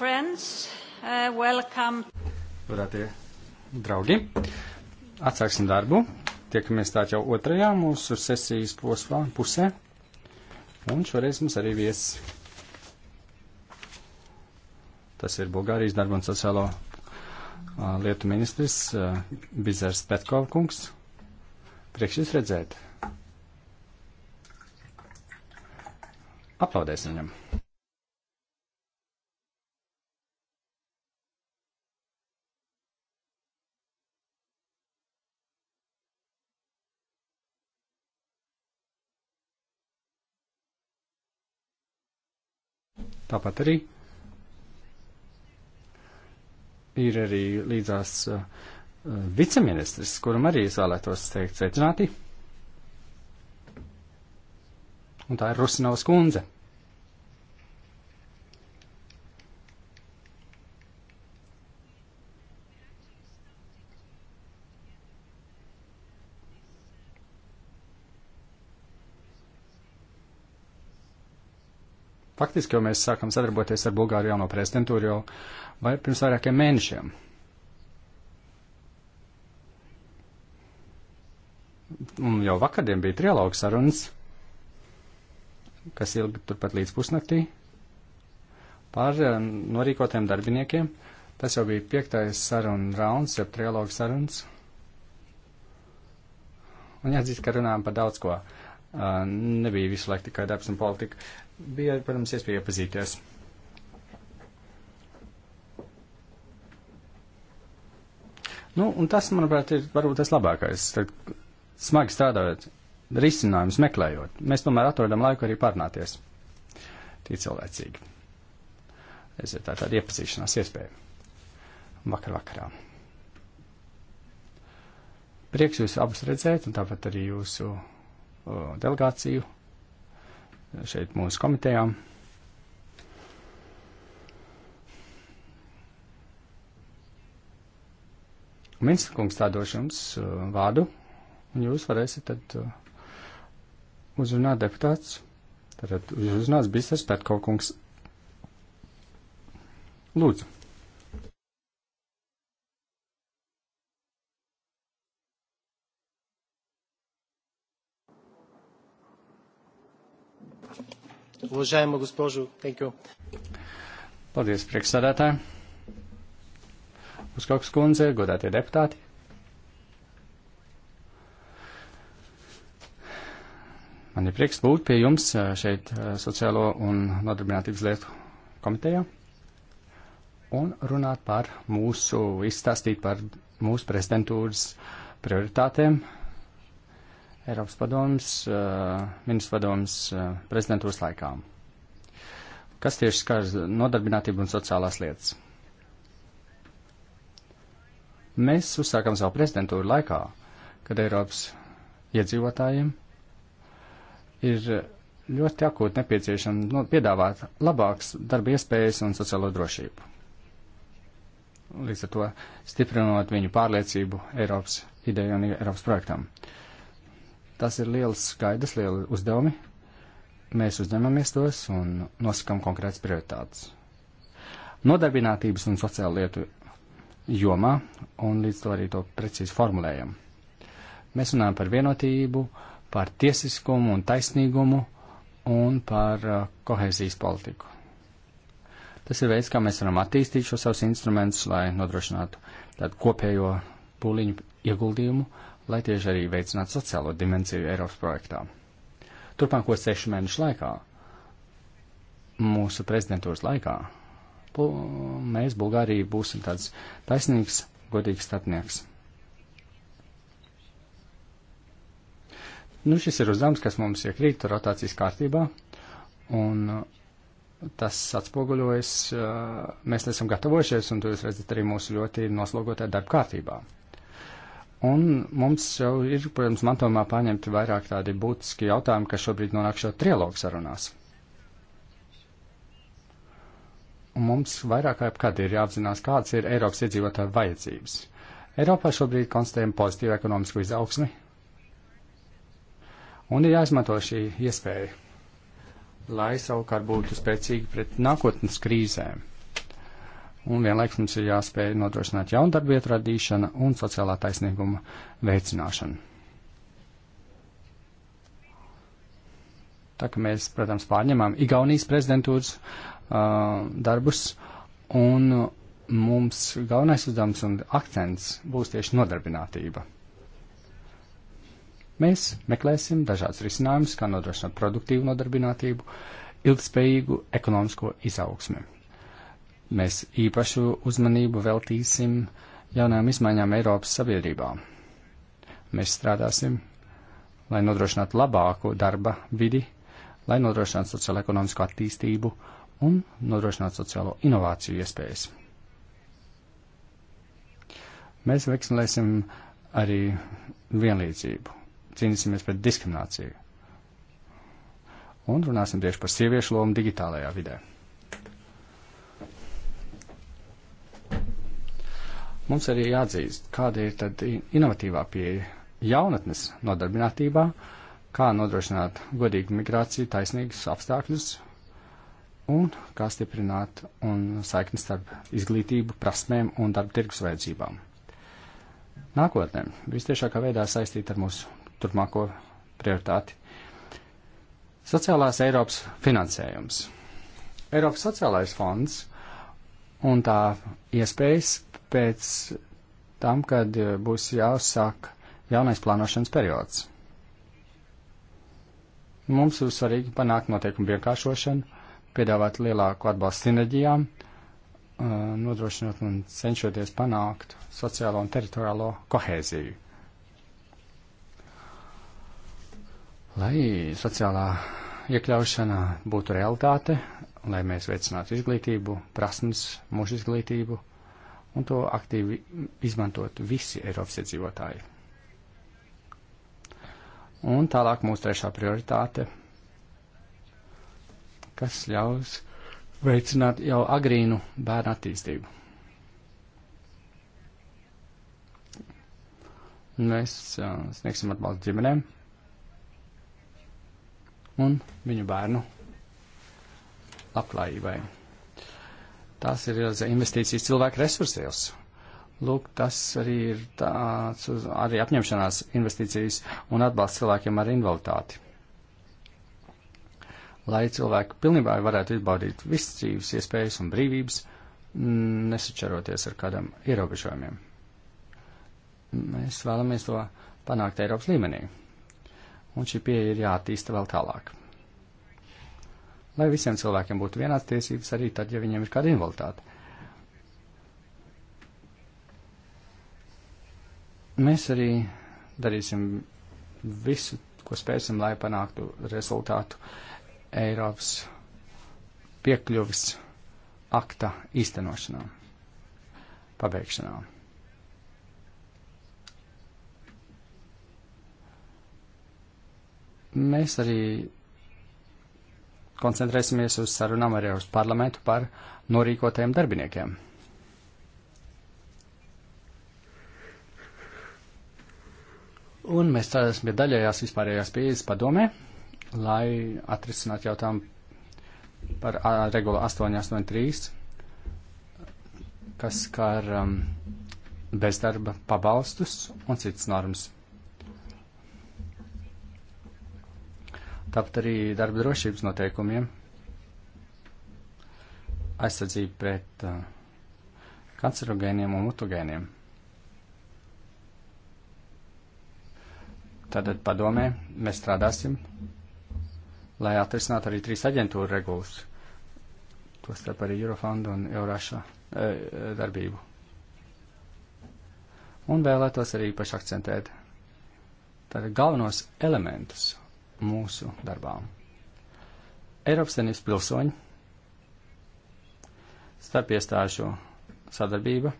friends, uh, welcome. Godātie draugi, atsāksim darbu. Tiekamies tā jau otrajā mūsu sesijas posmā pusē. Un šoreiz mums arī viesis. Tas ir Bulgārijas darba un sociālo uh, lietu ministrs uh, Bizers Petkov kungs. Priekš jūs redzēt. Aplaudēsim viņam. Tāpat arī ir arī līdzās uh, uh, viceministrs, kuram arī es vēlētos teikt sveicināti. Un tā ir Rusinovas kundze. Faktiski jau mēs sākam sadarboties ar Bulgāriju jauno prezidentūru jau vai pirms vairākiem mēnešiem. Un jau vakardien bija trialogu sarunas, kas ilga turpat līdz pusnaktī, par eh, norīkotiem darbiniekiem. Tas jau bija piektais saruna rauns, jeb trialogu sarunas. Un jāatzīst, ka runājam par daudz ko. Uh, nebija visu laiku tikai darbs un politika bija, protams, iespēja iepazīties. Nu, un tas, manuprāt, ir varbūt tas labākais. Tad smagi strādājot, risinājumus meklējot, mēs tomēr atrodam laiku arī parunāties. Tī cilvēcīgi. Es ir tā tāda iepazīšanās iespēja. Vakar vakarā. Prieks jūs abus redzēt, un tāpat arī jūsu o, delegāciju šeit mūsu komitejā. Ministra kungs tā došu jums uh, vārdu, un jūs varēsiet tad uh, uzrunāt deputāts. Tad uzrunās Bisers Petko kungs. Lūdzu. Уважаема госпожо, thank you. Paldies, priekšsādātāji. Uzkoks kundze, godātie deputāti. Man ir prieks būt pie jums eh, šeit eh, sociālo un nodarbinātības lietu komitejā un runāt par mūsu, izstāstīt par mūsu prezidentūras prioritātēm Eiropas padomas, ministru padomas prezidentūras laikā. Kas tieši skars nodarbinātību un sociālās lietas? Mēs uzsākam savu prezidentūru laikā, kad Eiropas iedzīvotājiem ir ļoti akūti nepieciešama nu, piedāvāt labākas darba iespējas un sociālo drošību. Līdz ar to stiprinot viņu pārliecību Eiropas ideju un Eiropas projektam. Uh, Tas ir liels skaidrs, lieli uzdevumi. Mēs uzņemamies tos un nosakam konkrētas prioritātes. Nodarbinātības un sociāla lietu jomā, un līdz to arī to precīzi formulējam. Mēs runājam par vienotību, par tiesiskumu un taisnīgumu un par uh, kohēzijas politiku. Tas ir veids, kā mēs varam attīstīt šo savus instrumentus, lai nodrošinātu tādu kopējo pūliņu ieguldījumu uh, lai tieši arī veicinātu sociālo dimensiju Eiropas projektā. Turpmāko sešu mēnešu laikā, mūsu prezidentūras laikā, mēs Bulgārija būsim tāds taisnīgs, godīgs starpnieks. Nu, šis ir uzdevums, kas mums iekrīt rotācijas kārtībā, un uh, tas atspoguļojas, uh, mēs esam gatavojušies, un to jūs redzat arī mūsu ļoti noslogotā darba kārtībā. Un mums jau ir, protams, mantojumā pārņemti vairāk tādi būtiski jautājumi, kas šobrīd nonāk šo trilogu sarunās. Un mums vairāk kā jebkad ir jāapzinās, kādas ir Eiropas iedzīvotāju vajadzības. Eiropā šobrīd konstatējam pozitīvu ekonomisku izaugsmi, un ir jāizmanto šī iespēja, lai savukārt būtu spēcīgi pret nākotnes krīzēm un vienlaiks mums ir jāspēj nodrošināt jaunu darbvietu radīšana un sociālā taisnīguma veicināšana. Tā kā mēs, protams, pārņemām Igaunijas prezidentūras uh, darbus, un mums galvenais uzdevums un akcents būs tieši nodarbinātība. Mēs meklēsim dažādas risinājumus, kā nodrošināt produktīvu nodarbinātību, ilgspējīgu ekonomisko izaugsmi. Mēs īpašu uzmanību veltīsim jaunajām izmaiņām Eiropas sabiedrībā. Mēs strādāsim, lai nodrošinātu labāku darba vidi, lai nodrošinātu sociālo-ekonomisko attīstību un nodrošinātu sociālo inovāciju iespējas. Mēs veiksmēsim arī vienlīdzību, cīnīsimies pret diskrimināciju un runāsim tieši par sieviešu lomu digitālajā vidē. Mums arī jāatzīst, kāda ir tad inovatīvā pieeja jaunatnes nodarbinātībā, kā nodrošināt godīgu migrāciju, taisnīgus apstākļus un kā stiprināt un saiknes starp izglītību, prasmēm un darba tirgus vajadzībām. Nākotnē vistiešākā veidā saistīta ar mūsu turpmāko prioritāti - sociālās Eiropas finansējums. Eiropas sociālais fonds un tā iespējas pēc tam, kad eh, būs jāsāk jaunais plānošanas periods. Mums ir svarīgi panākt noteikumu vienkāršošanu, piedāvāt lielāku atbalstu sinerģijām, eh, nodrošinot un cenšoties panākt sociālo un teritoriālo kohēziju. Lai sociālā iekļaušana būtu realitāte, lai mēs veicinātu izglītību, prasmes, mūža izglītību, un to aktīvi izmantot visi Eiropas iedzīvotāji. Un tālāk mūsu trešā prioritāte, kas ļaus veicināt jau agrīnu bērnu attīstību. Mēs uh, sniegsim atbalstu ģimenēm un viņu bērnu labklājībai tās ir eh, investīcijas cilvēku resursos. Lūk, tas arī ir tāds arī apņemšanās investīcijas un atbalsts cilvēkiem ar invaliditāti. Lai cilvēki pilnībā varētu izbaudīt visas dzīves iespējas un brīvības, mm, nesačaroties ar kādam ierobežojumiem. Mēs vēlamies to panākt Eiropas līmenī. Un šī pieeja ir jātīsta vēl tālāk lai visiem cilvēkiem būtu vienāds tiesības arī tad, ja viņiem ir kāda invaliditāte. Mēs arī darīsim visu, ko spēsim, lai panāktu rezultātu Eiropas piekļuvis akta īstenošanā, pabeigšanā. Mēs arī koncentrēsimies uz sarunām arī uz parlamentu par norīkotajiem darbiniekiem. Un mēs strādāsim pie daļējās vispārējās pieejas padomē, lai atrisinātu jautājumu par regulu 883, kas skar um, bezdarba pabalstus un citas normas. tāpat arī darba drošības noteikumiem, aizsardzību pret uh, kancerogēniem un mutagēniem. Tātad padomē mēs strādāsim, lai atrisinātu arī trīs aģentūra regulas, tostarp arī Eurofondu un Euraša e, darbību. Un vēlētos arī paši akcentēt tātad galvenos elementus mūsu darbā. Eiropas Savienības pilsoņi, starp iestāžu sadarbība,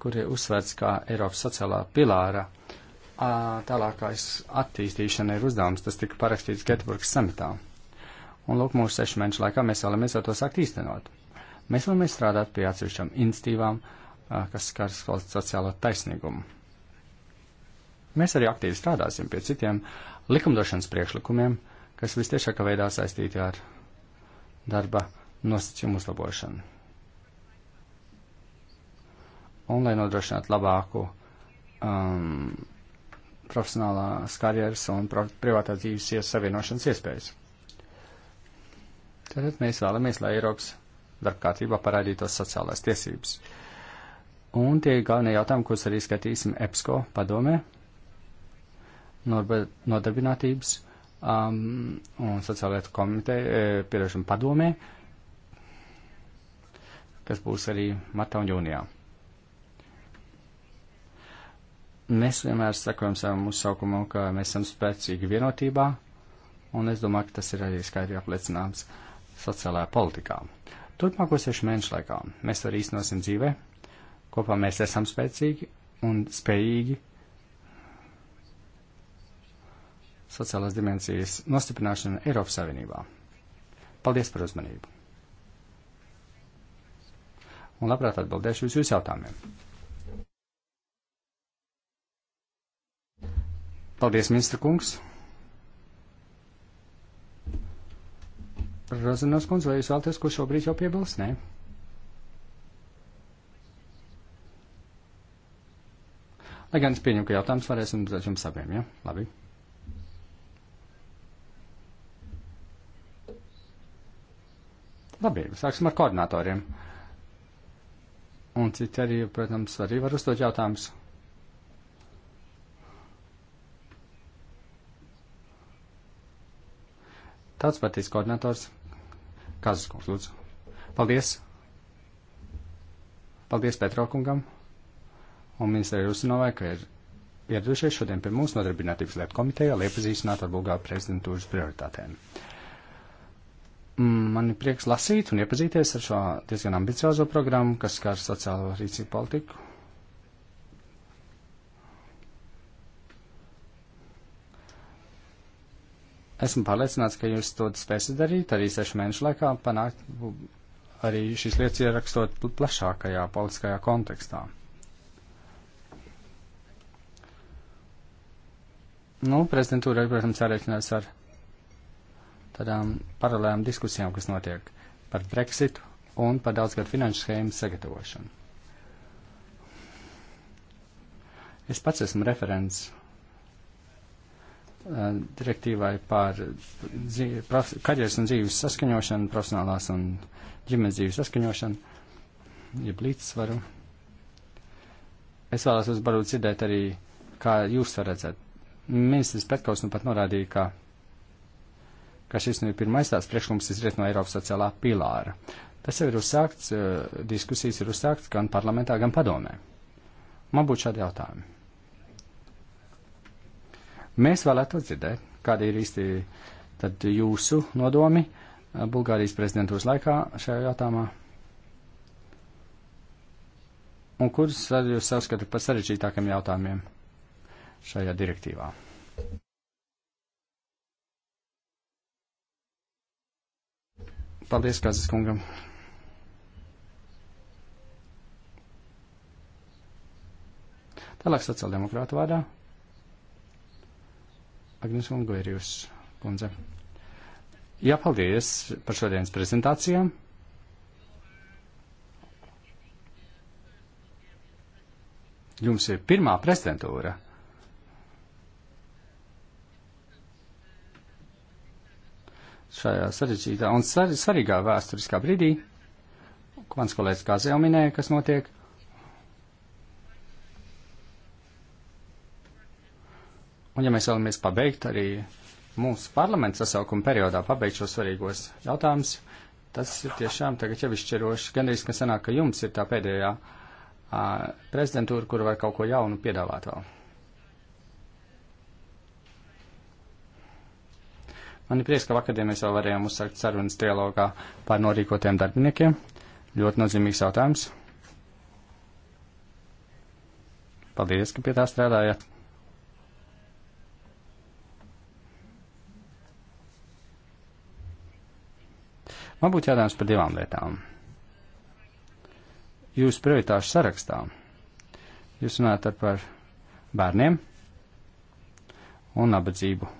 kur ir uzsvērts kā Eiropas sociālā pilāra, tālākais attīstīšana ir uzdevums, tas tika parakstīts Getburgas samitā. Un lūk, mūsu sešu mēnešu laikā mēs vēlamies jau to sākt īstenot. Mēs vēlamies strādāt pie atsevišķām institīvām, kas skars valsts sociālo taisnīgumu. Mēs arī aktīvi strādāsim pie citiem likumdošanas priekšlikumiem, kas vistiešākā veidā saistīti ar darba nosacījumu uzlabošanu. Un, lai nodrošinātu labāku um, profesionālās karjeras un privātā dzīves iesavienošanas iespējas. Tātad mēs vēlamies, lai Eiropas darbkārtībā parādītos sociālās tiesības. Un tie ir galvenie jautājumi, kurus arī skatīsim EPSCO padomē nodarbinātības um, un sociālietu komiteja, e, pierašana padomē, kas būs arī martā un jūnijā. Mēs vienmēr sakojam savam uzsaukumam, ka mēs esam spēcīgi vienotībā, un es domāju, ka tas ir arī skaidri apliecināms sociālajā politikā. Turpmāko sešu mēnešu laikā mēs to arī īstenosim dzīvē. Kopā mēs esam spēcīgi un spējīgi sociālās dimensijas nostiprināšana Eiropas Savienībā. Paldies par uzmanību! Un labprāt atbildēšu uz jūsu jautājumiem. Paldies, ministra kungs! Rozinos kundze, vai jūs vēlaties, ko šobrīd jau piebilst? Nē. Lai gan es pieņemu, ka jautājums varēsim uzdot jums abiem, ja? Labi. Labi, sāksim ar koordinatoriem. Un citi arī, protams, arī var uzdot jautājumus. Tāds partijas koordinators Kazaskungs, lūdzu. Paldies. Paldies Petro kungam. Un ministrija Rusinovai, ka ir ieradušies šodien pie mūsu nodarbinātības lietu komitejā, lai iepazīstinātu ar Bulgāru prezidentūras prioritātēm. Mm, man ir prieks lasīt un iepazīties ar šo diezgan ambiciozo programmu, kas skar sociālo rīcību politiku. Esmu pārliecināts, ka jūs to spēsiet darīt arī sešu mēnešu laikā, panākt arī šīs lietas ierakstot plašākajā politiskajā kontekstā. Nu, prezidentūra, protams, jārēķinās ar tādām paralēlām diskusijām, kas notiek par Brexitu un par daudzgadu finanšu schēmu sagatavošanu. Es pats esmu referents uh, direktīvai par karjeras un dzīves saskaņošanu, profesionālās un ģimenes dzīves saskaņošanu, jeb līdzsvaru. Es vēlos uzbarot dzirdēt arī, kā jūs to redzat. Ministrs Petkaus nu pat norādīja, ka ka šis nu ir pirmais tās priekšlikums izriet no Eiropas sociālā pilāra. Tas jau ir uzsākts, eh, diskusijas ir uzsākts gan parlamentā, gan padomē. Man būtu šādi jautājumi. Mēs vēlētos dzirdēt, kāda ir īsti tad jūsu nodomi eh, Bulgārijas prezidentūras laikā šajā jautājumā. Un kurus jūs saskatāt par sarežģītākiem jautājumiem šajā direktīvā? Paldies, Kazas kungam. Tālāk sociāldemokrāta vārdā. Agnes Ungoirjus kundze. Jā, paldies par šodienas prezentācijām. Jums ir pirmā prezidentūra. šajā sarežģītā un sar svarīgā vēsturiskā brīdī, ko mans kolēģis Gāze jau minēja, kas notiek. Un ja mēs vēlamies pabeigt arī mūsu parlamentu sasaukuma periodā, pabeigt šos svarīgos jautājumus, tas ir tiešām tagad jau izšķiroši. Gan arī, ka sanāk, ka jums ir tā pēdējā a, prezidentūra, kura var kaut ko jaunu piedāvāt vēl. Man ir prieks, ka vakardien mēs jau varējām uzsākt sarunas dialogā par norīkotiem darbiniekiem. Ļoti nozīmīgs jautājums. Paldies, ka pie tā strādājat. Man būtu jādājums par divām lietām. Jūs prioritāšu sarakstā. Jūs runājat par bērniem un nabadzību.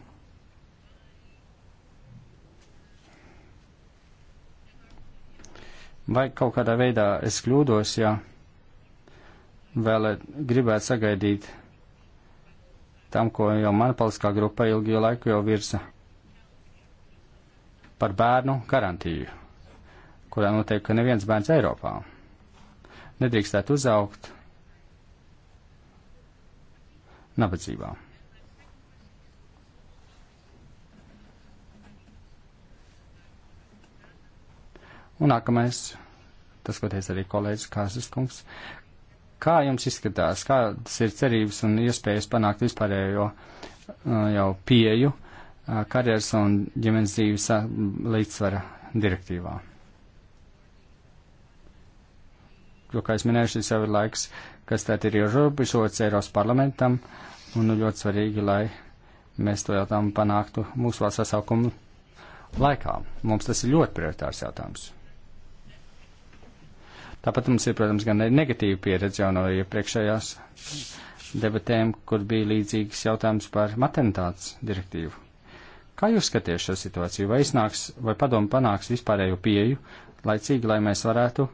Vai kaut kādā veidā es kļūdos, ja vēlēt, gribētu sagaidīt tam, ko jau mana politiskā grupa ilgi laiku jau virza par bērnu garantiju, kurā noteikti, ka neviens bērns Eiropā nedrīkstētu uzaugt nabadzībā. Un nākamais, tas, ko teica arī kolēģis Kāzas kungs, kā jums izskatās, kādas ir cerības un iespējas panākt vispārējo uh, jau pieju uh, karjeras un ģimenes dzīves uh, līdzsvara direktīvā? jo, kā es minēju, šis jau ir laiks, kas tad ir ierobežots Eiropas parlamentam, un nu, ļoti svarīgi, lai mēs to jautājumu panāktu mūsu valsts sasaukumu laikā. Mums tas ir ļoti prioritārs jautājums. Tāpat mums ir, protams, gan negatīva pieredze jau no iepriekšējās debatēm, kur bija līdzīgs jautājums par maternitātes direktīvu. Kā jūs skaties šo situāciju? Vai iznāks, vai padomu panāks vispārējo pieju, laicīgi, lai mēs varētu,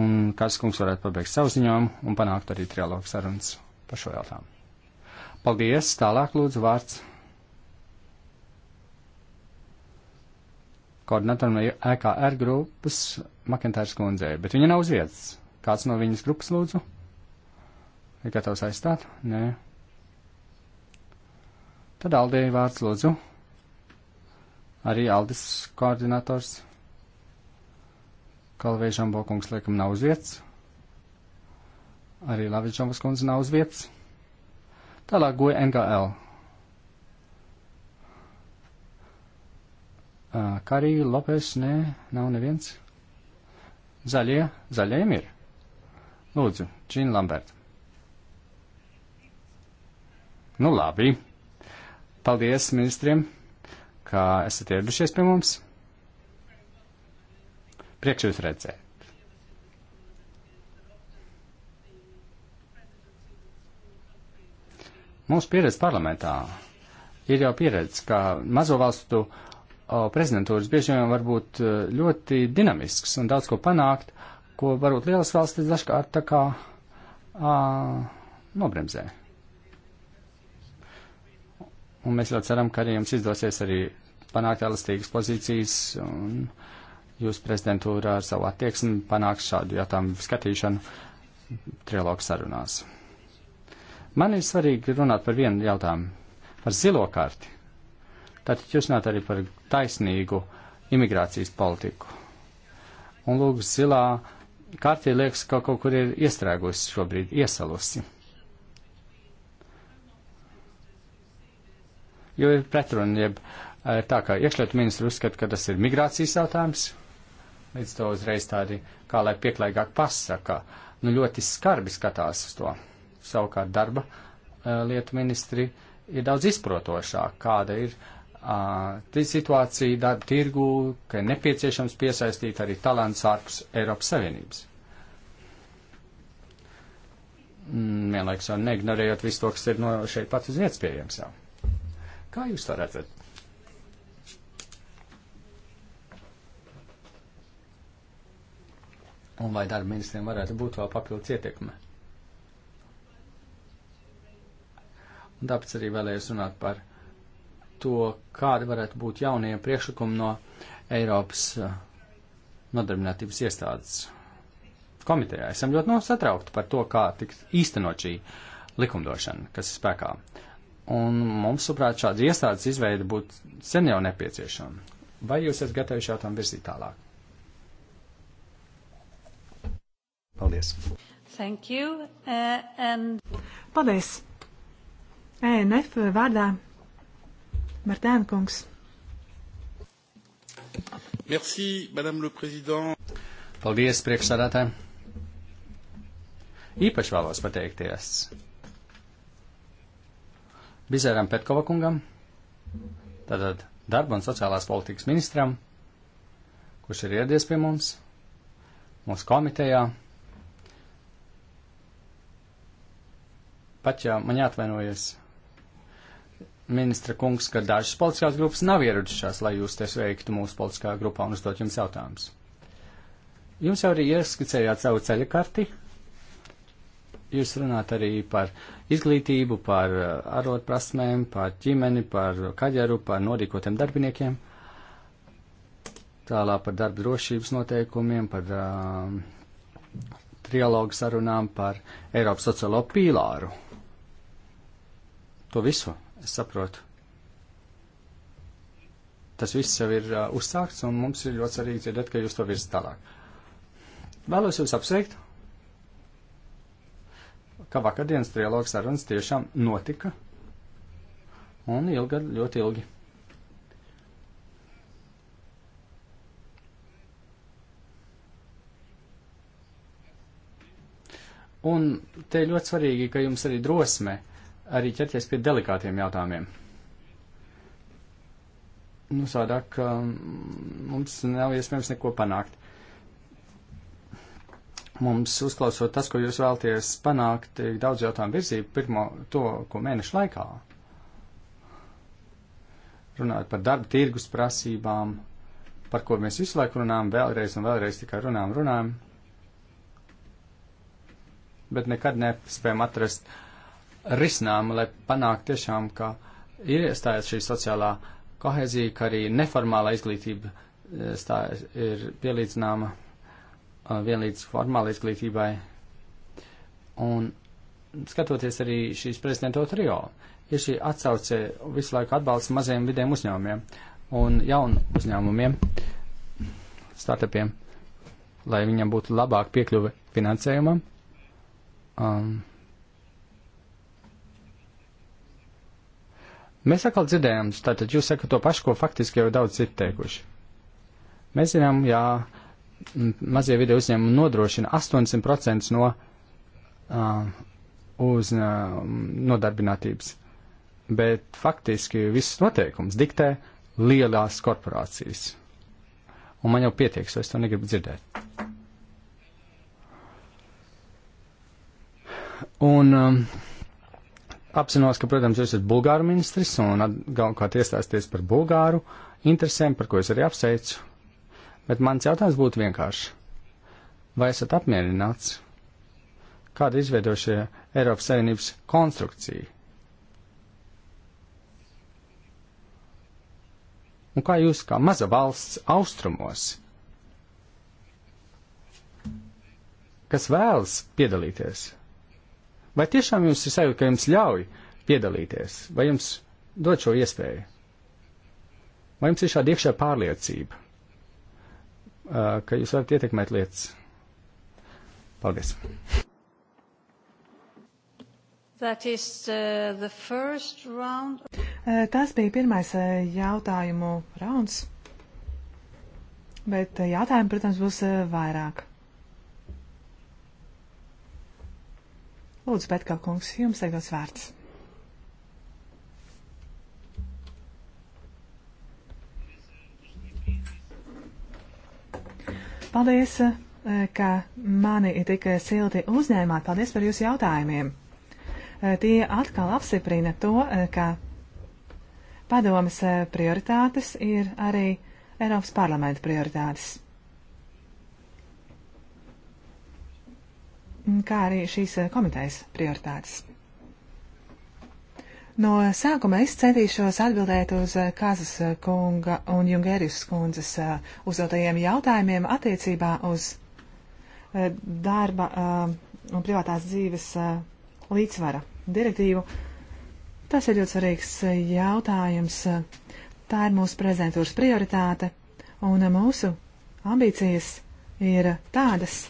un kāds kungs varētu pabeigt savu ziņojumu un panākt arī trialogu sarunas par šo jautājumu? Paldies! Tālāk lūdzu vārds. Koordinatoram EKR grupas Makentārs kundzei, bet viņa nav uz vietas. Kāds no viņas grupas lūdzu? Ir gatavs aizstāt? Nē. Tad Aldei vārds lūdzu. Arī Aldis koordinators. Kalvēžam Bokungs liekam nav uz vietas. Arī Lavičovas kundze nav uz vietas. Tālāk goja NKL. Karī Lopes, nē, nav neviens. Zaļie, zaļajiem ir. Lūdzu, Džina Lamberta. Nu labi. Paldies ministriem, ka esat ieradušies pie mums. Priekš jūs redzēt. Mūsu pieredze parlamentā ir jau pieredze, ka mazo valstu uh, prezidentūras bieži vien var būt e, ļoti dinamisks un daudz ko panākt, ko varbūt lielas valstis dažkārt tā kā ā, nobremzē. Un mēs ļoti ceram, ka arī jums izdosies arī panākt elastīgas pozīcijas un jūs prezidentūra ar savu attieksmi panāks šādu jautājumu skatīšanu trilogu sarunās. Man ir svarīgi runāt par vienu jautājumu, par zilo karti. Tātad jūs runājat arī par taisnīgu imigrācijas politiku. Un lūk, zilā kārtī liekas, ka kaut kur ir iestrēgusi šobrīd, iesalusi. Jo ir pretruna, jeb eh, tā kā iekšļietu ministri uzskata, ka tas ir migrācijas jautājums, līdz to uzreiz tādi, kā lai pieklājīgāk pasaka, nu ļoti skarbi skatās uz to. Savukārt darba eh, lietu ministri ir daudz izprotošāk, kāda ir uh, uh, situāciju darba tirgu, ka ir nepieciešams piesaistīt arī talants ārpus Eiropas Savienības. Mm, vienlaiks jau neignorējot visu to, kas ir no šeit pats uz vietas pieejams jau. Kā jūs to redzat? Un vai darba ministriem varētu būt vēl papildus ietekme? Un tāpēc arī vēlējos runāt par to, kāda varētu būt jaunie priekšlikumi no Eiropas eh, nodarbinātības iestādes komitejā. Esam ļoti nosatraukti par to, kā tiks īstenot šī likumdošana, kas ir spēkā. Un mums, saprāt, šādas iestādes izveida būtu sen jau nepieciešama. Vai jūs esat gatavi šā tam virzīt tālāk? Paldies! Thank you, uh, and... Paldies! ENF vārdā Martēna kungs. Merci, madame le président. Paldies, priekšsādātāji. Īpaši vēlos pateikties Bizēram Petkova kungam, tātad darba un sociālās politikas ministram, kurš ir ieradies pie mums, mūsu komitejā. Pat ja man jāatvainojas ministra kungs, ka dažas politiskās grupas nav ieradušās, lai jūs te sveiktu mūsu politiskā grupā un uzdot jums jautājumus. Jums jau arī ieskicējāt savu ceļa karti. Jūs runāt arī par izglītību, par arotprasmēm, uh, par ģimeni, par kaģeru, par norīkotiem darbiniekiem, tālāk par darba drošības noteikumiem, par um, trialogu sarunām, par Eiropas sociālo pīlāru. To visu Es saprotu. Tas viss jau ir uh, uzsākts, un mums ir ļoti svarīgi dzirdēt, ka jūs to virzat tālāk. Vēlos jūs apsveikt, ka vakardienas trialogs sarunas tiešām notika, un ilga, ļoti ilgi. Un te ļoti svarīgi, ka jums arī drosme arī ķerties pie delikātiem jautājumiem. Nu, sādāk, um, mums nav iespējams neko panākt. Mums uzklausot tas, ko jūs vēlties panākt, ir daudz jautājumu virzību pirmo to, ko mēnešu laikā. Runājot par darba tirgus prasībām, par ko mēs visu laiku runājam, vēlreiz un vēlreiz tikai runājam, runājam, bet nekad nespējam atrast uh, risinājumu, lai panāktu tiešām, ka ir iestājas šī sociālā kohezija, ka arī neformāla izglītība e, stā, ir pielīdzināma e, vienlīdz formāla izglītībai. Un skatoties arī šīs prezidento trio, ir šī atsauce visu laiku atbalsts maziem vidiem uzņēmumiem un jaunu uzņēmumiem, startupiem, lai viņam būtu labāk piekļuve finansējumam. Um, Mēs atkal dzirdējām, tātad jūs sakat to pašu, ko faktiski jau daudz ir teikuši. Mēs zinām, jā, mazie video uzņēmumi nodrošina 80% no uh, uz uh, nodarbinātības, bet faktiski visus noteikums diktē lielās korporācijas. Un man jau pietiek, so es to negribu dzirdēt. Un um, uh, apzinos, ka, protams, jūs esat bulgāru ministrs un galvenokārt iestāsties par bulgāru interesēm, par ko es arī apsveicu. Bet mans jautājums būtu vienkārši. Vai esat apmierināts? Kāda izveidošie Eiropas Savienības konstrukcija? Un kā jūs, kā maza valsts austrumos, kas vēlas piedalīties Vai tiešām jums ir sajūta, ka jums ļauj piedalīties, vai jums dod šo iespēju? Vai jums ir šāda iekšā pārliecība, uh, ka jūs varat ietekmēt lietas? Paldies! Is, uh, uh, Tas bija pirmais uh, jautājumu rauns, bet jautājumu, protams, būs vairāk. Lūdzu, Betkā kungs, jums tagad vārds. Paldies, eh, ka mani tik silti uzņēmāt. Paldies par jūsu jautājumiem. Eh, tie atkal apsiprina to, eh, ka padomas prioritātes ir arī Eiropas parlamenta prioritātes. kā arī šīs eh, komitejas prioritātes. No sākuma es centīšos atbildēt uz eh, Kazas eh, kunga un Jungerijas kundzes uzdotajiem jautājumiem attiecībā uz darba un privātās dzīves līdzsvara direktīvu. Tas ir ļoti svarīgs jautājums. Tā ir mūsu prezentūras prioritāte, un mūsu ambīcijas ir tādas,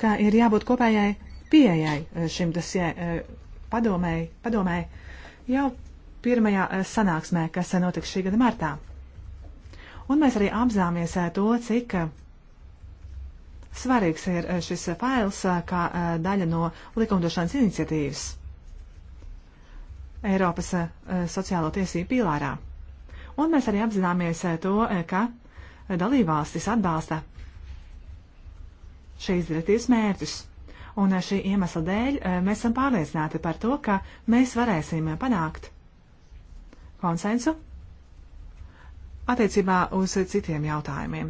ka ir jābūt kopējai pieejai eh, šim dosie eh, padomēji, padomēji jau pirmajā eh, sanāksmē, kas notiks šī gada martā. Un mēs arī apzāmies to, cik svarīgs ir šis fails kā daļa no likumdošanas iniciatīvas Eiropas sociālo tiesību pīlārā. Un mēs arī apzināmies to, ka dalībvalstis atbalsta šīs direktīvas mērķus. Un eh, šī iemesla dēļ eh, mēs esam pārliecināti par to, ka mēs varēsim eh, panākt konsensu attiecībā uz citiem jautājumiem.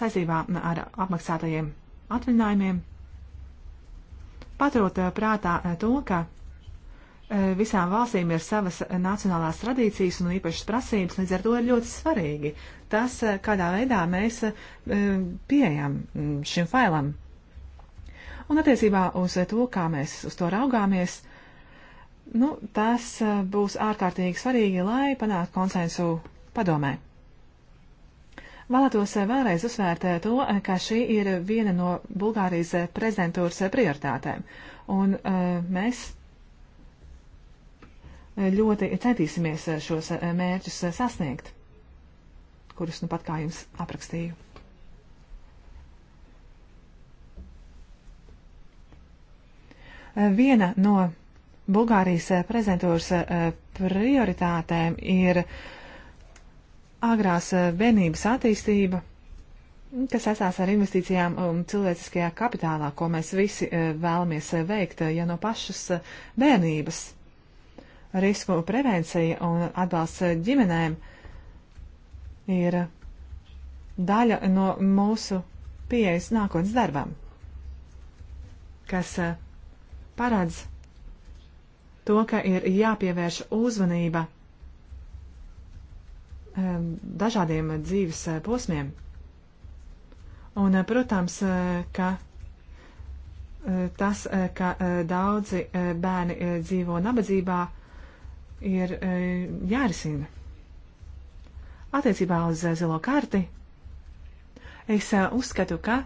Saistībā ar apmaksātajiem atvinājumiem paturot prātā to, ka E, visām valstīm ir savas nacionālās tradīcijas un īpašas prasības, līdz ar to ir ļoti svarīgi tas, e, kādā veidā mēs e, pieejam šim failam. Un attiecībā uz to, kā mēs uz to raugāmies, nu, tas būs ārkārtīgi svarīgi, lai panāktu konsensu padomē. Vēlētos vēlreiz uzsvērt to, ka šī ir viena no Bulgārijas prezidentūras prioritātēm, un mēs ļoti centīsimies eh, šos eh, mērķus eh, sasniegt, kurus nu pat kā jums aprakstīju. Viena no Bulgārijas prezidentūras prioritātēm ir agrās bērnības attīstība, kas sasās ar investīcijām un um, cilvēciskajā kapitālā, ko mēs visi vēlamies veikt jau no pašas bērnības risku prevencija un atbalsts ģimenēm ir daļa no mūsu pieejas nākotnes darbam, kas eh, paredz to, ka ir jāpievērš uzmanība eh, dažādiem dzīves eh, posmiem. Un, protams, ka tas, ka daudzi bērni dzīvo nabadzībā, ir e, jārisina. Attiecībā uz e, zilo karti es e, uzskatu, ka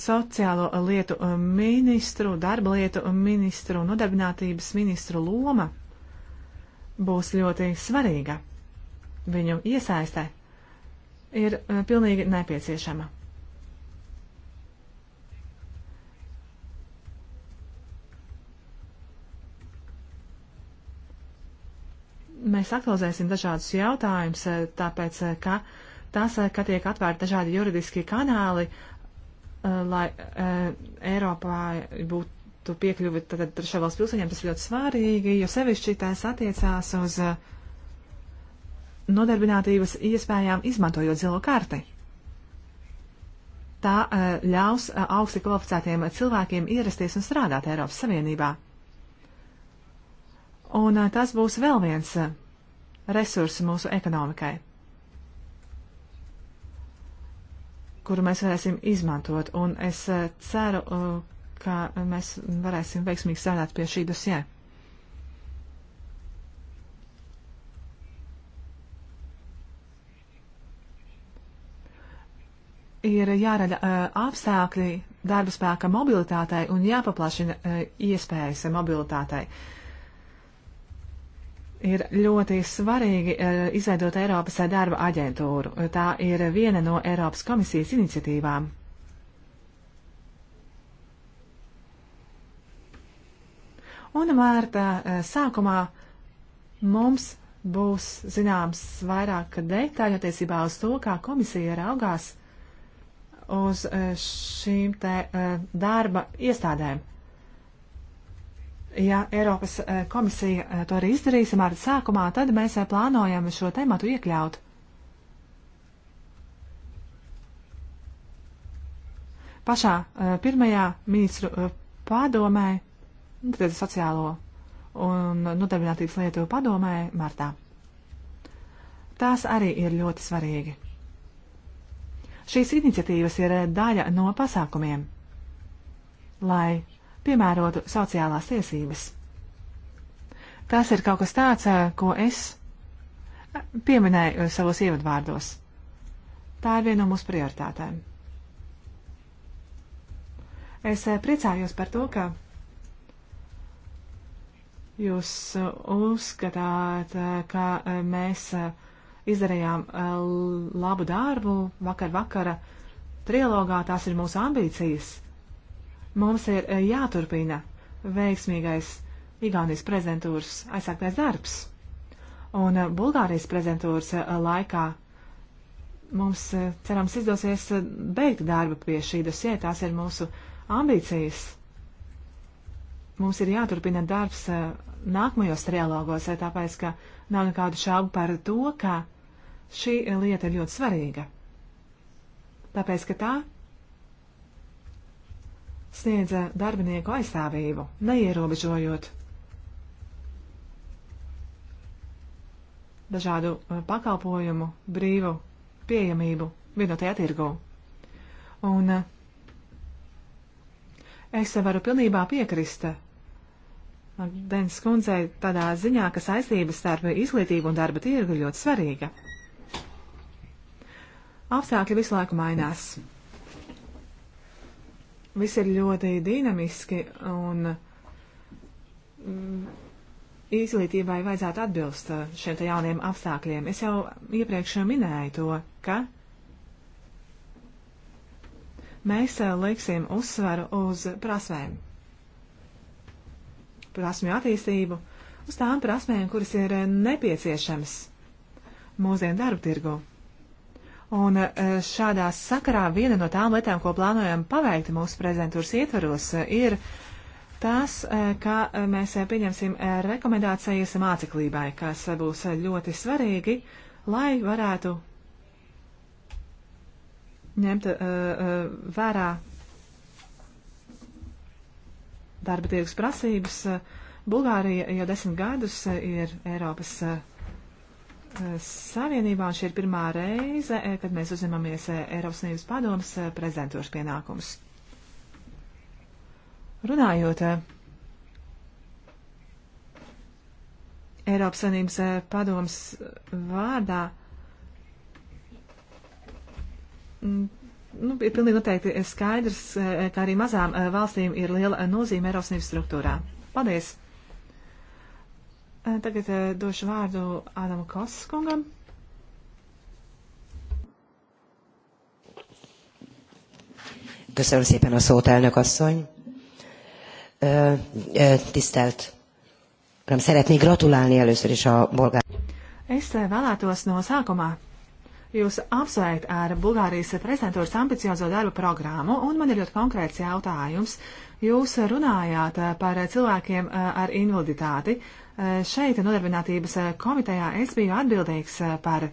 sociālo lietu ministru, darba lietu ministru un nodarbinātības ministru loma būs ļoti svarīga. Viņu iesaistē ir pilnīgi nepieciešama. mēs aktualizēsim dažādus jautājumus, eh, tāpēc, eh, ka tas, eh, ka tiek atvērti dažādi juridiski kanāli, lai Eiropā būtu piekļuvi trešā valsts pilsoņiem, tas ir ļoti svarīgi, jo sevišķi tās attiecās uz nodarbinātības iespējām izmantojot zilo karti tā ļaus augsti kvalificētiem cilvēkiem ierasties un strādāt Eiropas Savienībā. Un tas būs vēl viens resursi mūsu ekonomikai, kuru mēs varēsim izmantot, un es eh, ceru, eh, ka mēs varēsim veiksmīgi strādāt pie šī dosjē. ir jārada uh, apstākļi darba spēka mobilitātei un jāpaplašina uh, iespējas mobilitātei. Uh, ir ļoti svarīgi eh, izveidot Eiropas darba aģentūru. Tā ir viena no Eiropas komisijas iniciatīvām. Un mērta eh, sākumā mums būs zināms vairāk detaļu attiecībā uz to, kā komisija raugās uz eh, šīm te darba iestādēm ja Eiropas eh, komisija eh, to arī izdarīs marta sākumā, tad mēs eh, plānojam šo tematu iekļaut. Pašā pirmajā ministru padomē, nu, tad sociālo un nodarbinātības lietu padomē martā. Tās arī ir ļoti svarīgi. Šīs iniciatīvas ir daļa no pasākumiem, lai piemērotu sociālās tiesības. Tas ir kaut kas tāds, ko es pieminēju savos ievadvārdos. Tā ir viena no mūsu prioritātēm. Es priecājos par to, ka jūs uzskatāt, ka mēs izdarījām labu darbu vakar vakara trilogā. Tās ir mūsu ambīcijas. Mums ir eh, jāturpina veiksmīgais Igaunijas prezentūras aizsāktais darbs. Un eh, Bulgārijas prezentūras eh, laikā mums, cerams, izdosies beigt darbu pie šī dosie. Tās ir mūsu ambīcijas. Mums ir jāturpina darbs nākamajos trialogos, tāpēc, ka nav nekādu šaubu par to, ka šī lieta ir ļoti svarīga. Tāpēc, ka tā sniedza eh, darbinieku aizstāvību, neierobežojot dažādu eh, pakalpojumu brīvu pieejamību vienotajā tirgū. Un eh, es varu pilnībā piekrist Denis kundzei tādā ziņā, ka saistības starp izglītību un darba tirgu ļoti svarīga. Apstākļi visu laiku mainās. Mm viss ir ļoti dinamiski un mm, izglītībai vajadzētu atbilst uh, šiem jauniem apstākļiem. Es jau iepriekš minēju to, ka mēs uh, liksim uzsvaru uz prasmēm, prasmju attīstību, uz tām prasmēm, kuras ir uh, nepieciešamas mūsdienu darba tirgu. Un e, šādā sakarā viena no tām lietām, ko plānojam paveikt mūsu prezentūras ietvaros, e, ir tas, e, ka mēs pieņemsim rekomendācijas māceklībai, kas būs ļoti svarīgi, lai varētu ņemt vērā darba tirgus prasības. Bulgārija jau desmit gadus ir Eiropas Eh, Savienībā šī ir pirmā reize, eh, kad mēs uzņemamies eh, Eiropas Savienības padomas prezentūras pienākumus. Runājot Eiropas Savienības padomas vārdā, mm, nu, ir pilnīgi noteikti skaidrs, ka arī mazām valstīm ir liela nozīme Eiropas Savienības struktūrā. Paldies! Eh, tagad eh, došu vārdu Ādama Kosas kungam. Köszönöm szépen a szót, elnök asszony. Ö, eh, ö, tisztelt Uram, szeretnék gratulálni először is a bolgár. Es vēlētos no sākumā jūs apsveikt ar Bulgārijas prezidentūras ambiciozo darbu programmu, un man ir ļoti konkrēts jautājums. Jūs runājāt par cilvēkiem ar invaliditāti, Šeit nodarbinātības eh, komitejā es biju atbildīgs eh, par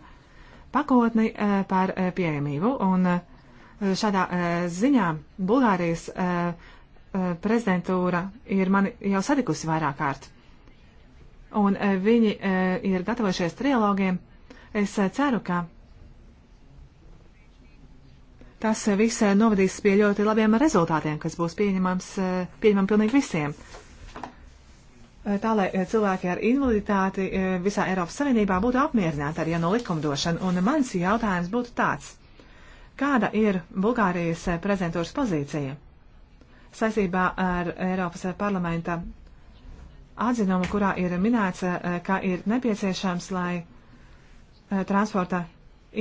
pakotni eh, par pieejamību, un šādā ziņā Bulgārijas prezidentūra ir mani jau satikusi vairāk kārt. Un viņi ir gatavojušies trilogiem. Es ceru, ka tas viss novadīs pie ļoti labiem rezultātiem, kas būs pieņemams, pieņemam pilnīgi visiem. Eh, tā, lai eh, cilvēki ar invaliditāti eh, visā Eiropas Savienībā būtu apmierināti ar jauno likumdošanu. Un mans jautājums būtu tāds. Kāda ir Bulgārijas prezidentūras pozīcija saistībā ar Eiropas parlamenta atzinumu, kurā ir minēts, ka ir nepieciešams, lai transporta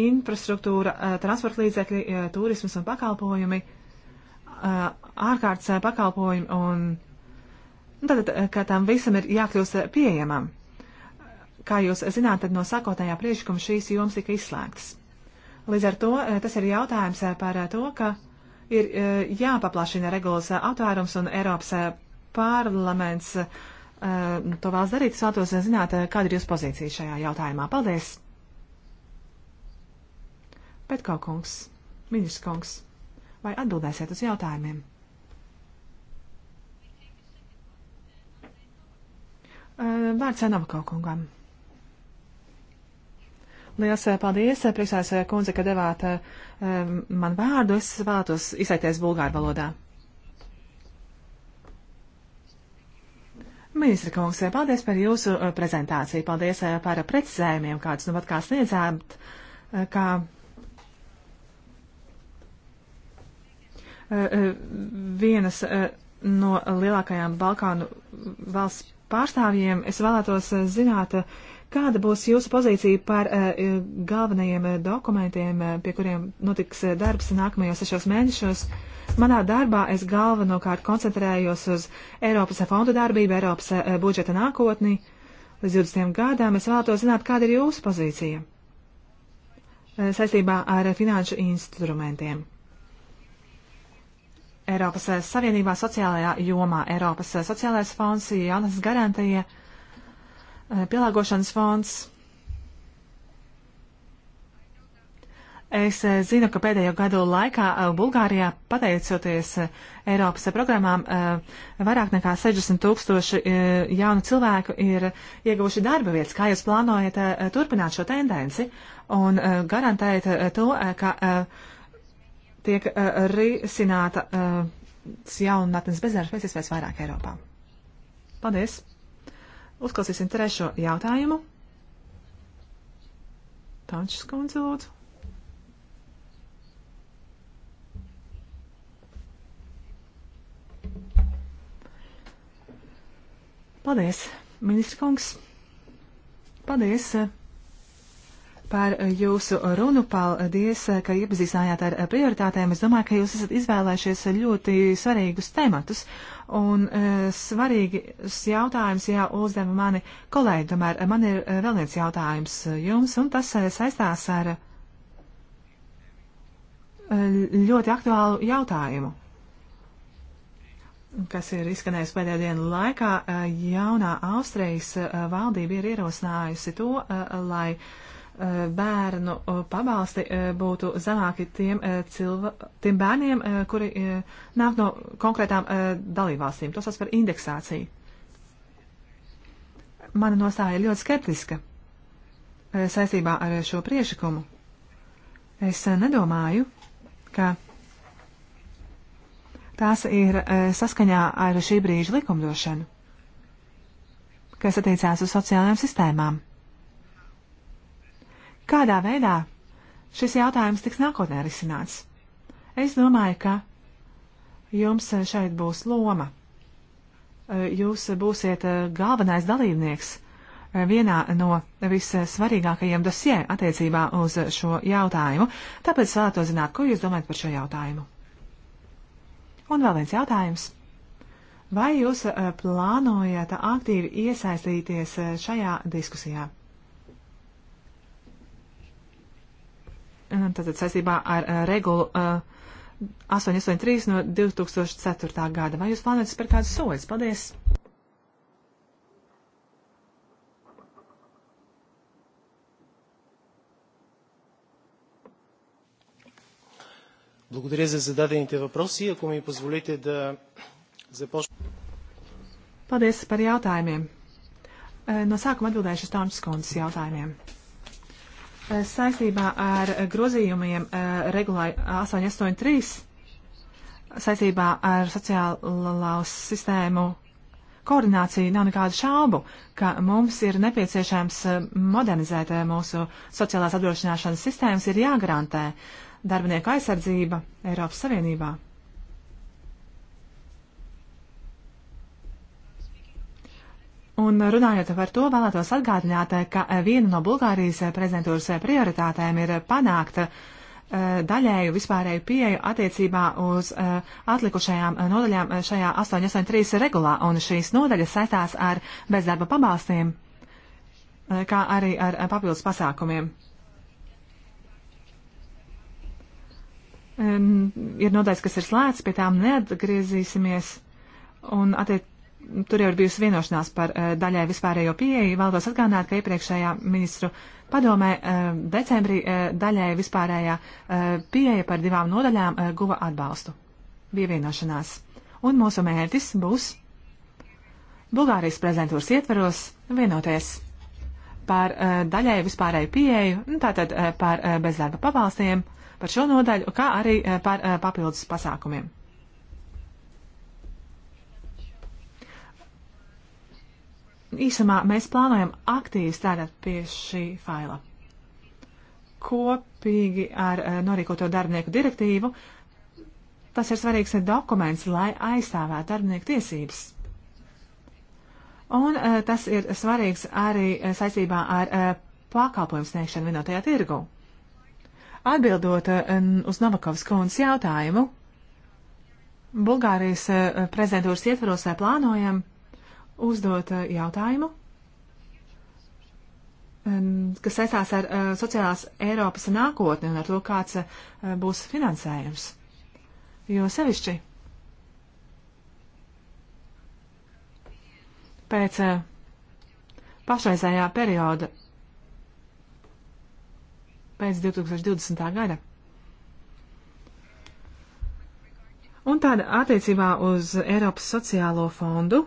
infrastruktūra, transporta līdzekļi, turismas un pakalpojumi, ārkārtas pakalpojumi un Tātad, nu, eh, ka tam visam ir jākļūst eh, pieejamam. Kā jūs zināt, tad no sākotnējā priekšlikuma šīs jomas tika izslēgtas. Līdz ar to eh, tas ir jautājums par to, ka ir jāpaplašina regulas aptvērums un Eiropas parlaments nu, to vēlas darīt. Es vēlos zināt, kāda ir jūsu pozīcija šajā jautājumā. Paldies! Petkau kungs, ministrs kungs, vai atbildēsiet uz jautājumiem? Eh, vārds Navakau kungam. Liels eh, paldies, eh, priecājos, kundze, ka devāt man vārdu. Es vēlētos izsaikties bulgāru valodā. Ministra kungs, paldies par jūsu prezentāciju, paldies par precizējumiem, kādus nu pat kā sniedzāt, kā vienas no lielākajām Balkānu valsts pārstāvjiem, es vēlētos eh, zināt, eh, kāda būs jūsu pozīcija par eh, galvenajiem dokumentiem, pie kuriem notiks darbs nākamajos sešos mēnešos. Manā darbā es galvenokārt koncentrējos uz Eiropas fondu darbību, Eiropas budžeta nākotni. Līdz 20 gadām es vēlētos zināt, kāda ir jūsu pozīcija saistībā ar finanšu instrumentiem. Eiropas eh, Savienībā sociālajā jomā. Eiropas eh, sociālais fonds, jaunas garantija, eh, pielāgošanas fonds. Es zinu, ka pēdējo gadu laikā Bulgārijā, pateicoties Eiropas programmām, vairāk nekā 60 tūkstoši jaunu cilvēku ir ieguvuši darba vietas. Kā jūs plānojat turpināt šo tendenci un garantēt to, ka tiek uh, risināta uh, jaunatnes bezdarbs pēc iespējas vairāk Eiropā. Paldies! Uzklausīsim trešo jautājumu. Tančs kundze lūdzu. Paldies, ministrs kungs. Paldies eh, par jūsu runu. Paldies, ka iepazīstinājāt ar prioritātēm. Es domāju, ka jūs esat izvēlējušies ļoti svarīgus tematus. Un e, svarīgs jautājums jau uzdeva mani kolēģi. Tomēr man ir e, vēl viens jautājums jums, un tas e, saistās ar ļoti aktuālu jautājumu kas ir izskanējis pēdējo dienu laikā, jaunā Austrijas valdība ir ierosinājusi to, lai Eh, bērnu eh, pabalsti eh, būtu zemāki tiem, cilva, tiem bērniem, kuri nāk no konkrētām dalībvalstīm. To sasver indeksāciju. Mana nostāja ir ļoti skeptiska saistībā ar šo priešakumu. Es nedomāju, ka tās ir saskaņā ar šī brīža likumdošanu, kas attiecās uz sociālajām sistēmām kādā veidā šis jautājums tiks nākotnē risināts. Es domāju, ka jums šeit būs loma. Jūs būsiet eh, galvenais dalībnieks eh, vienā no vissvarīgākajiem dosie attiecībā uz šo jautājumu, tāpēc vēlētos zināt, ko jūs domājat par šo jautājumu. Un vēl viens jautājums. Vai jūs eh, plānojat aktīvi iesaistīties šajā diskusijā? tātad saistībā ar regulu 883 no 2004. gada. Vai jūs plānojat par kādu soļus? Paldies! Благодаря за зададените въпроси. Ако ми позволите да започна. Paldies par jautājumiem. No sākuma atbildēšu uz Tāmas kundzes jautājumiem. Eh, saistībā ar grozījumiem eh, regulai 883 saistībā ar sociālo sistēmu koordināciju nav nekādu šaubu, ka mums ir nepieciešams eh, modernizēt mūsu sociālās apdrošināšanas sistēmas, ir jāgarantē darbinieku aizsardzība Eiropas Savienībā. Un runājot par to, vēlētos atgādināt, ka viena no Bulgārijas prezidentūras prioritātēm ir panākt eh, daļēju vispārēju pieeju attiecībā uz eh, atlikušajām nodaļām šajā 883 regulā, un šīs nodaļas saistās ar bezdarba pabalstiem, eh, kā arī ar papildus pasākumiem. Ir nodaļas, kas ir slēgts, pie tām neatgriezīsimies, un attiec tur jau ir bijusi vienošanās par eh, daļai vispārējo pieeju. Vēlos atgādināt, ka iepriekšējā ministru padomē eh, decembrī eh, daļai vispārējā pieeja par divām nodaļām guva atbalstu. Bija vienošanās. Un mūsu mērķis būs Bulgārijas prezidentūras ietveros vienoties par daļai vispārēju pieeju, nu, tātad par bezdarba pabalstiem, par šo nodaļu, kā arī par papildus pasākumiem. īsumā mēs plānojam aktīvi strādāt pie šī faila. Kopīgi ar eh, norīkoto darbinieku direktīvu tas ir svarīgs dokuments, lai aizstāvētu darbinieku tiesības. Un eh, tas ir svarīgs arī eh, saistībā ar pakalpojumu sniegšanu vienotajā tirgu. Atbildot uz Novakovas kundas jautājumu, Bulgārijas prezidentūras ietvaros plānojam uzdot eh, jautājumu, kas saistās ar eh, sociālās Eiropas nākotni un ar to, kāds eh, būs finansējums. Jo sevišķi pēc pašreizējā perioda, pēc 2020. gada. Un tāda attiecībā uz Eiropas sociālo fondu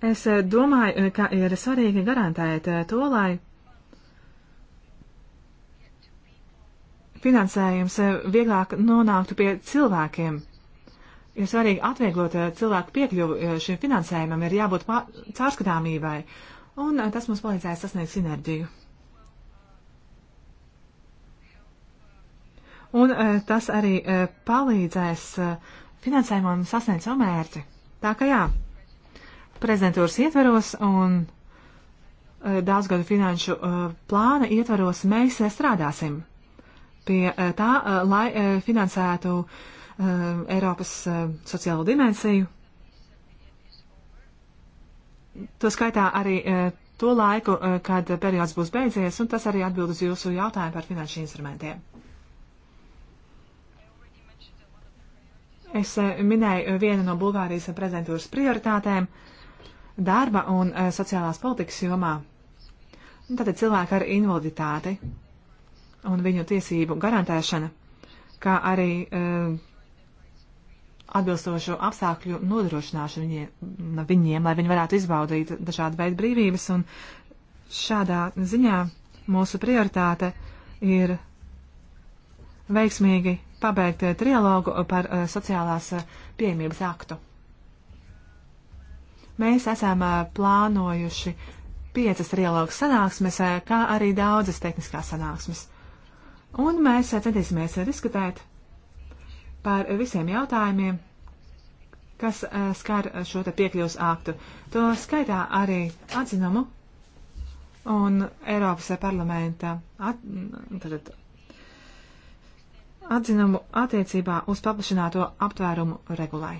Es eh, domāju, ka ir svarīgi garantēt eh, to, lai finansējums eh, vieglāk nonāktu pie cilvēkiem. Ir svarīgi atvieglot cilvēku piekļuvu šim finansējumam, ir jābūt caurskatāmībai, un tas mums palīdzēs sasniegt sinerģiju. Un tas arī palīdzēs finansējumam sasniegt savu mērķi. Tā ka jā prezidentūras ietveros un e, daudzgadu finanšu e, plāna ietveros mēs e, strādāsim pie tā, lai finansētu Eiropas sociālo dimensiju. To skaitā arī to laiku, kad periods būs beidzies, un tas arī atbild uz jūsu jautājumu par finanšu instrumentiem. Es minēju vienu no Bulgārijas prezidentūras prioritātēm. Uh, darba un eh, sociālās politikas jomā. Tātad cilvēki ar invaliditāti un viņu tiesību garantēšana, kā arī eh, atbilstošu apstākļu nodrošināšanu viņiem, viņiem, lai viņi varētu izbaudīt dažādu veidu brīvības. Un šādā ziņā mūsu prioritāte ir veiksmīgi pabeigt eh, trialogu par sociālās pieejamības aktu. Mēs esam plānojuši piecas trialogu sanāksmes, kā arī daudzas tehniskās sanāksmes. Un mēs centīsimies diskutēt par visiem jautājumiem, kas skar šo te piekļuvas aktu. To skaitā arī atzinumu un Eiropas parlamenta at, tad, atzinumu attiecībā uz paplašināto aptvērumu regulai.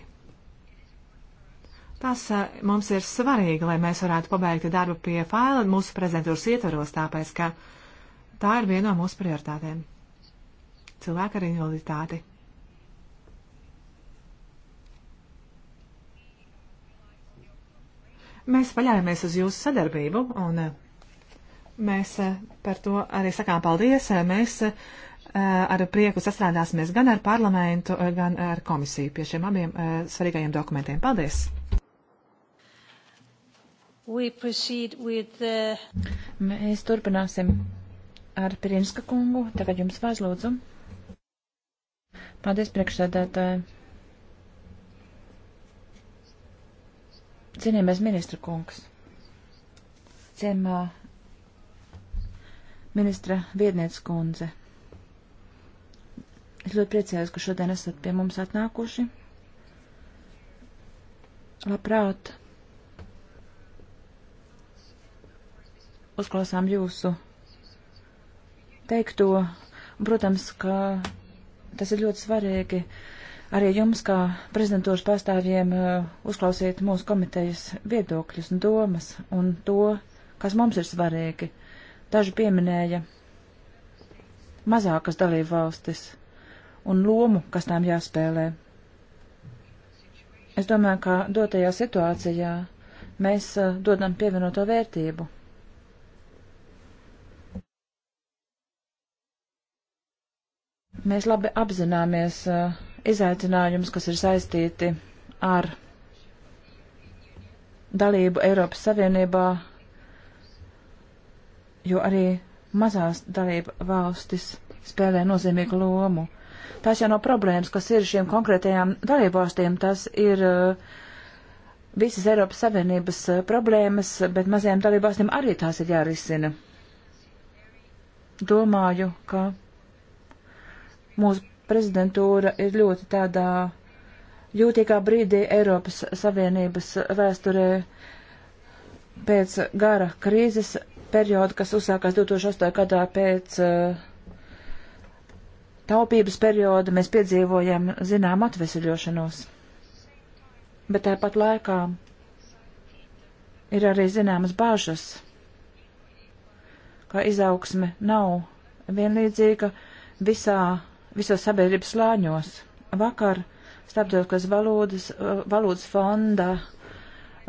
Tas eh, mums ir svarīgi, lai mēs varētu pabeigt darbu pie faila mūsu prezentūras ietvaros, tāpēc, ka tā ir viena no mūsu prioritātēm - cilvēka ar invaliditāti. Mēs paļāvāmies uz jūsu sadarbību, un eh, mēs eh, par to arī sakām paldies. Mēs ar prieku sastrādāsimies gan ar parlamentu, gan ar komisiju pie šiem abiem svarīgajiem dokumentiem. Paldies! The... Mēs turpināsim ar Pirinska kungu. Tagad jums vairs lūdzu. Paldies, priekšsēdētāji. Cienījamies ministra kungs. Ciemā ministra viedniec kundze. Es ļoti priecājos, ka šodien esat pie mums atnākuši. Labprāt, uzklausām jūsu teikto. Un, protams, ka tas ir ļoti svarīgi arī jums, kā prezidentūras pārstāvjiem, eh, uzklausīt mūsu komitejas viedokļus un domas un to, kas mums ir svarīgi. Daži pieminēja mazākas dalību valstis un lomu, kas tām jāspēlē. Es domāju, ka dotajā situācijā mēs eh, dodam pievienoto vērtību. Mēs labi apzināmies uh, eh, izaicinājumus, kas ir saistīti ar dalību Eiropas Savienībā, jo arī mazās dalība valstis spēlē nozīmīgu lomu. Tās jau nav no problēmas, kas ir šiem konkrētajām dalībvalstīm, tas ir uh, visas Eiropas Savienības uh, problēmas, bet mazajām dalībvalstīm arī tās ir jārisina. Domāju, ka Mūsu prezidentūra ir ļoti tādā jūtīgā brīdī Eiropas Savienības vēsturē pēc gara krīzes perioda, kas uzsākās 2008. gadā pēc uh, taupības perioda, mēs piedzīvojam zinām atveseļošanos. Bet tāpat laikā ir arī zināmas bāžas, ka izaugsme nav vienlīdzīga visā visos sabiedrības slāņos. Vakar starptautiskās valodas, eh, valodas fonda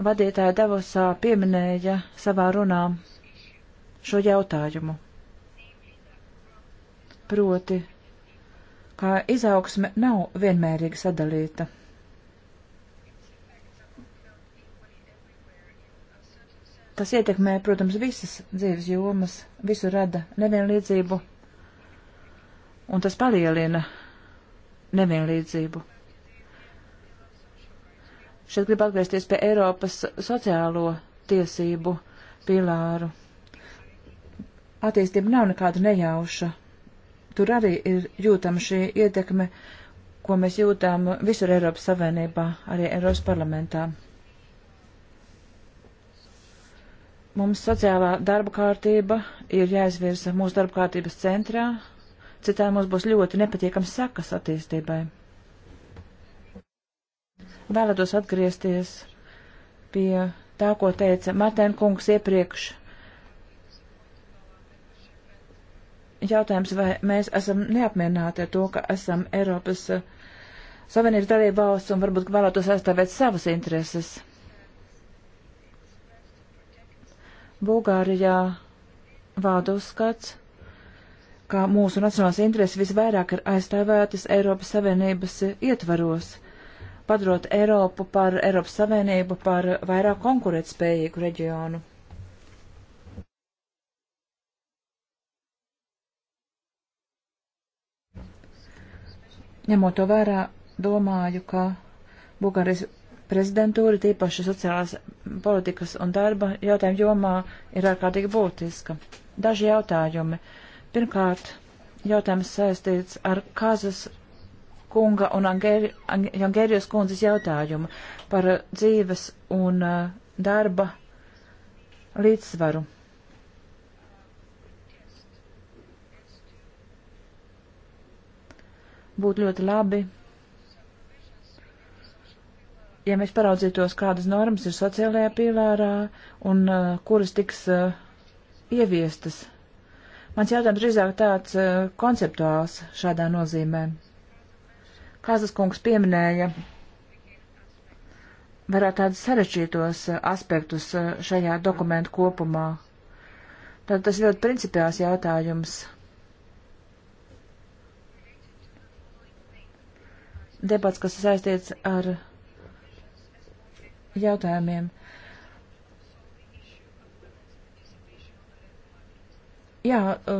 vadītāja Davosā pieminēja savā runā šo jautājumu. Proti, kā izaugsme nav vienmērīgi sadalīta. Tas ietekmē, protams, visas dzīves jomas, visu rada nevienlīdzību un tas palielina nevienlīdzību. Šeit grib atgriezties pie Eiropas sociālo tiesību pilāru. Attīstība nav nekāda nejauša. Tur arī ir jūtama šī ietekme, ko mēs jūtām visur Eiropas Savienībā, arī Eiropas parlamentā. Mums sociālā darba kārtība ir jāizvirza mūsu darba kārtības centrā, Citādi mums būs ļoti nepatīkams sekas attīstībai. Vēlētos atgriezties pie tā, ko teica Matēna kungs iepriekš. Jautājums, vai mēs esam neapmierināti ar to, ka esam Eiropas uh, Savienības dalība valsts un varbūt vēlētos aizstāvēt savas intereses. Bulgārijā vārdu uzskats ka mūsu nacionālās intereses visvairāk ir aizstāvētas Eiropas Savienības ietvaros, padarot Eiropu par Eiropas Savienību par vairāk konkurētspējīgu reģionu. Ņemot to vērā, domāju, ka Bulgārijas prezidentūra, tīpaši sociālās politikas un darba jautājumu jomā, ir ārkārtīgi būtiska. Daži jautājumi. Uh, Pirmkārt, jautājums saistīts ar Kazas kunga un Angērijas kundzes jautājumu par dzīves un uh, darba līdzsvaru. Būtu ļoti labi, ja mēs paraudzītos, kādas normas ir sociālajā pīlārā un uh, kuras tiks uh, ieviestas Mans jautājums drīzāk tāds eh, konceptuāls šādā nozīmē. Kāzas kungs pieminēja varētu tādus sarešķītos eh, aspektus eh, šajā dokumentu kopumā. Tad tas ļoti principiāls jautājums. Debats, kas saistīts ar jautājumiem, Jā, e,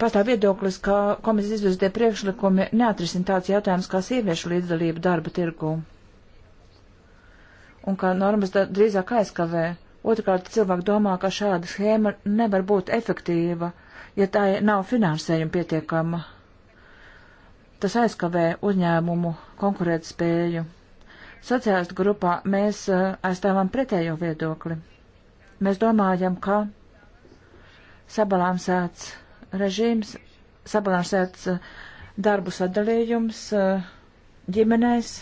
pastāv viedoklis, ka komisijas izvirzītie priekšlikumi neatrisina tāds jautājums kā sieviešu līdzdalība darba tirgu un ka normas drīzāk aizkavē. Otrakārt, cilvēki domā, ka šāda schēma nevar būt efektīva, ja tā nav finansējuma pietiekama. Tas aizkavē uzņēmumu konkurētspēju. Sociālistu grupā mēs e, aizstāvam pretējo viedokli. Mēs domājam, ka sabalansēts režīms, sabalansēts eh, darbu sadalījums eh, ģimenēs.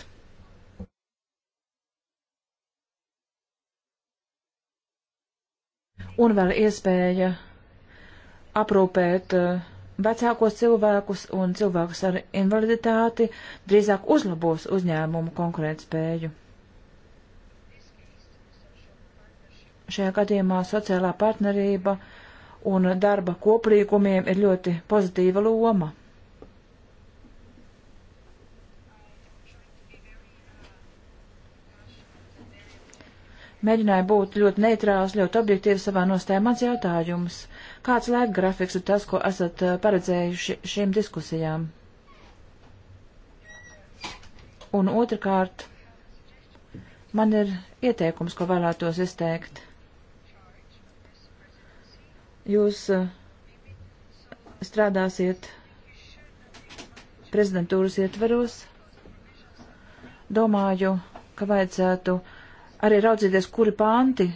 Un vēl iespēja aprūpēt eh, vecākos cilvēkus un cilvēkus ar invaliditāti, drīzāk uzlabos uzņēmumu konkurētspēju. Šajā gadījumā sociālā partnerība uh, un darba koprīkumiem ir ļoti pozitīva loma. Mēģināju būt ļoti neitrāls, ļoti objektīvs savā nostājā. Mans jautājums - kāds laika grafiks ir tas, ko esat paredzējuši šīm diskusijām? Un otrkārt, man ir ieteikums, ko vēlētos izteikt. Jūs eh, strādāsiet prezidentūras ietveros. Domāju, ka vajadzētu arī raudzīties, kuri panti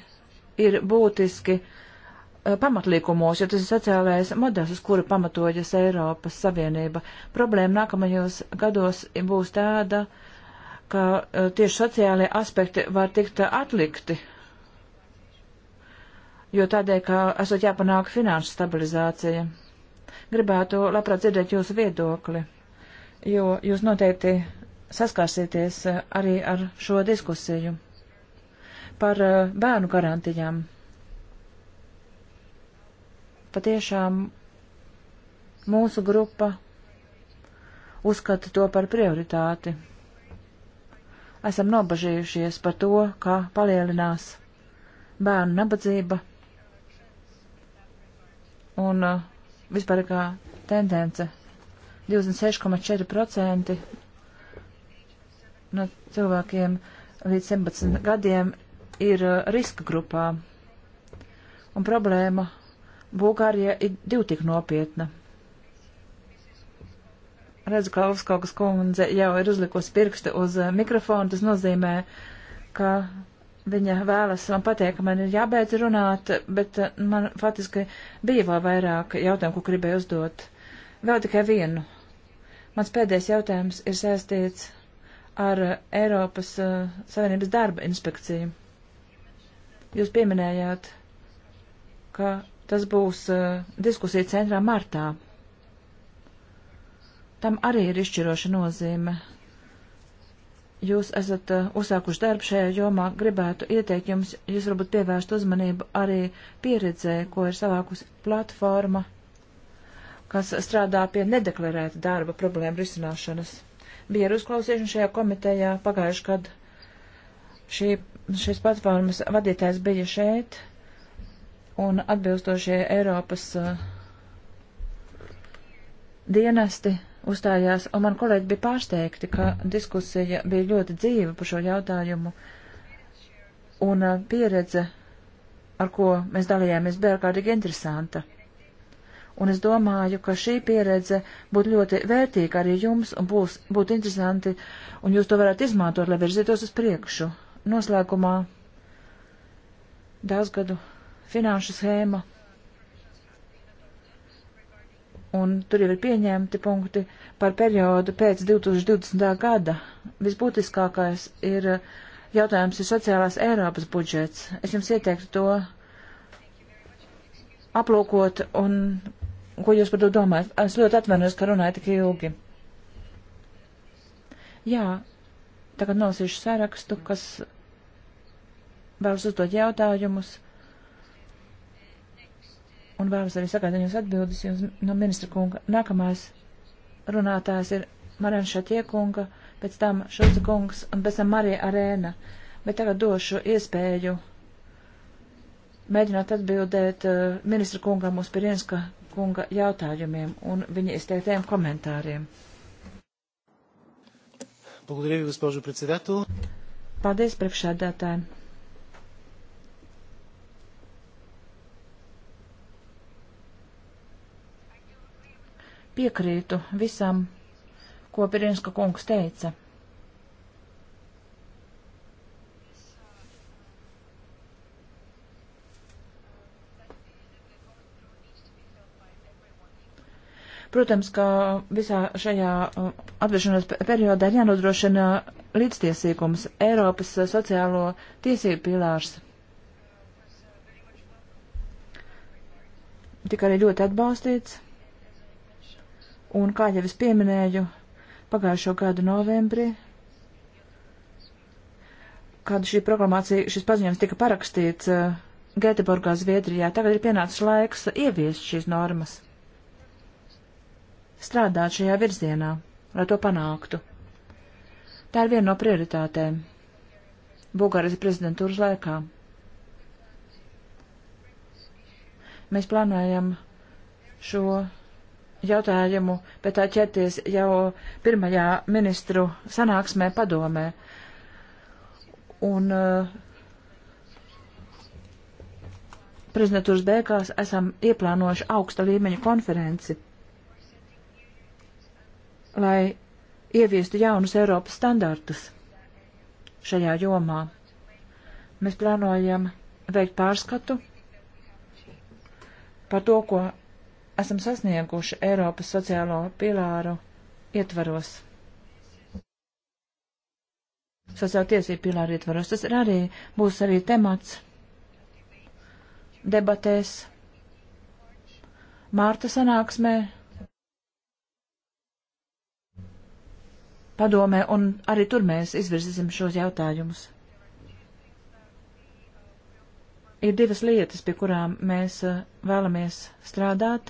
ir būtiski eh, pamatlīkumos, jo tas ir sociālais modelis, uz kuru pamatojas Eiropas Savienība. Problēma nākamajos gados būs tāda, ka eh, tieši sociālie aspekti var tikt atlikti jo tādēļ, ka esot jāpanāk finanšu stabilizācija. Gribētu labprāt dzirdēt jūsu viedokli, jo jūs noteikti saskārsieties eh, arī ar šo diskusiju par eh, bērnu garantijām. Patiešām mūsu grupa uzskata to par prioritāti. Esam nobažījušies par to, kā palielinās bērnu nabadzība un uh, vispār kā tendence 26,4% no cilvēkiem līdz 17 gadiem ir uh, riska grupā. Un problēma Bulgārijā ir div tik nopietna. Redzu, ka Alvskogas kundze jau ir uzlikusi pirksti uz uh, mikrofonu, tas nozīmē, ka viņa vēlas, man patīk, man ir jābeidz runāt, bet eh, man faktiski bija vēl vairāk jautājumu, ko gribēju uzdot. Vēl tikai vienu. Mans pēdējais jautājums ir saistīts ar eh, Eiropas uh, Savienības darba inspekciju. Jūs pieminējāt, ka tas būs uh, diskusija centrā martā. Tam arī ir izšķiroša nozīme jūs esat eh, uzsākuši darbu šajā jomā, gribētu ieteikt jums, jūs varbūt pievērst uzmanību arī pieredzē, ko ir savākusi platforma, kas strādā pie nedeklarēta darba problēmu risināšanas. Bija arī uzklausīšana šajā komitejā pagājuši, kad šī, šīs platformas vadītājs bija šeit, un atbilstošie Eiropas uh, dienesti uzstājās, un man kolēģi bija pārsteigti, ka diskusija bija ļoti dzīva par šo jautājumu, un uh, pieredze, ar ko mēs dalījāmies, bija ārkārtīgi interesanta. Un es domāju, ka šī pieredze būtu ļoti vērtīga arī jums, un būs, būtu interesanti, un jūs to varētu izmantot, lai virzītos uz priekšu. Noslēgumā daudz gadu finanšu schēma un tur jau ir pieņemti punkti par periodu pēc 2020. gada. Visbūtiskākais ir eh, jautājums ir sociālās Eiropas budžets. Es jums ieteiktu to aplūkot un ko jūs par to domājat. Es ļoti atvainojos, ka runāju tik ilgi. Jā, tagad nolasīšu sarakstu, kas vēlas uzdot jautājumus un vēlos arī sagaidīt jūs atbildes jūs no ministra kunga. Nākamais runātājs ir Marēna Šatiekunga, pēc tam Šulca kungs un pēc tam Marija Arēna. Bet tagad došu iespēju mēģināt atbildēt uh, ministra kungam uz Pirinska kunga jautājumiem un viņa izteiktiem komentāriem. Paldies, priekšsēdētāji! Piekrītu visam, ko Pirinska kungs teica. Protams, ka visā šajā uh, apgriešanās periodā ir jānodrošina līdztiesīgums Eiropas sociālo tiesību pilārs. Tika arī ļoti atbalstīts. Un, kā jau es pieminēju, pagājušo gadu novembrī, kad šī programmācija, šis paziņojums tika parakstīts uh, Gēteborgā, Zviedrijā, tagad ir pienācis laiks ieviest šīs normas, strādāt šajā virzienā, lai to panāktu. Tā ir viena no prioritātēm Bulgārijas prezidentūras laikā. Mēs plānojam šo jautājumu, bet tā ķerties jau pirmajā ministru sanāksmē padomē. Un uh, prezidentūras beigās esam ieplānojuši augsta līmeņa konferenci, lai ieviestu jaunus Eiropas standartus šajā jomā. Mēs plānojam veikt pārskatu par to, ko esam sasnieguši Eiropas sociālo pilāru ietvaros. Sociāla tiesība pilāru ietvaros. Tas ir arī, būs arī temats debatēs Mārta sanāksmē. Padomē, un arī tur mēs izvirzīsim šos jautājumus. Ir divas lietas, pie kurām mēs eh, vēlamies strādāt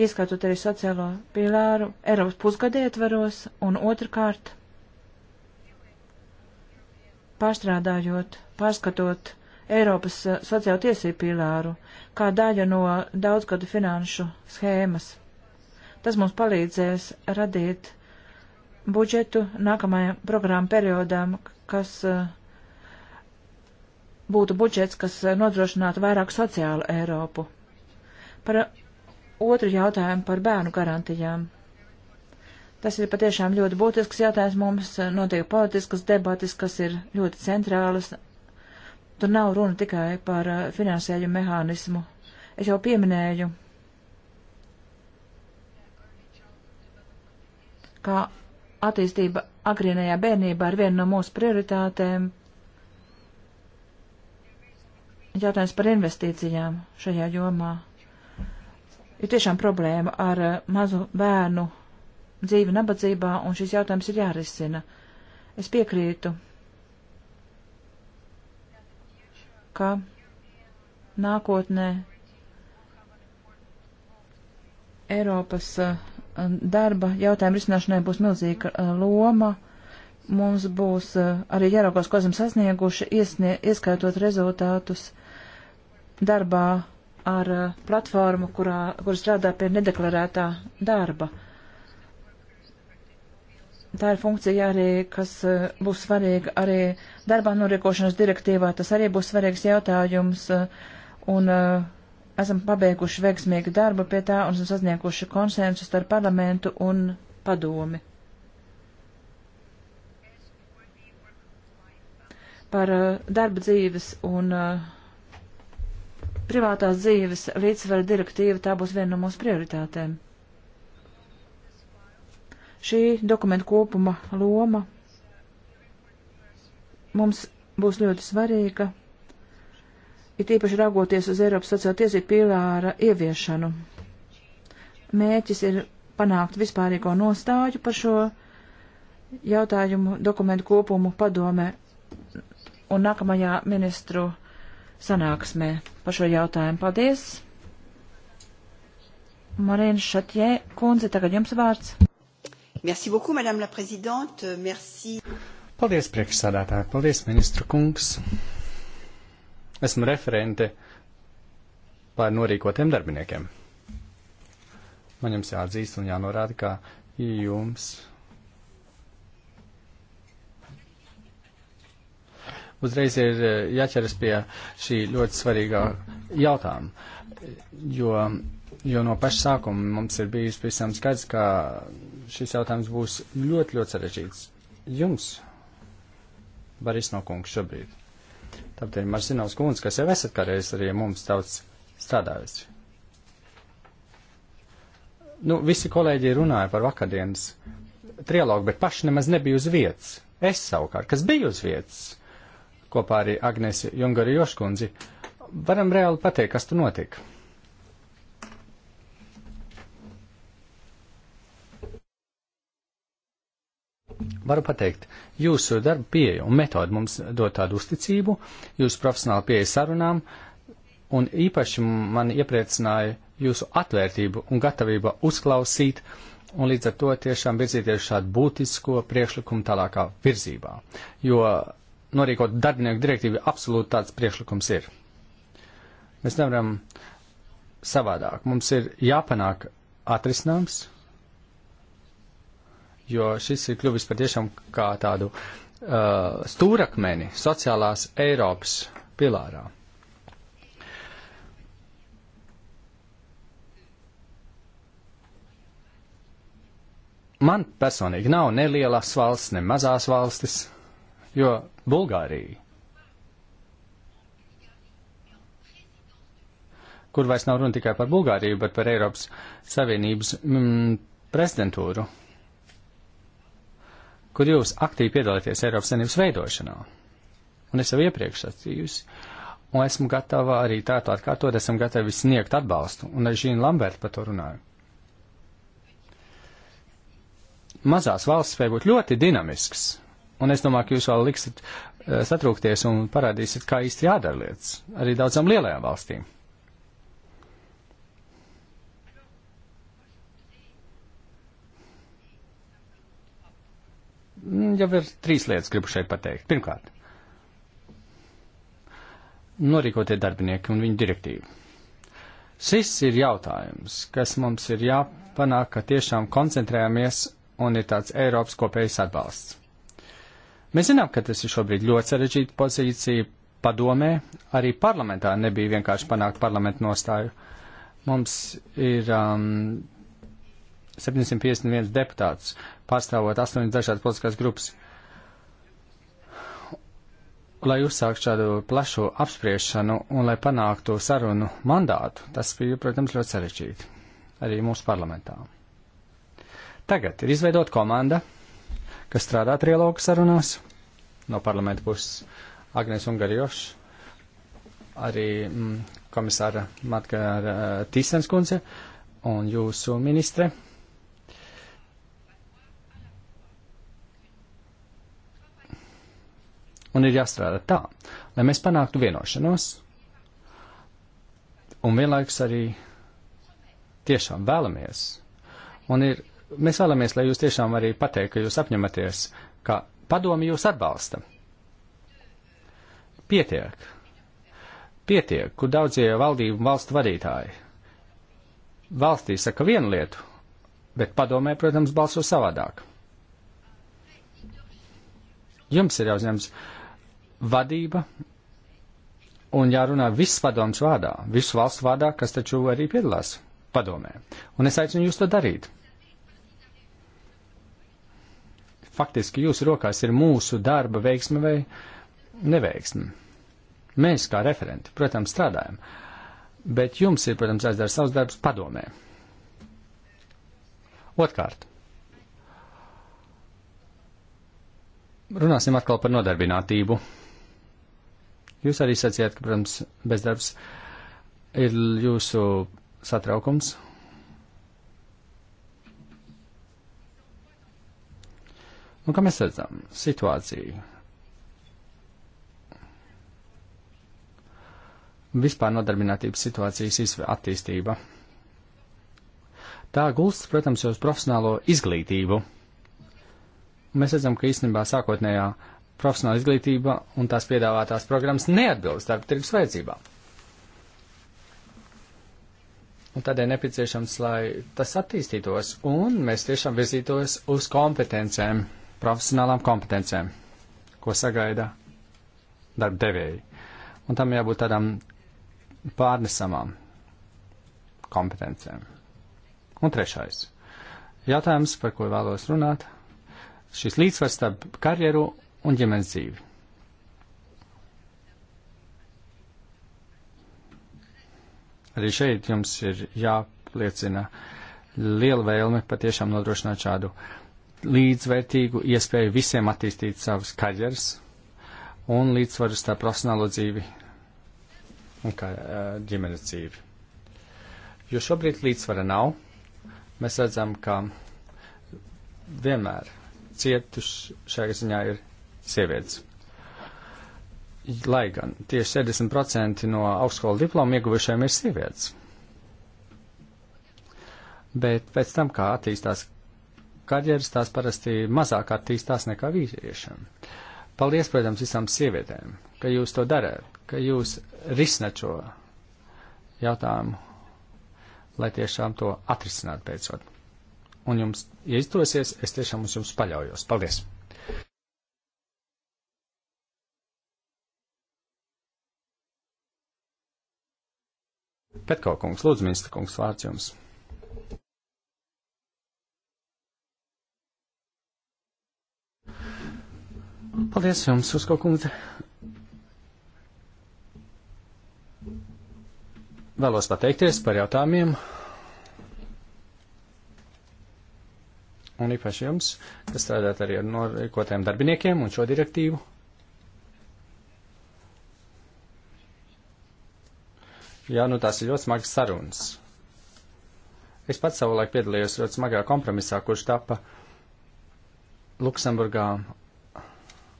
ieskaitot arī sociālo pīlāru Eiropas pusgada ietvaros, un otrkārt, pārstrādājot, pārskatot Eiropas eh, sociālo tiesību pīlāru kā daļu no daudzgadu finanšu schēmas. Tas mums palīdzēs radīt budžetu nākamajam programmu periodam, kas eh, būtu budžets, kas eh, nodrošinātu vairāk sociālu Eiropu. Par otru jautājumu par bērnu garantijām. Tas ir patiešām ļoti būtisks jautājums mums, notiek politiskas debatas, kas ir ļoti centrālas. Tur nav runa tikai par eh, finansējumu mehānismu. Es jau pieminēju, kā attīstība agrīnajā bērnībā ir viena no mūsu prioritātēm. Jautājums par investīcijām šajā jomā ir tiešām problēma ar eh, mazu bērnu dzīvi nabadzībā, un šis jautājums ir jārisina. Es piekrītu, ka nākotnē Eiropas eh, darba jautājumu risināšanai būs milzīga eh, loma. Mums būs arī jāraugās, ko esam sasnieguši, iesnie, ieskaitot rezultātus darbā ar eh, platformu, kurā, kur strādā pie nedeklarētā darba. Tā ir funkcija arī, kas eh, būs svarīga arī darbā noriekošanas direktīvā. Tas arī būs svarīgs jautājums. Eh, un esam pabeiguši veiksmīgu darbu pie tā un esam sasnieguši konsensus starp parlamentu un padomi. Par darba dzīves un uh, privātās dzīves līdzsvera direktīva, tā būs viena no mūsu prioritātēm. Šī dokumenta kopuma loma mums būs ļoti svarīga, it īpaši raugoties uz Eiropas sociālo tiesību pīlāra ieviešanu. Mēķis ir panākt vispārīgo nostāju par šo jautājumu dokumentu kopumu padome un nākamajā ministru sanāksmē par šo jautājumu. Paldies! Marina Šatjē, kundze, tagad jums vārds. Merci beaucoup, madame la présidente. Merci. Paldies, priekšsādātāji. Paldies, ministru kungs. Esmu referente par norīkotiem darbiniekiem. Man jums jāatzīst un jānorāda, ka jums uzreiz ir eh, jāķeras pie šī ļoti svarīgā jautājuma, jo, jo no paša sākuma mums ir bijis visam skaidrs, ka šis jautājums būs ļoti, ļoti sarežģīts. Jums, Baris no kungs, šobrīd. Tāpēc ir Marsinovs kundze, kas jau esat kādreiz arī mums daudz strādājusi. Nu, visi kolēģi runāja par vakardienas trialogu, bet paši nemaz nebija uz vietas. Es savukārt, kas biju uz vietas, kopā arī Agnesi Jungaru Joškundzi, varam reāli pateikt, kas tur notiek. Varu pateikt, jūsu darba pieeja un metode mums dod tādu uzticību, jūsu profesionāla pieeja sarunām, un īpaši man iepriecināja jūsu atvērtību un gatavība uzklausīt un līdz ar to tiešām virzīties šādu būtisko priekšlikumu tālākā virzībā. Jo norīkot darbinieku direktīvu, absolūti tāds priekšlikums ir. Mēs nevaram savādāk. Mums ir jāpanāk atrisināms, jo šis ir kļuvis patiešām kā tādu uh, stūrakmeni sociālās Eiropas pilārā. Man personīgi nav ne lielas valsts, ne mazās valstis jo Bulgārija, kur vairs nav runa tikai par Bulgāriju, bet par Eiropas Savienības mm, prezidentūru, kur jūs aktīvi piedalāties Eiropas Savienības veidošanā. Un es jau iepriekš sacījusi, un esmu gatava arī tā to atkārtot, esam gatavi sniegt atbalstu, un arī Žīna Lamberta par to runāju. Mazās valsts spēj būt ļoti dinamisks Un es domāju, ka jūs vēl liksit eh, satrūkties un parādīsiet, kā īsti jādara lietas arī daudzām lielajām valstīm. Mm, jau ir trīs lietas, gribu šeit pateikt. Pirmkārt, norīkotie darbinieki un viņu direktīva. Šis ir jautājums, kas mums ir jāpanāk, ka tiešām koncentrējamies un ir tāds Eiropas kopējs atbalsts. Mēs zinām, ka tas ir šobrīd ļoti sarežģīta pozīcija padomē, arī parlamentā nebija vienkārši panākt parlamentu nostāju. Mums ir um, 751 deputāts, pārstāvot astoņas dažādas politiskās grupas. Lai uzsāktu šādu plašu apspriešanu un lai panāktu sarunu mandātu, tas bija, protams, ļoti sarežģīti arī mūsu parlamentā. Tagad ir izveidot komanda, kas strādā trialogu sarunās no parlamenta puses. Agnēs Ungarjošs, arī mm, komisāra Matkara eh, Tīsens kundze un jūsu ministre. Un ir jāstrādā tā, lai mēs panāktu vienošanos un vienlaikus arī tiešām vēlamies. Un ir mēs vēlamies, lai jūs tiešām arī pateikt, ka jūs apņematies, ka padomi jūs atbalsta. Pietiek. Pietiek, kur daudzie valdību un valstu vadītāji. Valstī saka vienu lietu, bet padomē, protams, balso savādāk. Jums ir jāuzņems vadība un jārunā viss padoms vārdā, visu valstu vārdā, kas taču arī piedalās padomē. Un es aicinu jūs to darīt. Faktiski jūsu rokās ir mūsu darba veiksme vai neveiksme. Mēs, kā referenti, protams, strādājam, bet jums ir, protams, aizdara savs darbs padomē. Otkārt. Runāsim atkal par nodarbinātību. Jūs arī sacījāt, ka, protams, bezdarbs ir jūsu satraukums, Un nu, kā mēs redzam, situācija vispār nodarbinātības situācijas attīstība. Tā gulstas, protams, uz profesionālo izglītību. Mēs redzam, ka īstenībā sākotnējā profesionāla izglītība un tās piedāvātās programmas neatbilst darba tirgus vajadzībām. Un tādēļ nepieciešams, lai tas attīstītos un mēs tiešām virzītos uz kompetencēm profesionālām kompetencēm, ko sagaida darba devēji. Un tam jābūt tādām pārnesamām kompetencēm. Un trešais jautājums, par ko vēlos runāt, šis līdzsvars starp karjeru un ģimenes dzīvi. Arī šeit jums ir jāpliecina liela vēlme patiešām nodrošināt šādu uh, līdzvērtīgu iespēju visiem attīstīt savas karjeras un līdzsvaru starp profesionālo dzīvi un kā, ģimenes dzīvi. Jo šobrīd līdzsvara nav, mēs redzam, ka vienmēr cietuši šajā ziņā ir sievietes. Lai gan tieši 70% no augstskolu diplomu ieguvušajiem ir sievietes. Bet pēc tam, kā attīstās karjeras tās parasti mazāk attīstās nekā vīriešiem. Paldies, protams, visām sievietēm, ka jūs to darāt, ka jūs risināt šo jautājumu, lai tiešām to atrisinātu beidzot. Un jums, ja izdosies, es tiešām uz jums paļaujos. Paldies! Petko kungs, lūdzu, ministra kungs, vārds jums. Paldies jums, Usko kundze. Vēlos pateikties par jautājumiem. Un īpaši jums, kas strādāt arī ar norīkotiem darbiniekiem un šo direktīvu. Jā, nu tās ir ļoti smagas sarunas. Es pats savulaik piedalījos ļoti smagā kompromisā, kurš tapa Luksemburgā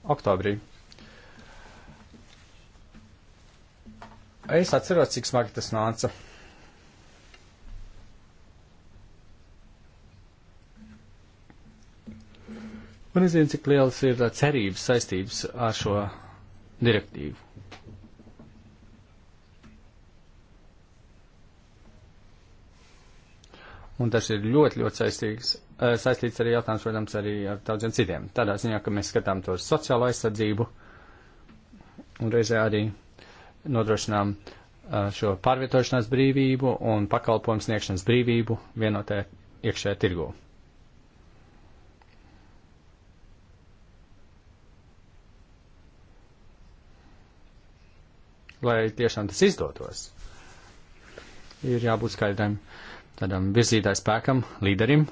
oktobrī. Es atceros, cik smagi tas nāca. Un es zinu, cik lielas ir cerības saistības ar šo direktīvu. Un tas ir ļoti, ļoti saistīgs Eh, saistīts arī jautājums, protams, arī ar daudziem citiem. Tādā ziņā, ka mēs skatām to sociālo aizsardzību un reizē arī nodrošinām eh, šo pārvietošanās brīvību un pakalpojumu sniegšanas brīvību vienotē iekšējā tirgū. Lai tiešām tas izdotos, ir jābūt skaidram tādam virzītājspēkam, līderim,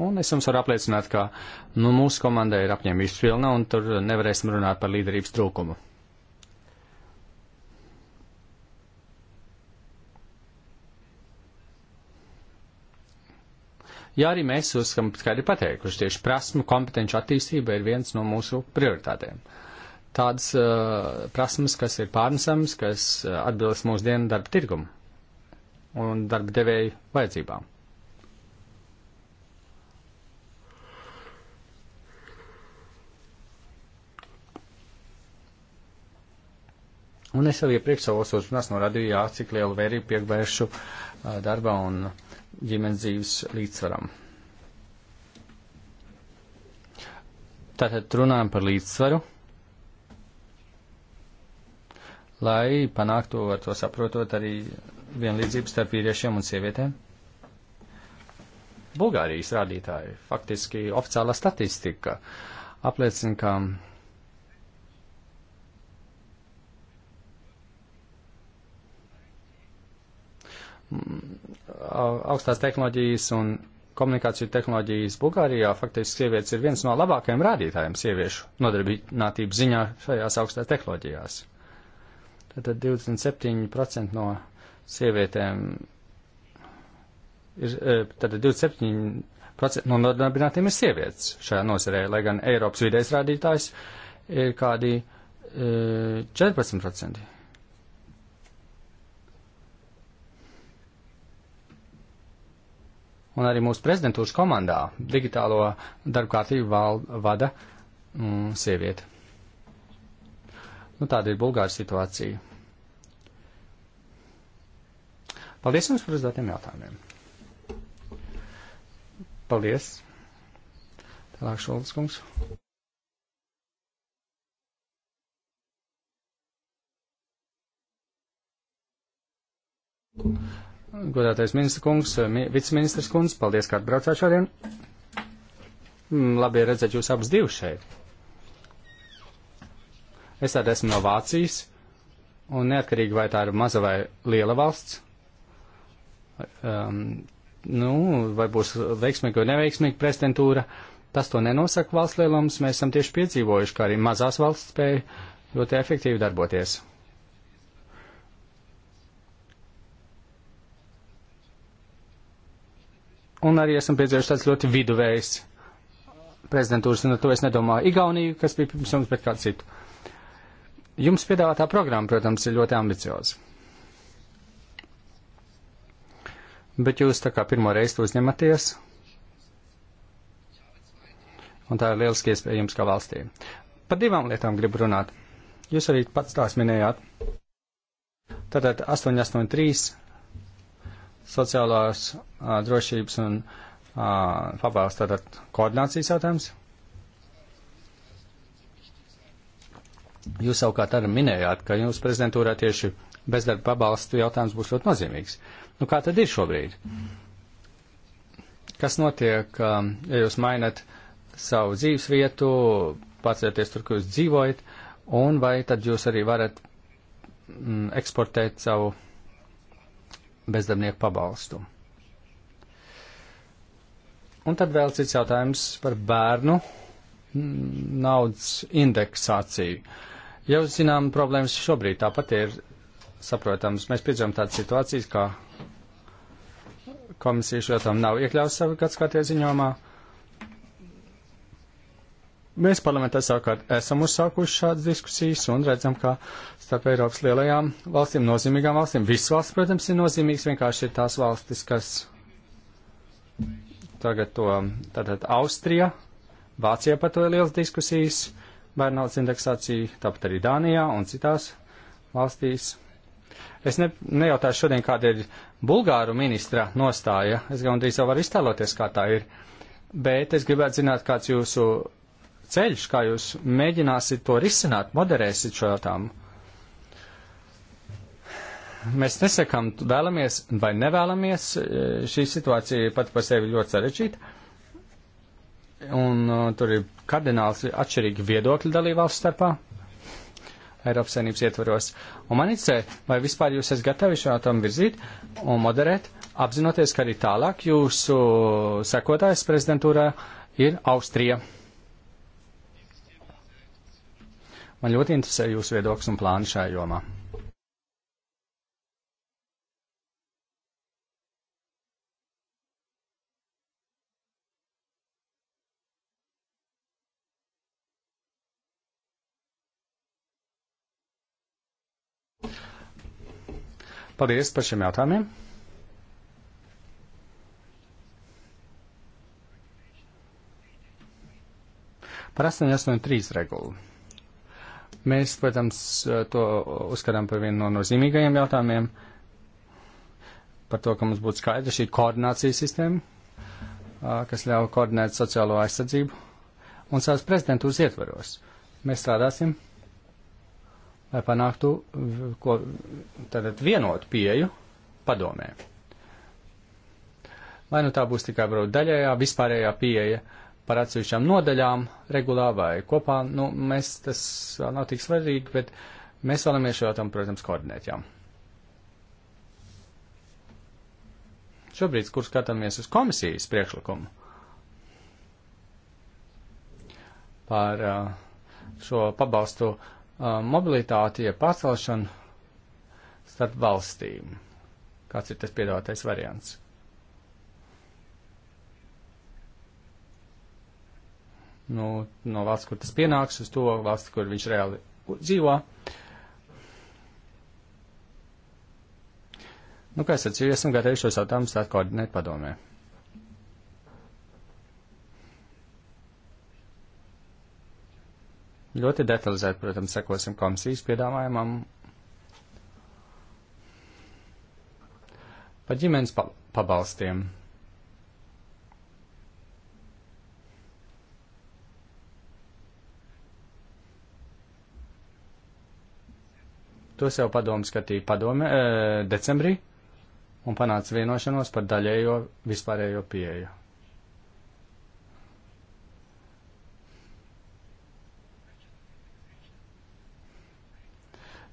Un es jums varu apliecināt, ka nu, mūsu komandai ir apņēmības pilna, un tur nevarēsim runāt par līderības trūkumu. Ja arī mēs uzskam, ka ir pateikuši, tieši prasmu kompetenci attīstība ir viens no mūsu prioritātēm. Tādas uh, prasmes, kas ir pārnesamas, kas uh, atbilst mūsu dienu darba tirgumu un darba devēju vajadzībām. Un es jau iepriekš savos uzrunās norādīju, jā, cik lielu vērību pievēršu darba un ģimenes dzīves līdzsvaram. Tātad runājam par līdzsvaru, lai panāktu ar to saprotot arī vienlīdzību starp vīriešiem un sievietēm. Bulgārijas rādītāji, faktiski oficiālā statistika apliecina, ka augstās tehnoloģijas un komunikāciju tehnoloģijas Bulgārijā faktiski sievietes ir viens no labākajiem rādītājiem sieviešu nodarbinātības ziņā šajās augstās tehnoloģijās. Tad 27% no sievietēm ir, e, tad 27% no nodarbinātiem ir sievietes šajā nozarē, lai gan Eiropas vidējais rādītājs ir kādi 14%. E, un arī mūsu prezidentūras komandā digitālo darbu kārtību vada mm, sieviete. Nu, tāda ir Bulgāra situācija. Paldies jums par uzdotiem jautājumiem. Paldies. Tālāk Šolds kungs. Mm godātais ministra kungs, eh, viceministrs kungs, paldies, ka atbraucāt šodien. Mm, labi redzēt jūs abus divus šeit. Es tāda esmu no Vācijas, un neatkarīgi vai tā ir maza vai liela valsts, um, nu, vai būs veiksmīga vai neveiksmīga prezidentūra, tas to nenosaka valsts lielums, mēs esam tieši piedzīvojuši, kā arī mazās valsts spēja ļoti efektīvi darboties. un arī esam piedzīvojuši tāds ļoti viduvējs prezidentūras, un ar to es nedomāju Igauniju, kas bija pirms jums, bet kādu citu. Jums piedāvātā programma, protams, ir ļoti ambicioza. Bet jūs tā kā pirmo reizi to uzņematies, un tā ir lieliski iespēja jums kā valstī. Par divām lietām gribu runāt. Jūs arī pats tās minējāt. Tātad 883 sociālās a, drošības un pabalsta tātad koordinācijas jautājums. Jūs savukārt arī minējāt, ka jums prezidentūrā tieši bezdarba pabalstu jautājums būs ļoti nozīmīgs. Nu, kā tad ir šobrīd? Kas notiek, ja jūs mainat savu dzīves vietu, pārcēties tur, kur jūs dzīvojat, un vai tad jūs arī varat mm, eksportēt savu bezdarbnieku pabalstu. Un tad vēl cits jautājums par bērnu naudas indeksāciju. Jau zinām, problēmas šobrīd tāpat ir saprotams. Mēs piedzīvojam tādas situācijas, kā komisija šo tam nav iekļauts savu gadskārtie ziņojumā. Uh, Mēs parlamentā savukārt esam uzsākuši šādas diskusijas un redzam, ka starp Eiropas lielajām valstīm, nozīmīgām valstīm, visas valsts, protams, ir nozīmīgas, vienkārši ir tās valstis, kas tagad to, tātad Austrija, Vācijā par to ir liels diskusijas, bērnauts indeksācija, tāpat arī Dānijā un citās valstīs. Es ne, nejautāšu šodien, kāda ir Bulgāru ministra nostāja, es gandrīz jau varu iztēloties, kā tā ir, bet es gribētu zināt, kāds jūsu ceļš, kā jūs mēģināsiet to risināt, moderēsiet šo jautājumu. Mēs nesakām, vēlamies vai nevēlamies, e, šī situācija pat par sevi ļoti sarežģīta. Un uh, tur ir kardināls atšķirīgi viedokļi dalībvalsts starpā, Eiropas saimnības ietvaros. Un man interesē, vai vispār jūs esat gatavi šo jautājumu virzīt un moderēt, apzinoties, ka arī tālāk jūsu sekotājs prezidentūrā ir Austrija. Man ļoti interesē jūsu viedoklis un plāni šajā jomā. Paldies par šiem jautājumiem. Par 883 regulu. Mēs, protams, to uzskatām par vienu no nozīmīgajiem jautājumiem, par to, ka mums būtu skaidra šī koordinācijas sistēma, kas ļauj koordinēt sociālo aizsardzību un savas prezidentūras ietvaros. Mēs strādāsim, lai panāktu ko, tātad vienotu pieju padomē. Vai nu tā būs tikai varbūt daļējā, vispārējā pieeja, uh, par atsevišķām nodaļām regulā vai kopā, nu, mēs tas nav tik svarīgi, bet mēs vēlamies šo jautājumu, protams, koordinēt jau. Šobrīd, kur skatāmies uz komisijas priekšlikumu par šo pabalstu mobilitāti, ja pārcelšanu starp valstīm, kāds ir tas piedāvātais variants. nu, no valsts, kur tas pienāks, uz to valsti, kur viņš reāli dzīvo. Nu, kā es atceru, esam gatavi šos jautājumus tā koordinēt padomē. Ļoti detalizēti, protams, sekosim komisijas piedāvājumam par ģimenes pabalstiem. Pa Tos jau padomu skatīja padome e, decembrī un panāca vienošanos par daļējo vispārējo pieeju.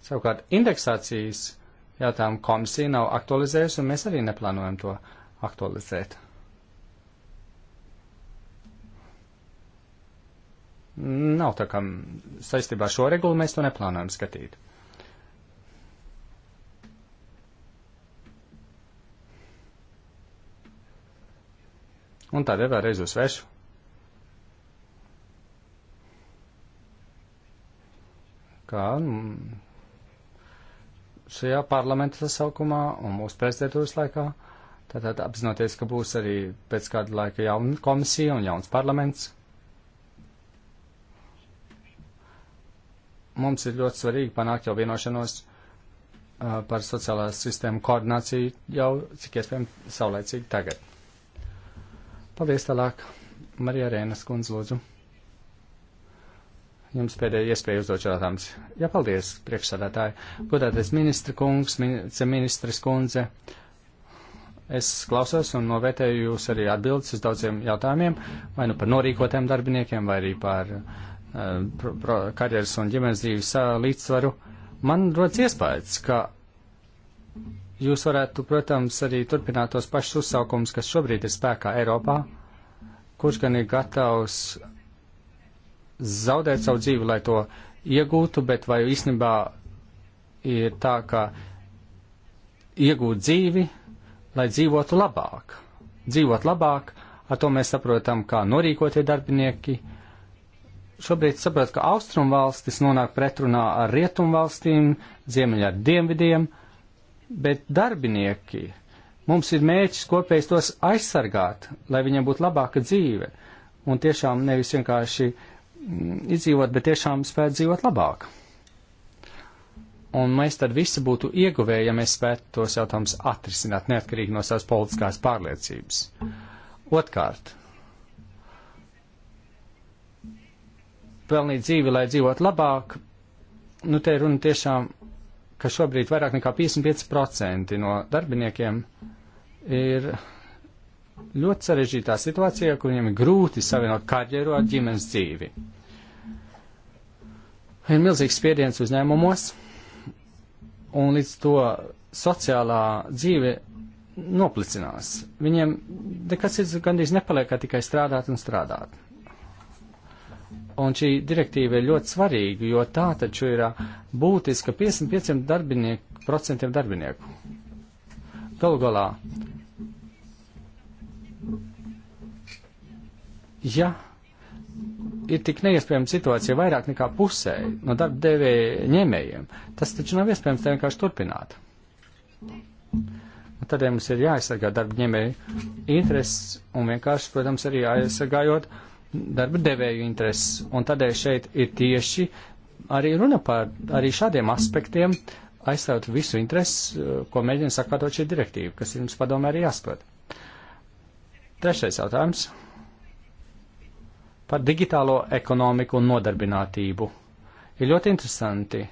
Savukārt indeksācijas jautājumu komisija nav aktualizējusi, un mēs arī neplānojam to aktualizēt. Nav tā kā saistībā ar šo regulu mēs to neplānojam skatīt. Un tādēļ vēlreiz uzsvēršu. Kā nu, šajā parlamenta sasaukumā un mūsu prezidentūras laikā, tātad apzinoties, ka būs arī pēc kāda laika jauna komisija un jauns parlaments, mums ir ļoti svarīgi panākt jau vienošanos par sociālās sistēmu koordināciju jau, cik iespējams, saulēcīgi tagad. Paldies tālāk. Marija Rēnas kundze, lūdzu. Jums pēdējā iespēja uzdot jautājumus. Jā, paldies, priekšsādātāji. Godātais ministra kungs, ministres kundze. Es klausos un novērtēju jūs arī atbildes uz daudziem jautājumiem, vai nu par norīkotiem darbiniekiem, vai arī par uh, pro, pro, karjeras un ģimenes dzīves uh, līdzsvaru. Man rodas iespējas, ka Jūs varētu, protams, arī turpināt tos pašus uzsaukumus, kas šobrīd ir spēkā Eiropā, kurš gan ir gatavs zaudēt savu dzīvi, lai to iegūtu, bet vai īstenībā ir tā, ka iegūt dzīvi, lai dzīvotu labāk. Dzīvot labāk, ar to mēs saprotam, kā norīkotie darbinieki. Šobrīd saprot, ka austrumvalstis nonāk pretrunā ar rietumvalstīm, ziemeļa ar dienvidiem bet darbinieki, mums ir mērķis kopējs tos aizsargāt, lai viņiem būtu labāka dzīve, un tiešām nevis vienkārši mm, izdzīvot, bet tiešām spēt dzīvot labāk. Un mēs tad visi būtu ieguvēji, ja mēs spētu tos jautājumus atrisināt neatkarīgi no savas politiskās pārliecības. Otkārt, pelnīt dzīvi, lai dzīvot labāk, nu te runa tiešām ka šobrīd vairāk nekā 55% no darbiniekiem ir ļoti sarežģītā situācijā, kur viņiem ir grūti savienot karjeru ar ģimenes dzīvi. Ir milzīgs spiediens uzņēmumos, un līdz to sociālā dzīve noplicinās. Viņiem nekas cits gandrīz nepaliek, kā tikai strādāt un strādāt. Un šī direktīva ir ļoti svarīga, jo tā taču ir uh, būtiska 55% darbinieku. Procentiem darbinieku. Galu galā, ja ir tik neiespējama situācija vairāk nekā pusē no darba devēja ņēmējiem, tas taču nav iespējams tā vienkārši turpināt. Un tad ja mums ir jāaizsargā darba ņēmēju intereses un vienkārši, protams, arī jāaizsargājot uh, darba devēju intereses. Un tādēļ šeit ir tieši arī runa par arī šādiem aspektiem aizstāvot visu interesu, eh, ko mēģina sakārtot šī direktīva, kas jums padomē arī jāskat. Trešais jautājums par digitālo ekonomiku un nodarbinātību. Ir ļoti interesanti.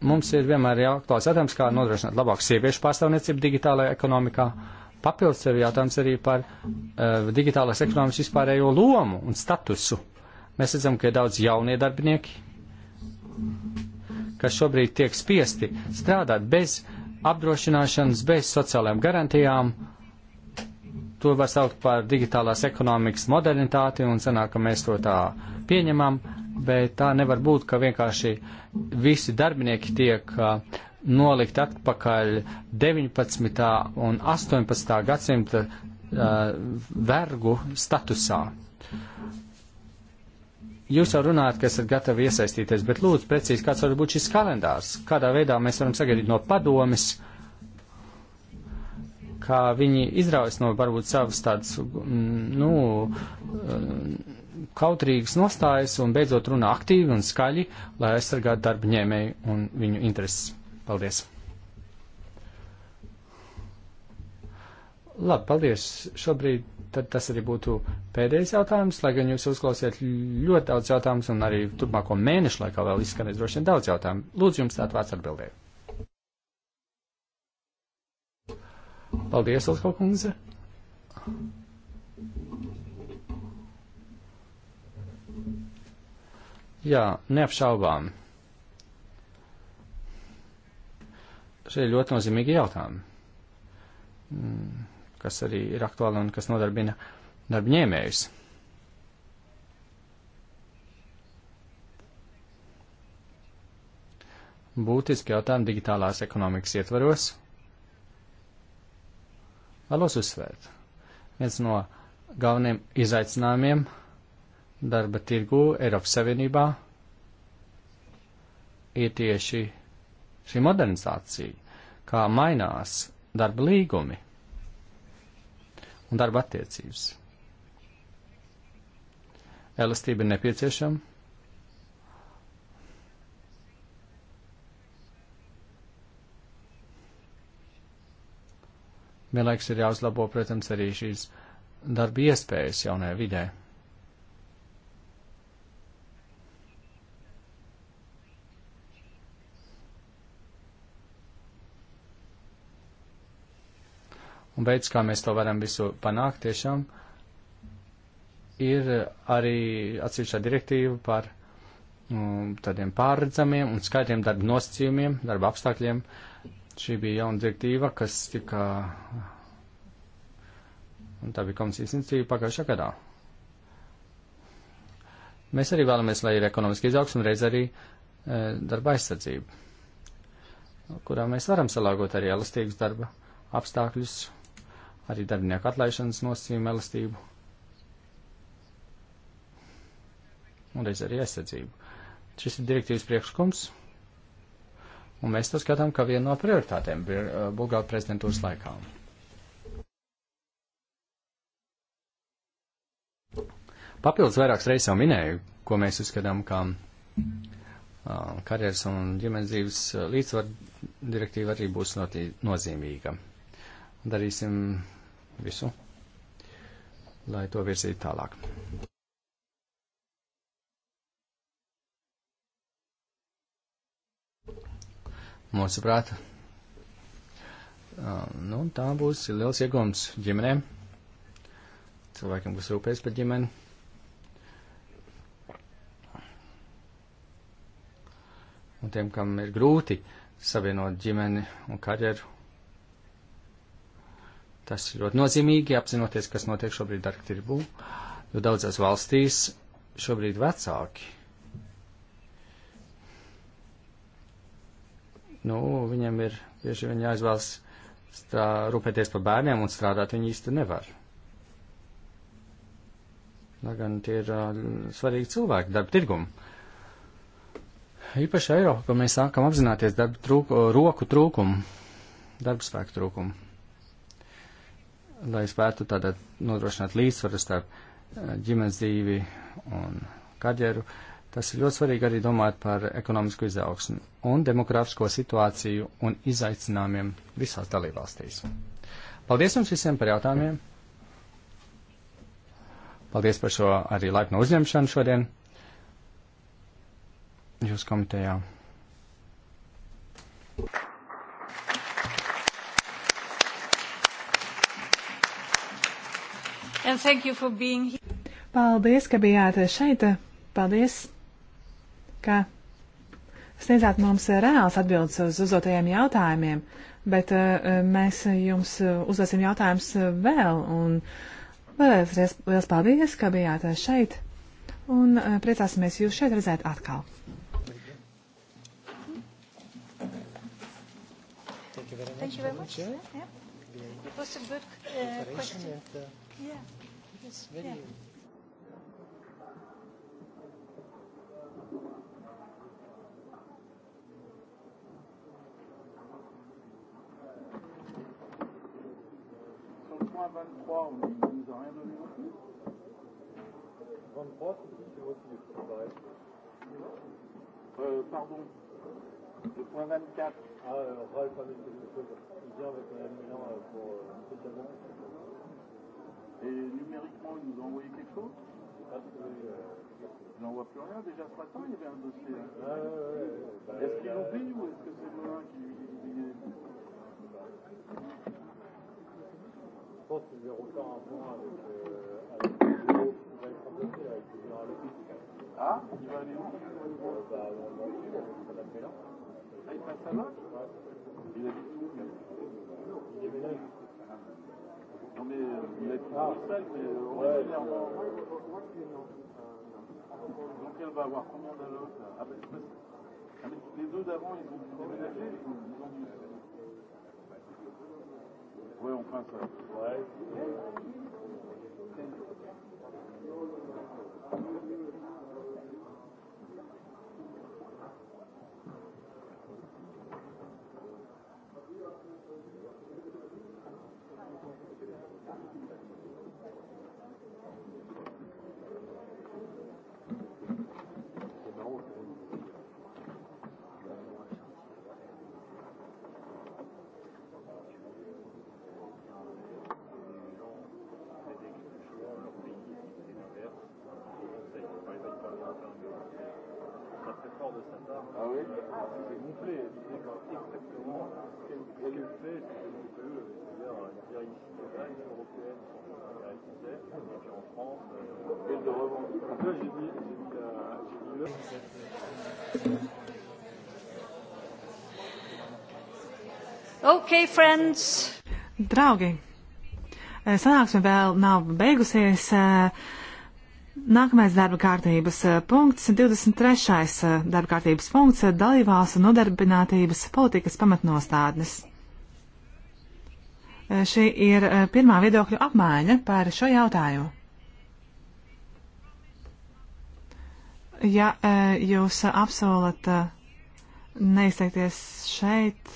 Mums ir vienmēr jāaktuāls jautājums, kā nodrošināt labāku sieviešu pārstāvniecību digitālajā ekonomikā. Uh, Papildus ir jautājums arī par uh, digitālās ekonomikas vispārējo lomu un statusu. Mēs redzam, ka ir daudz jaunie darbinieki, kas šobrīd tiek spiesti strādāt bez apdrošināšanas, bez sociālajām garantijām. To var saukt par digitālās ekonomikas modernitāti un sanāk, ka mēs to tā pieņemam, bet tā nevar būt, ka vienkārši visi darbinieki tiek uh, nolikt atpakaļ 19. un 18. gadsimta uh, vergu statusā. Jūs jau runājat, ka esat gatavi iesaistīties, bet lūdzu precīzi, kāds var būt šis kalendārs, kādā veidā mēs varam sagaidīt no padomis, kā viņi izraujas no varbūt savas tādas, mm, nu, kautrīgas nostājas un beidzot runā aktīvi un skaļi, lai aizsargātu darba ņēmēju un viņu intereses. Paldies! Labi, paldies! Šobrīd tad tas arī būtu pēdējais jautājums, lai gan jūs uzklausiet ļoti daudz jautājumus un arī turpmāko mēnešu laikā vēl izskanēs droši vien daudz jautājumu. Lūdzu, jums tāds vārds atbildēt. Paldies, Elko kundze. Jā, neapšaubām. Šie ir ļoti nozīmīgi jautājumi, mm, kas arī ir aktuāli un kas nodarbina darbņēmējus. Būtiski jautājumi digitālās ekonomikas ietvaros. Vēlos uzsvērt. Viens no galveniem izaicinājumiem darba tirgu Eiropas Savienībā ir tieši šī modernizācija, kā mainās darba līgumi un darba attiecības. Elastība ir nepieciešama. Vienlaiks ir jāuzlabo, protams, arī šīs darba iespējas jaunajā vidē. un veids, kā mēs to varam visu panākt, tiešām ir arī atsevišķā direktīva par um, tādiem pārredzamiem un skaidriem darba nosacījumiem, darba apstākļiem. Šī bija jauna direktīva, kas tika, un tā bija komisijas iniciatīva pagājušā gadā. Mēs arī vēlamies, lai ir ekonomiski izaugsme un reiz arī e, darba aizsardzība, kurā mēs varam salāgot arī elastīgus darba apstākļus arī darbinieku atlaišanas nosacījumu elastību un reiz arī aizsardzību. Šis ir direktīvas priekšlikums, un mēs to skatām kā vienu no prioritātēm uh, Bulgāru prezidentūras laikā. Papildus vairākas reizes jau minēju, ko mēs uzskatām kā uh, karjeras un ģimenes dzīves uh, līdzsvaru direktīva arī būs nozīmīga. Darīsim visu, lai to virzītu tālāk. Mūsuprāt, um, nu, tā būs liels iegums ģimenēm, cilvēkiem, kas rūpēs par ģimeni. Un tiem, kam ir grūti savienot ģimeni un karjeru, Tas ir ļoti nozīmīgi, apzinoties, kas notiek šobrīd darba tirgu, jo daudzās valstīs šobrīd vecāki. Nu, viņiem ir bieži vien jāizvēlas strā, rūpēties par bērniem un strādāt viņi īsti nevar. Lai gan tie ir uh, svarīgi cilvēki darba tirgumu. Īpaši Eiropā, kur mēs sākam apzināties darba trūku, roku trūkumu, darba spēku trūkumu lai spētu tādā nodrošināt līdzsvaru starp eh, ģimenes dzīvi un karjeru, tas ir ļoti svarīgi arī domāt par ekonomisku izaugsmu un demografisko situāciju un izaicinājumiem visās dalībvalstīs. Paldies jums visiem par jautājumiem! Paldies par šo arī laipnu uzņemšanu šodien jūs komitejā. Paldies, ka bijāt šeit. Paldies, ka sniedzāt mums reāls atbildes uz uzdotajiem jautājumiem, bet uh, mēs jums uzdosim jautājumus vēl. Un vēlreiz liels paldies, ka bijāt šeit. Un uh, priecāsimies jūs šeit redzēt atkal. Thank you very much. Thank you very much. Yeah. Yeah. It was a good uh, question. And, uh, yeah. Yes, very. Yeah. Point 23, on ne nous a rien donné non plus. 23, c'est qui c'est aussi le travail. Euh, pardon. Le point 24. Ah, euh, Ralph, il vient avec Madame Milan pour euh, spécialement. Et numériquement, ils nous ont envoyé quelque chose euh, Je n'en vois plus rien. Déjà ce matin, il y avait un dossier. Hein. Ah, ouais, ouais. Est-ce qu'ils l'ont pris ou est-ce que c'est Molin qui lui Je pense qu'ils verront faire un point avec, euh, avec Léo. Il va être remplacé avec le général Ah Il va aller où euh, bah, Dans le sud, ça l'appelle là. Ah, il passe à Lodge ouais. Il habite où Il déménage. On est, on est ah. seul, mais on ouais, est clairement. Donc elle va avoir combien d'allocs ah, ben, ah, mais Les deux d'avant, ils ont déménagé ils ont, ils ont dû. Ouais, enfin ça. Ouais. Okay, friends. Draugi, eh, sanāksme vēl nav beigusies. Eh, nākamais darba kārtības eh, punkts, 23. darba kārtības punkts - dalībvalstu nodarbinātības politikas pamatnostādnes. Šī ir pirmā viedokļu apmaiņa par šo jautājumu. Ja jūs apsolat neizteikties šeit,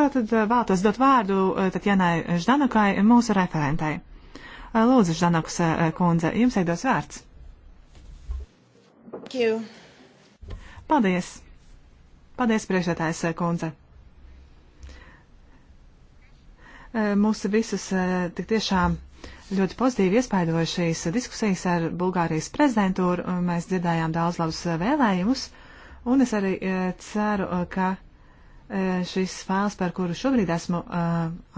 Tātad eh, vēlētos dot vārdu eh, Tatjanai Ždanukai, mūsu referentai. Eh, lūdzu, Ždanukas kundze, jums ir dos vārds. Paldies. Paldies, priekšētājs kundze. Mūs visus tik tiešām ļoti pozitīvi iespaidoja šīs diskusijas ar Bulgārijas prezidentūru. Mēs dzirdējām daudz labus vēlējumus, un es arī ceru, ka E, šis fails, par kuru šobrīd esmu e,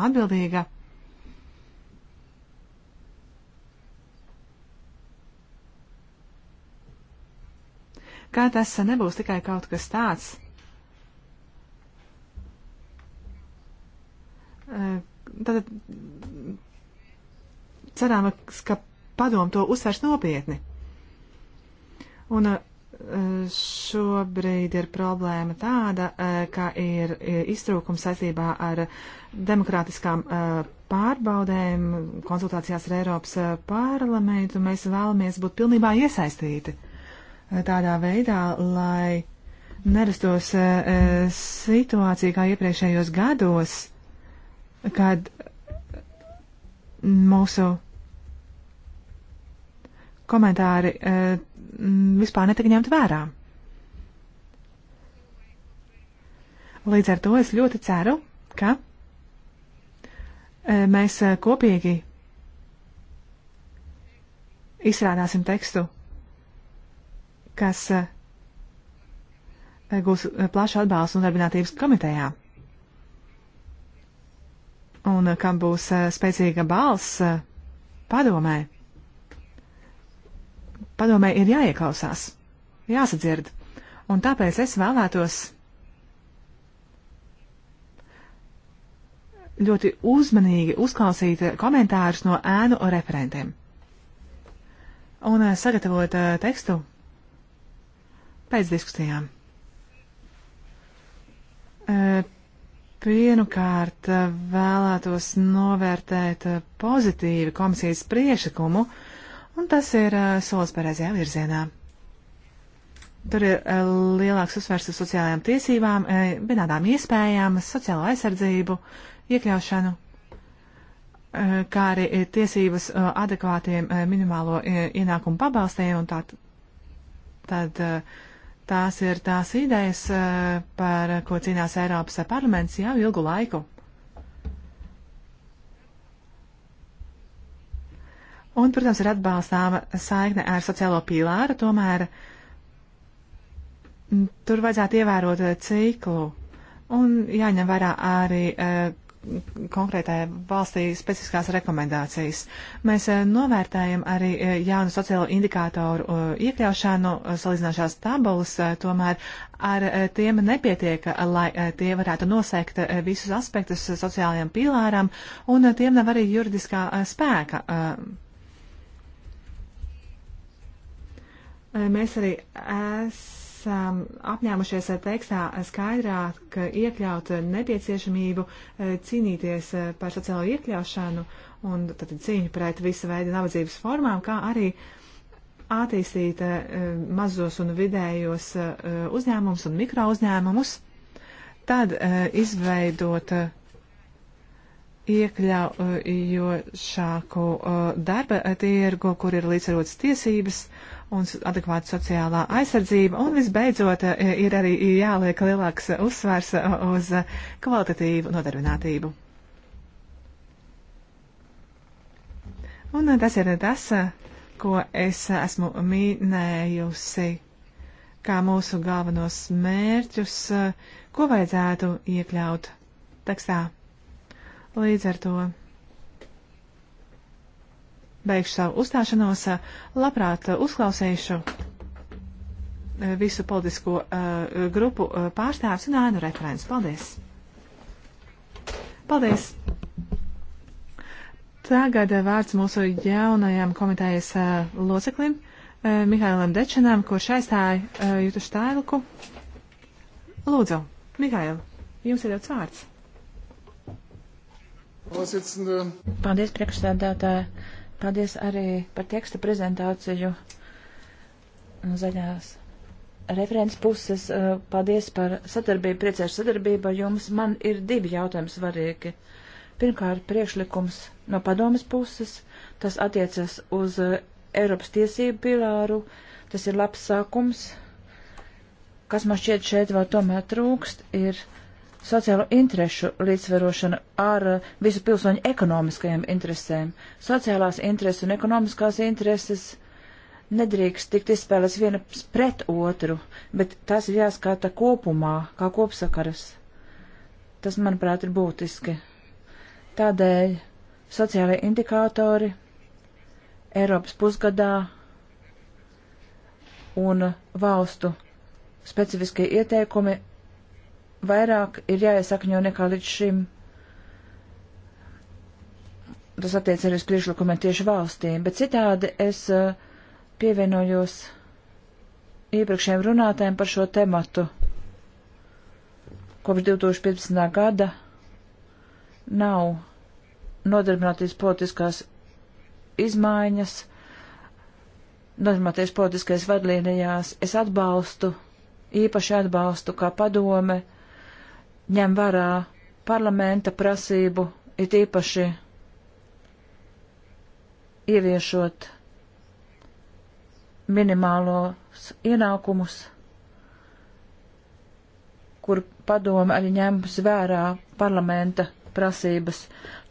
atbildīga, kā tas nebūs tikai kaut kas tāds, e, tad cerām, ka padomu to uzsvers nopietni. Un Šobrīd ir problēma tāda, e, ka ir e, iztrūkums saistībā ar demokrātiskām e, pārbaudēm, konsultācijās ar Eiropas parlamentu. Mēs vēlamies būt pilnībā iesaistīti tādā veidā, lai nerastos situācija kā iepriekšējos gados, kad mūsu komentāri Mm, vispār netika ņemt vērā. Līdz ar to es ļoti ceru, ka eh, mēs eh, kopīgi izstrādāsim tekstu, kas eh, gūs plašu atbalstu nodarbinātības komitejā. Un kam būs spēcīga balss padomē. Padomē ir jāieklausās, jāsadzird. Un tāpēc es vēlētos ļoti uzmanīgi uzklausīt komentārus no ēnu referentiem un eh, sagatavot eh, tekstu pēc diskusijām. Eh, pirmkārt, vēlētos novērtēt pozitīvi komisijas priešakumu, uh, Un tas ir uh, solis pareizajā virzienā. Tur ir uh, lielāks uzsvers uz sociālajām tiesībām, uh, vienādām iespējām, sociālo aizsardzību, iekļaušanu, uh, kā arī ir tiesības uh, adekvātiem uh, minimālo uh, ienākumu pabalstiem. Tā, tad uh, tās ir tās idejas, uh, par ko cīnās Eiropas parlaments jau ilgu laiku. Un, protams, ir atbalstāma saikne ar sociālo pīlāru, tomēr mm, tur vajadzētu ievērot eh, ciklu. Un jāņem vērā arī eh, konkrētai valstī specifiskās rekomendācijas. Mēs eh, novērtējam arī jaunu sociālo indikātoru iekļaušanu salīdzināšās tabulas, tomēr ar tiem nepietiek, lai tie varētu noseikt visus aspektus sociālajam pīlāram, un tiem nav arī juridiskā spēka Mēs arī esam apņēmušies tekstā skaidrāk iekļaut nepieciešamību e, cīnīties e, par sociālo iekļaušanu un tad cīņu pret visu veidu nabadzības formām, kā arī attīstīt e, mazos un vidējos uzņēmumus un mikrouzņēmumus, tad izveidot iekļaujošāku e, e, darba tirgu, kur ir līdzsvarotas tiesības un adekvāta sociālā aizsardzība. Un visbeidzot, e, ir arī jāliek lielāks uzsvars uz kvalitatīvu nodarbinātību. Un tas ir tas, ko es esmu minējusi kā mūsu galvenos mērķus, ko vajadzētu iekļaut tekstā. Līdz ar to beigšu savu uzstāšanos, labprāt uh, uzklausīšu uh, visu politisko uh, grupu uh, pārstāvis un ēnu referents. Paldies! Paldies! Tagad uh, vārds mūsu jaunajam komitējas uh, loceklim, uh, Mihailam Dečanam, kurš aizstāja uh, Jutu Štailku. Lūdzu, Mihail, jums ir dots vārds. Paldies, priekšsēdētāji. Paldies arī par teksta prezentāciju no zaļās referents puses. Eh, paldies par sadarbību, priecēšu sadarbību ar jums. Man ir divi jautājumi svarīgi. Pirmkārt, priekšlikums no padomas puses. Tas attiecas uz eh, Eiropas tiesību pilāru. Tas ir labs sākums. Kas man šķiet šeit vēl tomēr trūkst, ir sociālo interešu līdzsverošana ar uh, visu pilsoņu ekonomiskajām interesēm. Sociālās intereses un ekonomiskās intereses nedrīkst tikt izspēlēts vienas pret otru, bet tas ir jāskata kopumā, kā kopsakaras. Tas, manuprāt, ir būtiski. Tādēļ sociālai indikātori Eiropas pusgadā un valstu specifiskie ieteikumi vairāk ir jāiesakņo nekā līdz šim. Tas attiec arī uz priekšlikumiem tieši valstīm, bet citādi es uh, pievienojos iepriekšējiem runātājiem par šo tematu. Kopš 2015. gada nav nodarbināties politiskās izmaiņas, nodarbināties politiskais vadlīnijās. Es atbalstu, īpaši atbalstu kā padome ņem vērā parlamenta prasību, it īpaši ieviešot minimālos ienākumus, kur padome arī ņems vērā parlamenta prasības.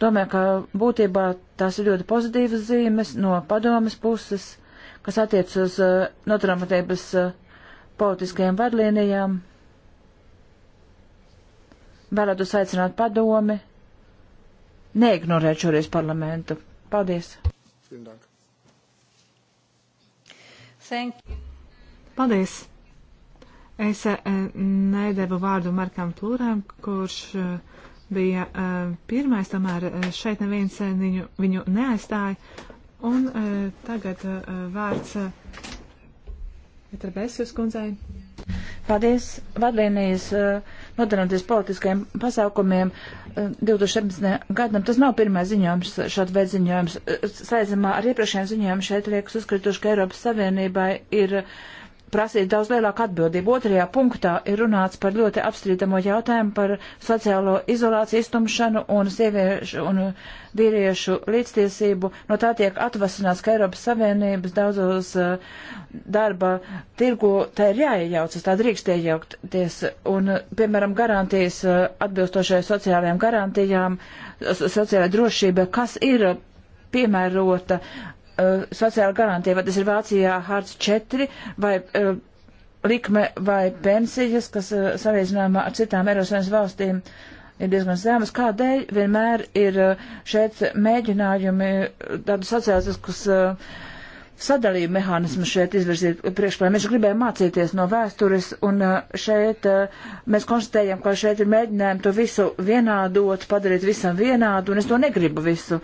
Domāju, ka būtībā tās ir ļoti pozitīvas zīmes no padomes puses, kas attiec uz uh, eh, notaramatības uh, eh, politiskajām vadlīnijām Vēlētos aicināt padomi neignorēt šoreiz parlamentu. Paldies! Paldies! Es eh, nedevu vārdu Markam Plūram, kurš eh, bija eh, pirmais, tomēr šeit neviens viņu, viņu neaizstāja. Un tagad vārds Petra Besjus kundzei. Paldies! Vadlīnijas uh, padarāties politiskiem pasākumiem 2017. Eh, gadam. Tas nav pirmais ziņojums, šāda veida ziņojums. Eh, Saistībā ar iepriekšējiem ziņojumiem šeit liekas uzkrituši, ka Eiropas Savienībai ir prasīt daudz lielāku atbildību. Otrajā punktā ir runāts par ļoti apstrīdamo jautājumu par sociālo izolāciju iztumšanu un sieviešu un vīriešu līdztiesību. No tā tiek atvasināts, ka Eiropas Savienības daudzos eh, darba tirgu tā ir jāiejaucas, tā drīkst iejaukties. Un, piemēram, garantijas eh, atbilstošajai sociālajām garantijām, sociālajai drošībai, kas ir piemērota uh, sociāla garantija, vai tas ir Vācijā Hārts 4 vai uh, likme vai pensijas, kas uh, salīdzinājumā ar citām Eiropas Savienības valstīm ir diezgan zemas. Kādēļ vienmēr ir uh, šeit mēģinājumi uh, tādu sociālistiskus uh, sadalījuma mehānismu šeit izvirzīt priekšplānā. Mēs gribējām mācīties no vēstures, un uh, šeit uh, mēs konstatējam, ka šeit ir mēģinājumi to visu vienādot, padarīt visam vienādu, un es to negribu visu.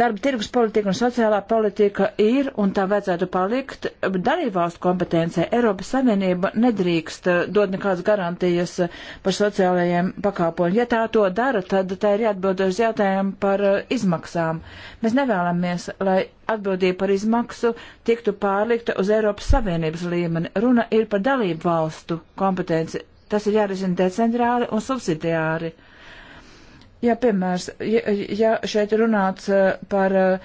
Darba tirgus politika un sociālā politika ir, un tā vajadzētu palikt, dalībvalstu kompetencē. Eiropas Savienība nedrīkst uh, dot nekādas garantijas par sociālajiem pakāpojumiem. Ja tā to dara, tad tā ir jāatbild uz jautājumu par izmaksām. Mēs nevēlamies, lai atbildība par izmaksu tiktu pārlikta uz Eiropas Savienības līmeni. Runa ir par dalību valstu kompetenci. Tas ir jārisina decentrāli un subsidiāri. Jā, piemērs, ja, ja šeit runāts eh, par eh,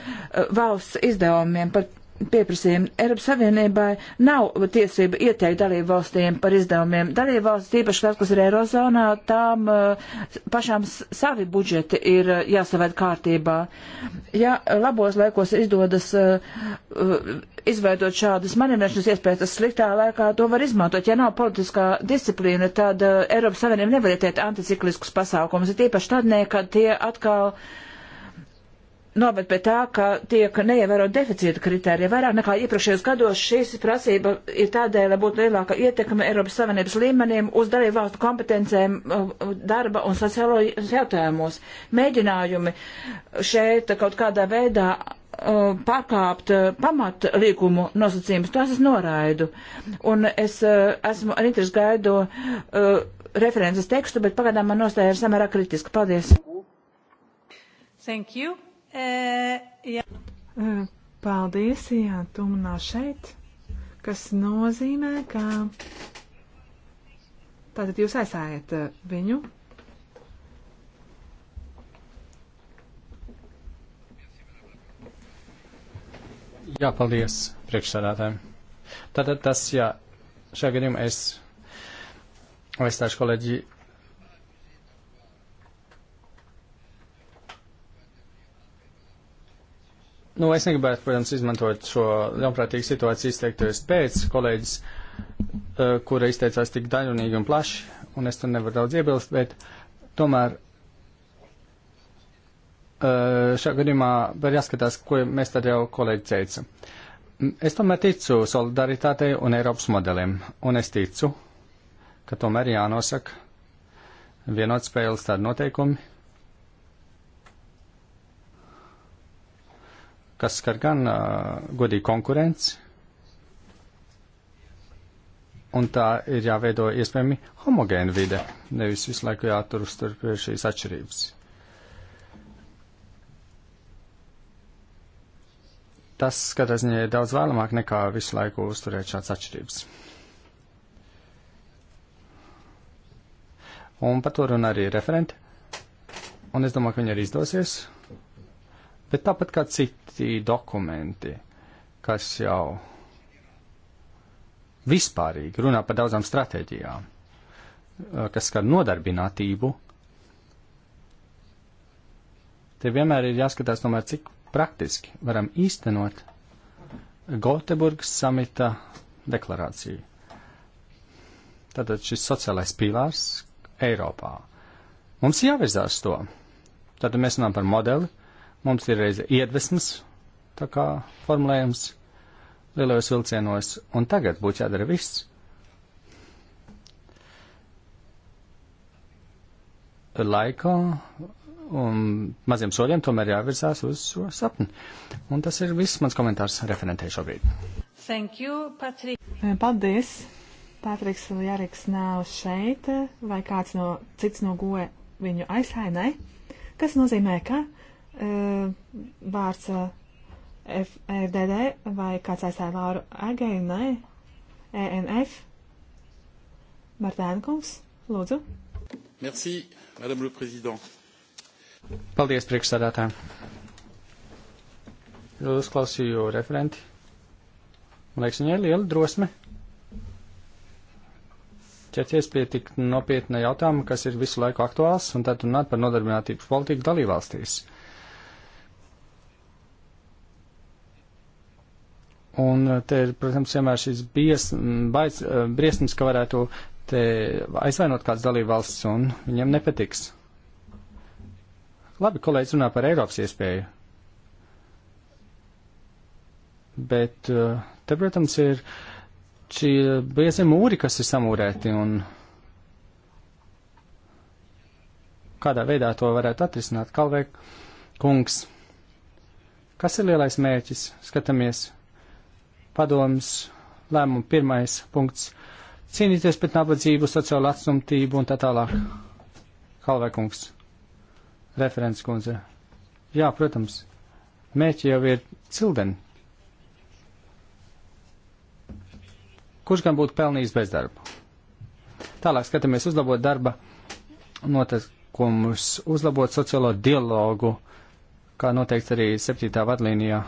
valsts izdevumiem, par pieprasījumu. Eiropas Savienībai nav tiesība ieteikt dalību valstīm par izdevumiem. Dalību valstis, īpaši tās, kas ir Eirozonā, tām eh, pašām savi budžeti ir eh, jāsavēd kārtībā. Ja labos laikos izdodas eh, izveidot šādas manevrēšanas iespējas, tas sliktā laikā to var izmantot. Ja nav politiskā disciplīna, tad Eiropas Savienība nevar ieteikt anticikliskus pasākumus, ir īpaši tad, ne, kad tie atkal. Uh, noved pie tā, ka tiek neievēro deficīta kritērija. Vairāk nekā iepriekšējos gados šīs prasība ir tādēļ, lai būtu lielāka ietekme Eiropas Savienības līmenim uz dalību valstu kompetencēm uh, darba un sociālo jautājumos. Mēģinājumi šeit kaut kādā veidā uh, pārkāpt uh, pamat līkumu nosacījumus, tos es noraidu. Un es esmu ar interesi gaidu uh, references tekstu, bet pagaidām man nostāja ir samērā kritiska. Paldies! Thank you. Eh, jā. Eh, paldies, jā, tumnā šeit, kas nozīmē, ka tātad jūs aizsājat eh, viņu. Jā, paldies priekšsādātājiem. Tātad tas, jā, šajā gadījumā es aizstāšu kolēģi Nu, es negribētu, protams, izmantot šo ļaunprātīgu situāciju izteikties pēc kolēģis, eh, kura izteicās tik daļunīgi un plaši, un es tur nevaru daudz iebilst, bet tomēr eh, šā gadījumā var jāskatās, ko mēs tad jau kolēģi teica. Es tomēr ticu solidaritātei un Eiropas modeliem, un es ticu, ka tomēr jānosaka vienot spēles tādi noteikumi, kas skar gan uh, godīgu konkurenci, un tā ir jāveido iespējami homogēna vide, nevis visu laiku jātur uztur pie šīs atšķirības. Tas, skatās ziņā, ir daudz vēlamāk nekā visu laiku uzturēt šāds atšķirības. Un par to runā arī referenti, un es domāju, ka viņi arī izdosies, bet tāpat kā citi īsti dokumenti, kas jau vispārīgi runā par daudzām stratēģijām, eh, kas skar nodarbinātību. Te vienmēr ir jāskatās, tomēr, cik praktiski varam īstenot Goteburgas samita deklarāciju. Tātad šis sociālais pīlārs Eiropā. Mums jāvirzās to. Tātad mēs runājam par modeli, Mums ir reize iedvesmas, tā kā formulējums lielajos vilcienos, un tagad būtu jādara viss. Laika un maziem soļiem tomēr jāvirzās uz šo sapni. Un tas ir viss mans komentārs referentē šobrīd. Thank you, Patrik. Paldies. Patriks un Jariks nav šeit, vai kāds no cits no goja viņu aizsēnē, kas nozīmē, ka E, vārds e, FDD e vai kāds aizstāja Lauru Agēju? Nē. ENF. Martēna kungs, lūdzu. Merci, madame le président. Paldies, priekšsādātājiem. Uzklausīju referenti. Man liekas, viņai ir liela drosme ķerties pie tik nopietna jautājuma, kas ir visu laiku aktuāls, un tad runāt par nodarbinātības politiku dalībvalstīs. Uh, Un eh, te ir, protams, vienmēr šis bies, baids, eh, briesmas, ka varētu te aizvainot kāds dalībvalsts, un viņam nepatiks. Labi, kolēģis runā par Eiropas iespēju. Bet eh, te, protams, ir šie biezi mūri, kas ir samūrēti, un kādā veidā to varētu atrisināt. Kalvēk, kungs, kas ir lielais mērķis? Skatamies, padomas lēmuma pirmais punkts - cīnīties pret nabadzību, sociālo atstumtību un tā tālāk. Kalvekungs, referents kundze. Jā, protams, mērķi jau ir cildeni. Kurš gan būtu pelnījis bezdarbu? Tālāk skatāmies uzlabot darba noteikumus, uzlabot sociālo dialogu, kā noteikts arī septītā vadlīnijā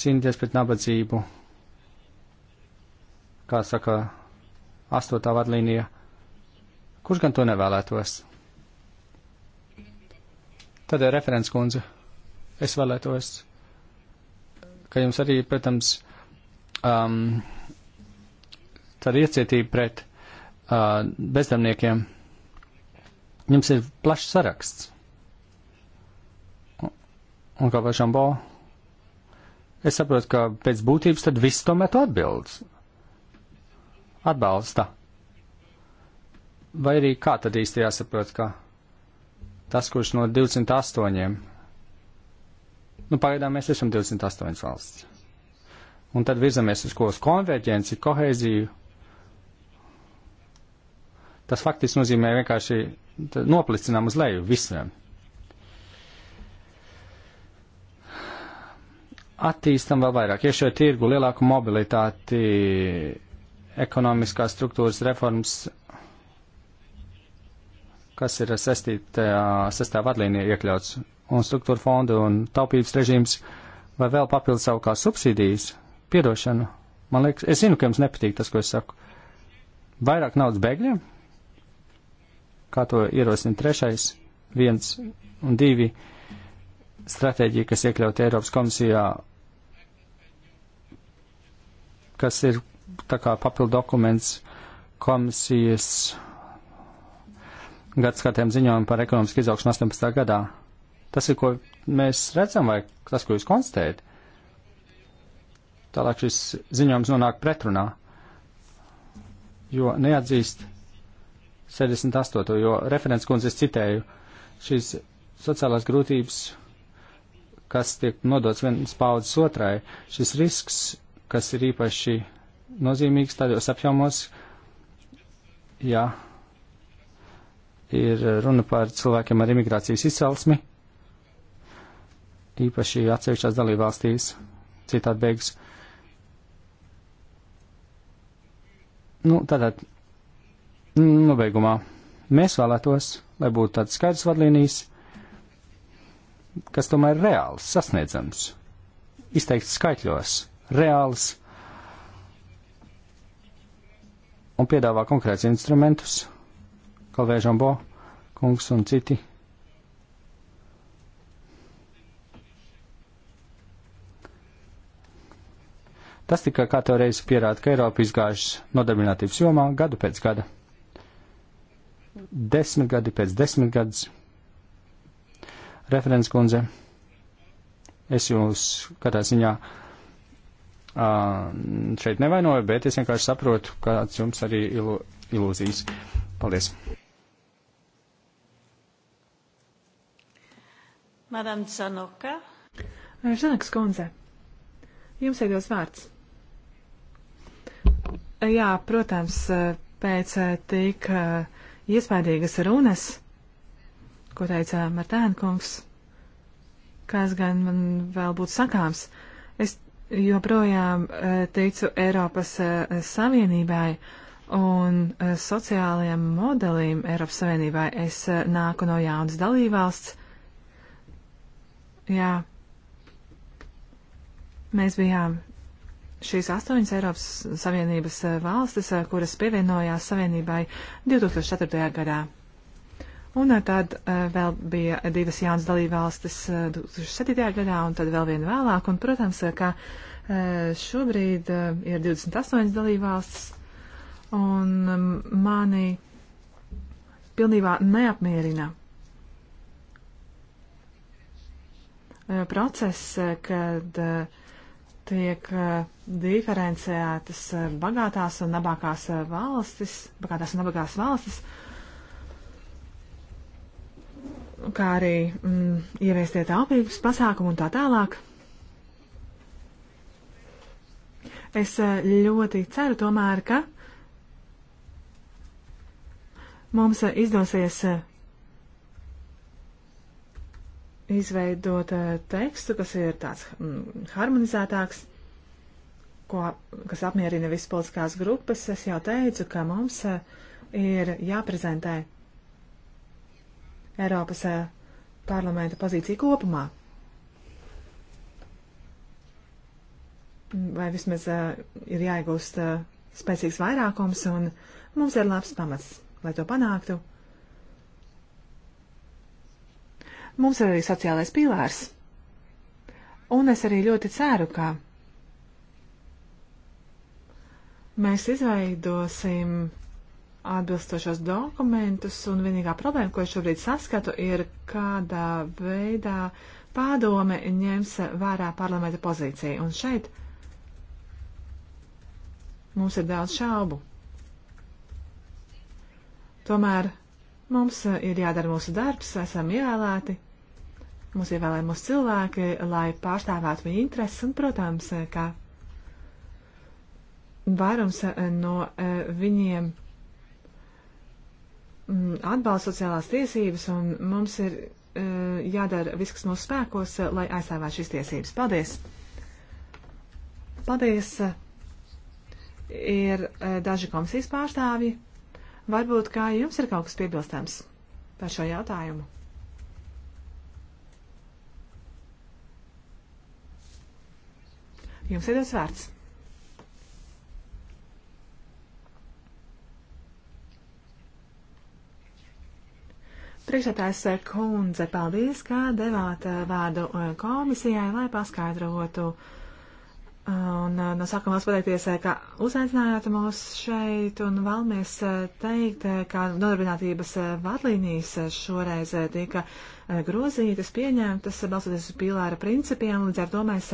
cīnīties pret nabadzību, kā saka astotā vadlīnija. Kurš gan to nevēlētos? Tad ir eh, referents kundze. Es vēlētos, ka jums arī, protams, um, tāda iecietība pret uh, bezdarbniekiem. Jums ir plašs saraksts. Un, un kā vai Žambo Es saprotu, ka pēc būtības tad viss tomēr to atbildes. Atbalsta. Vai arī kā tad īsti jāsaprot, ka tas, kurš no 28, nu pagaidām mēs esam 28 valsts. Un tad virzamies uz ko uz konverģenci, kohēziju. Tas faktiski nozīmē vienkārši noplicinām uz leju visiem. attīstam vēl vairāk, iešo tirgu, lielāku mobilitāti, ekonomiskās struktūras reformas, kas ir sestā vadlīnija iekļauts, un struktūra fonda un taupības režīms, vai vēl papildus savu kā subsīdijas, piedošanu. Man liekas, es zinu, ka jums nepatīk tas, ko es saku. Vairāk naudas bēgļiem, kā to ierosina trešais, viens un divi stratēģija, kas iekļauta Eiropas komisijā kas ir tā kā papildu dokuments komisijas gadskatiem ziņojumu par ekonomisku izaugsmu 18. gadā. Tas ir, ko mēs redzam, vai tas, ko jūs konstatējat. Tālāk šis ziņojums nonāk pretrunā, jo neatzīst 68. jo referents kundze es citēju, šīs sociālās grūtības, kas tiek nodots vienas paudzes otrai, šis risks kas ir īpaši nozīmīgs tādos apjomos, ja ir runa par cilvēkiem ar imigrācijas izcelsmi, īpaši atsevišķās dalībvalstīs, citādi beigas. Nu, tātad, nobeigumā, mēs vēlētos, lai būtu tāds skaidrs vadlīnijas, kas tomēr ir reāls, sasniedzams, izteikts skaitļos reāls un piedāvā konkrēts instrumentus, kā Vēžambo kungs un citi. Tas tikai katru reizi pierāda, ka Eiropa izgājušas nodarbinātības jomā gadu pēc gada. Desmit gadi pēc desmit gadus. Referents kundze, es jūs katrā ziņā šeit nevainoju, bet es vienkārši saprotu, kāds jums arī ilu, ilūzijas. Paldies. Madam Zanoka. Žanakas kundze, jums ir dos vārds. Jā, protams, pēc tik iespaidīgas runas, ko teica Martēnkungs, kas gan man vēl būtu sakāms, es joprojām eh, ticu Eiropas eh, Savienībai un eh, sociālajiem modeliem Eiropas Savienībai. Es nāku no jaunas dalībvalsts. Jā, mēs bijām šīs astoņas Eiropas Savienības valstis, kuras pievienojās Savienībai 2004. gadā. Un eh, tad eh, vēl bija divas jaunas dalībvalstis 2007. Eh, gadā, un tad vēl viena vēlāk. Un, protams, ka šobrīd ir 28 dalībvalstis, un mm, mani pilnībā neapmierina process, kad tiek diferencētas bagātās un nabākās valstis, bagātās un nabākās valstis, kā arī mm, ieviestie taupības pasākumi un tā tālāk. Es eh, ļoti ceru tomēr, ka mums eh, izdosies eh, izveidot tekstu, kas ir tāds mm, harmonizētāks, ko, kas apmierina visas politiskās grupas. Es jau teicu, ka mums ir jāprezentē Eiropas eh, parlamenta pozīciju kopumā. Vai vismaz eh, ir jāiegūst eh, spēcīgs vairākums, un mums ir labs pamats, lai to panāktu. Mums ir arī sociālais pīlārs. Un es arī ļoti ceru, ka mēs izveidosim atbilstošos dokumentus, un vienīgā problēma, ko es šobrīd saskatu, ir, kādā veidā pārdome ņems vērā parlamenta pozīciju. Un šeit mums ir daudz šaubu. Tomēr mums ir jādara mūsu darbs, esam ievēlēti, mums ievēlē mūsu cilvēki, lai pārstāvētu viņu intereses, un, protams, ka vairums no eh, viņiem Mm, atbalsta sociālās tiesības, un mums ir eh, jādara viss, kas mūsu spēkos, eh, lai aizstāvētu šīs tiesības. Paldies! Paldies! Eh, ir daži komisijas pārstāvji. Varbūt kā jums ir kaut kas piebilstams par šo jautājumu? Jums ir dots vārds. Priekšsētājs kundze, paldies, ka devāt eh, vārdu eh, komisijai, lai paskaidrotu. Un eh, no sākuma vēlas pateikties, ka uzaicinājāt mūs šeit un vēlamies teikt, ka nodarbinātības vadlīnijas šoreiz tika grozītas, pieņemtas, balstoties uz pīlāra principiem, līdz ar to mēs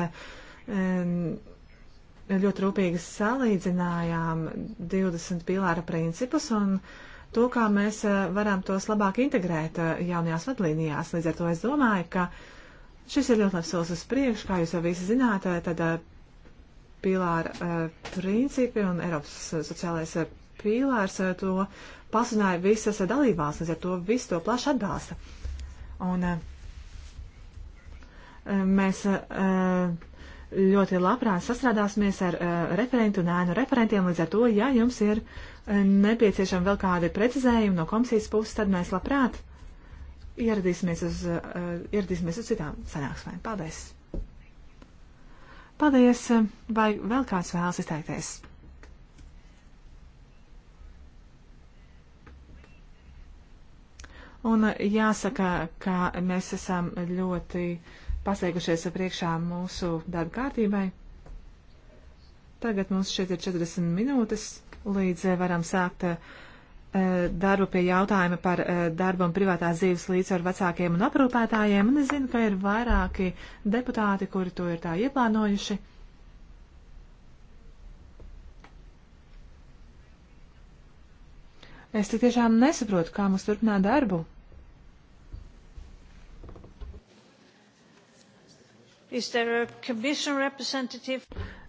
ļoti rūpīgi salīdzinājām 20 pīlāra principus un uh, to, kā mēs eh, varam tos labāk integrēt eh, jaunajās vadlīnijās. Līdz ar to es domāju, ka šis ir ļoti labs solis uz priekšu, kā jūs jau visi zināt, eh, tad pīlāra principi un Eiropas sociālais pīlārs to pasunāja visas dalībās, līdz ar to visu to plaši atbalsta. Un mēs ļoti labprāt sastrādāsimies ar referentu un ēnu referentiem, līdz ar to, ja jums ir uh, nepieciešami vēl kādi precizējumi no komisijas puses, tad mēs labprāt ieradīsimies uz, eh, ieradīsimies uz citām sanāksmēm. Paldies! Paldies! Vai vēl kāds vēlas izteikties? Un eh, jāsaka, ka mēs esam ļoti pasteigušies priekšā mūsu darba kārtībai. Tagad mums šeit ir 40 minūtes līdz eh, varam sākt eh, eh, darbu pie jautājuma par darbu un privātās dzīves līdzsvaru vecākiem un aprūpētājiem, un es zinu, ka ir vairāki deputāti, kuri to ir tā ieplānojuši. Es tik tiešām nesaprotu, kā mums turpināt darbu.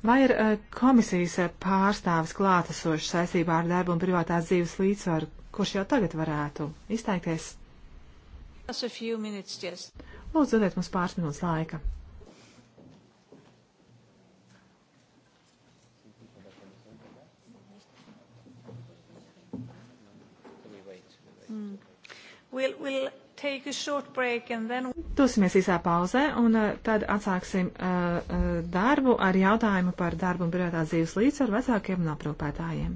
Vai ir eh, komisijas eh, pārstāvis klātesošs saistībā ar darbu un privātās dzīves līdzsvaru, kurš jau tagad varētu izteikties? Minutes, yes. Lūdzu, dodiet mums pāris minūtes laika. Mm. We'll, we'll Then... Dosimies īsā pauzē un eh, tad atsāksim uh, uh, darbu ar jautājumu par darbu un privātās dzīves līdzsvaru vecākiem un aprūpētājiem.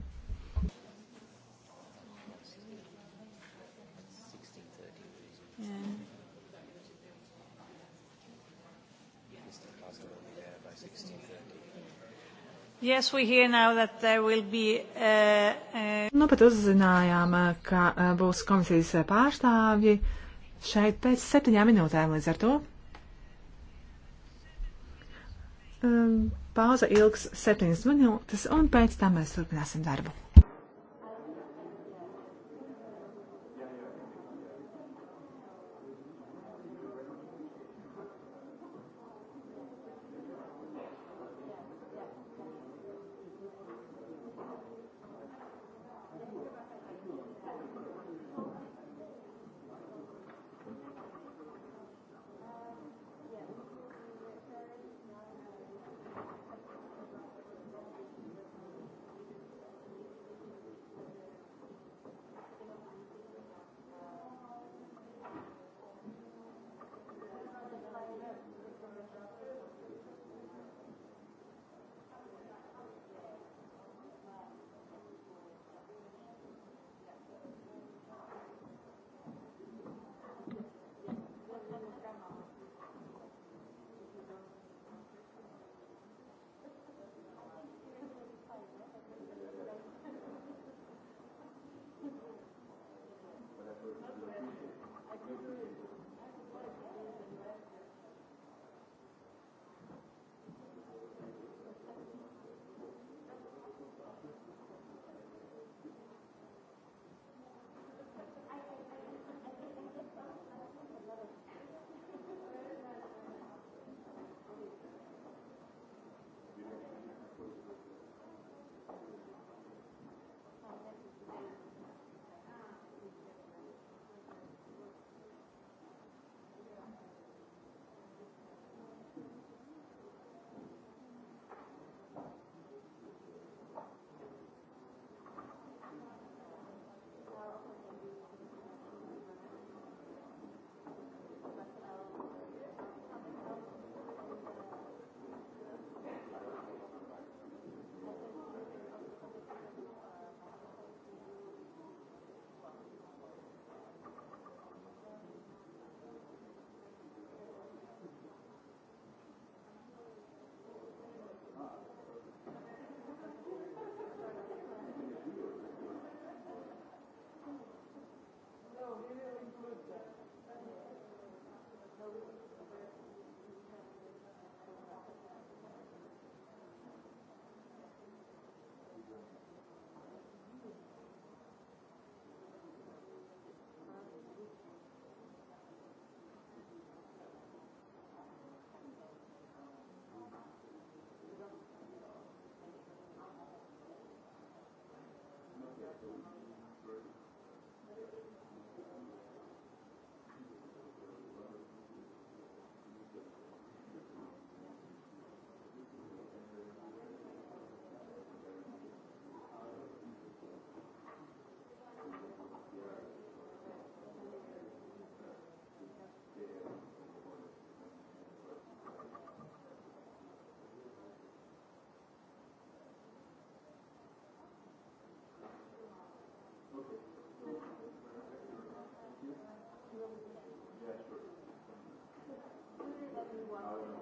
Yes, we hear now that there will be. Uh, uh... Nu, pat uzzinājām, ka būs komisijas pārstāvji. Uh, šeit pēc septiņām minūtēm līdz ar to. Ehm, Pauza ilgs septiņas minūtes, un pēc tam mēs turpināsim darbu. Yeah, sure.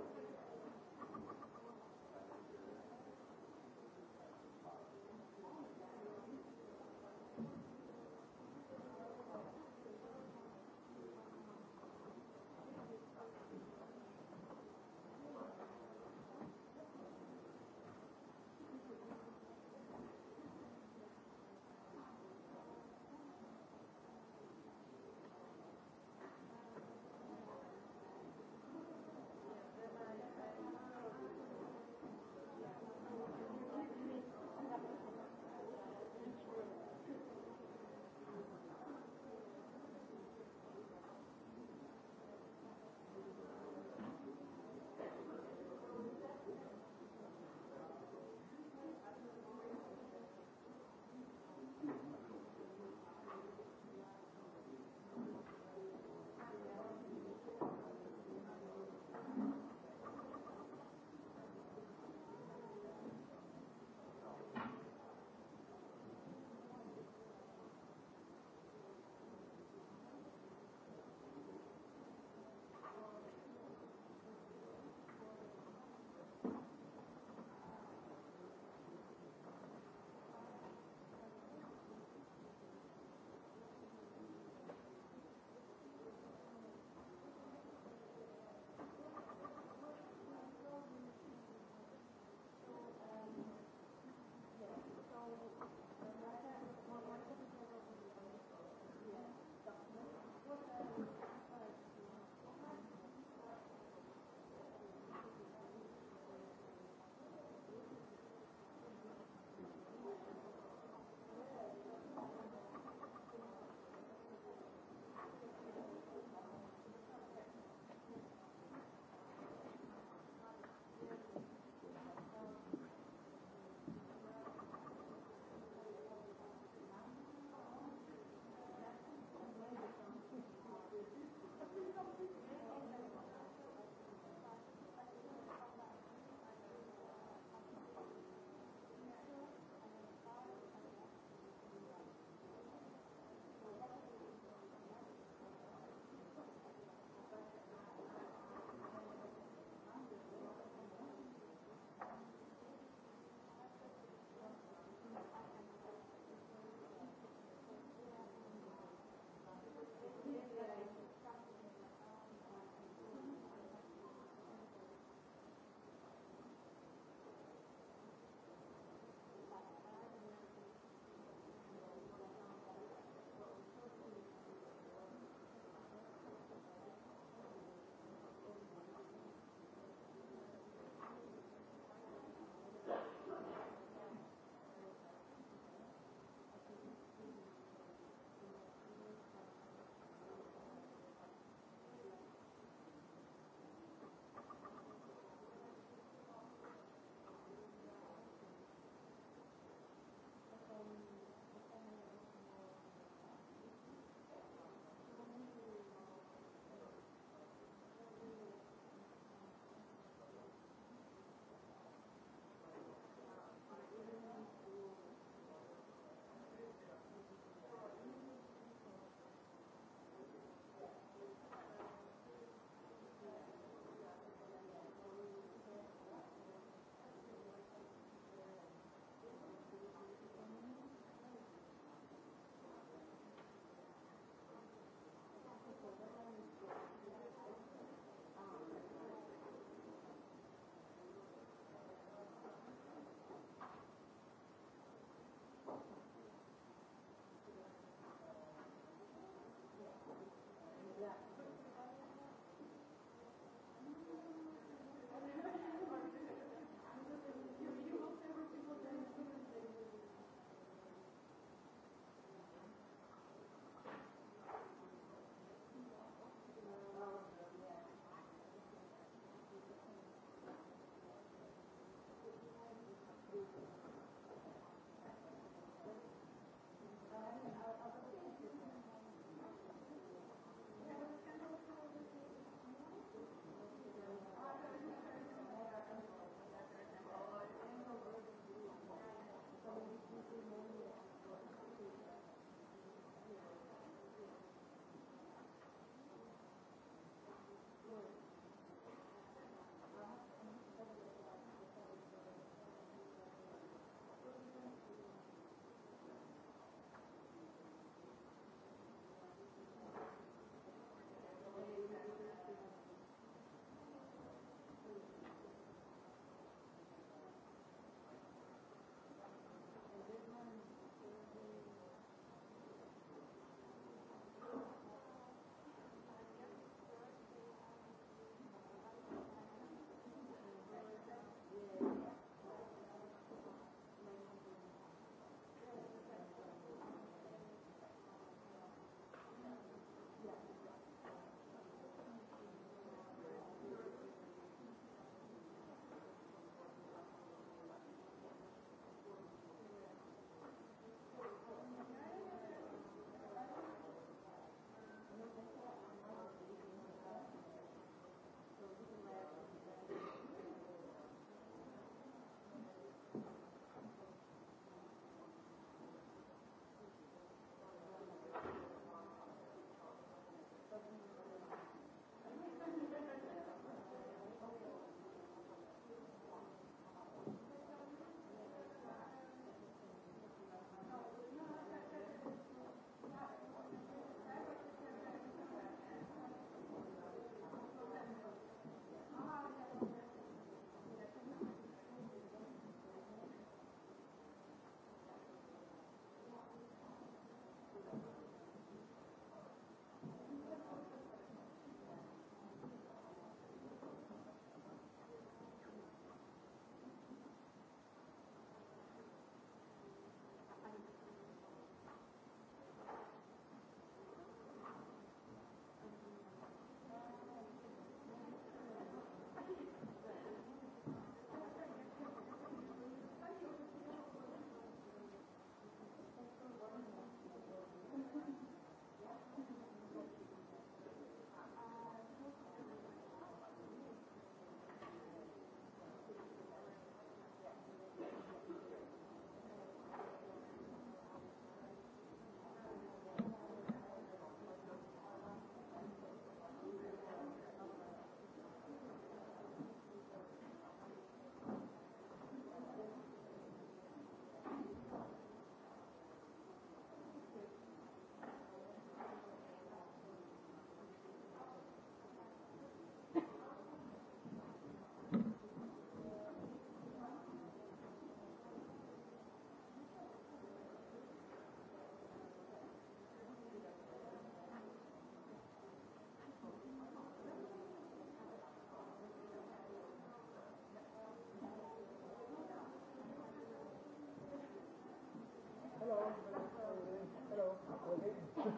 Ah,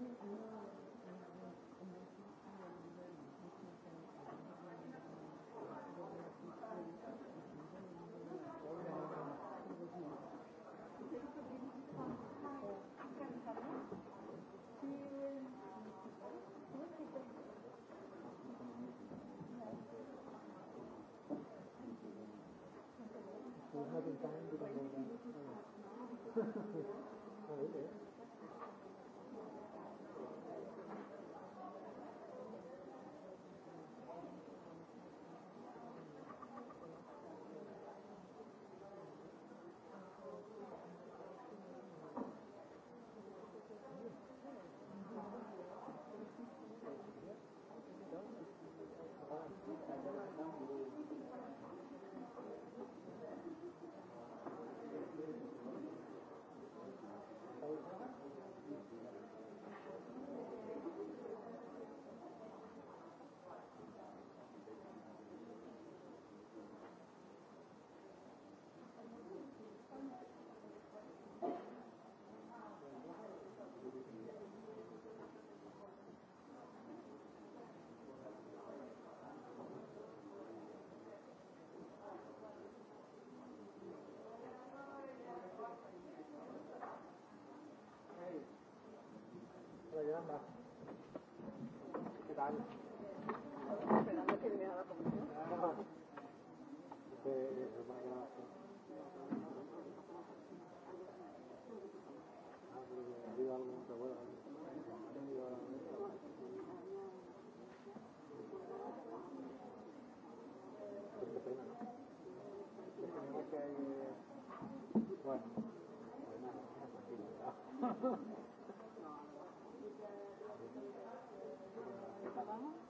okay.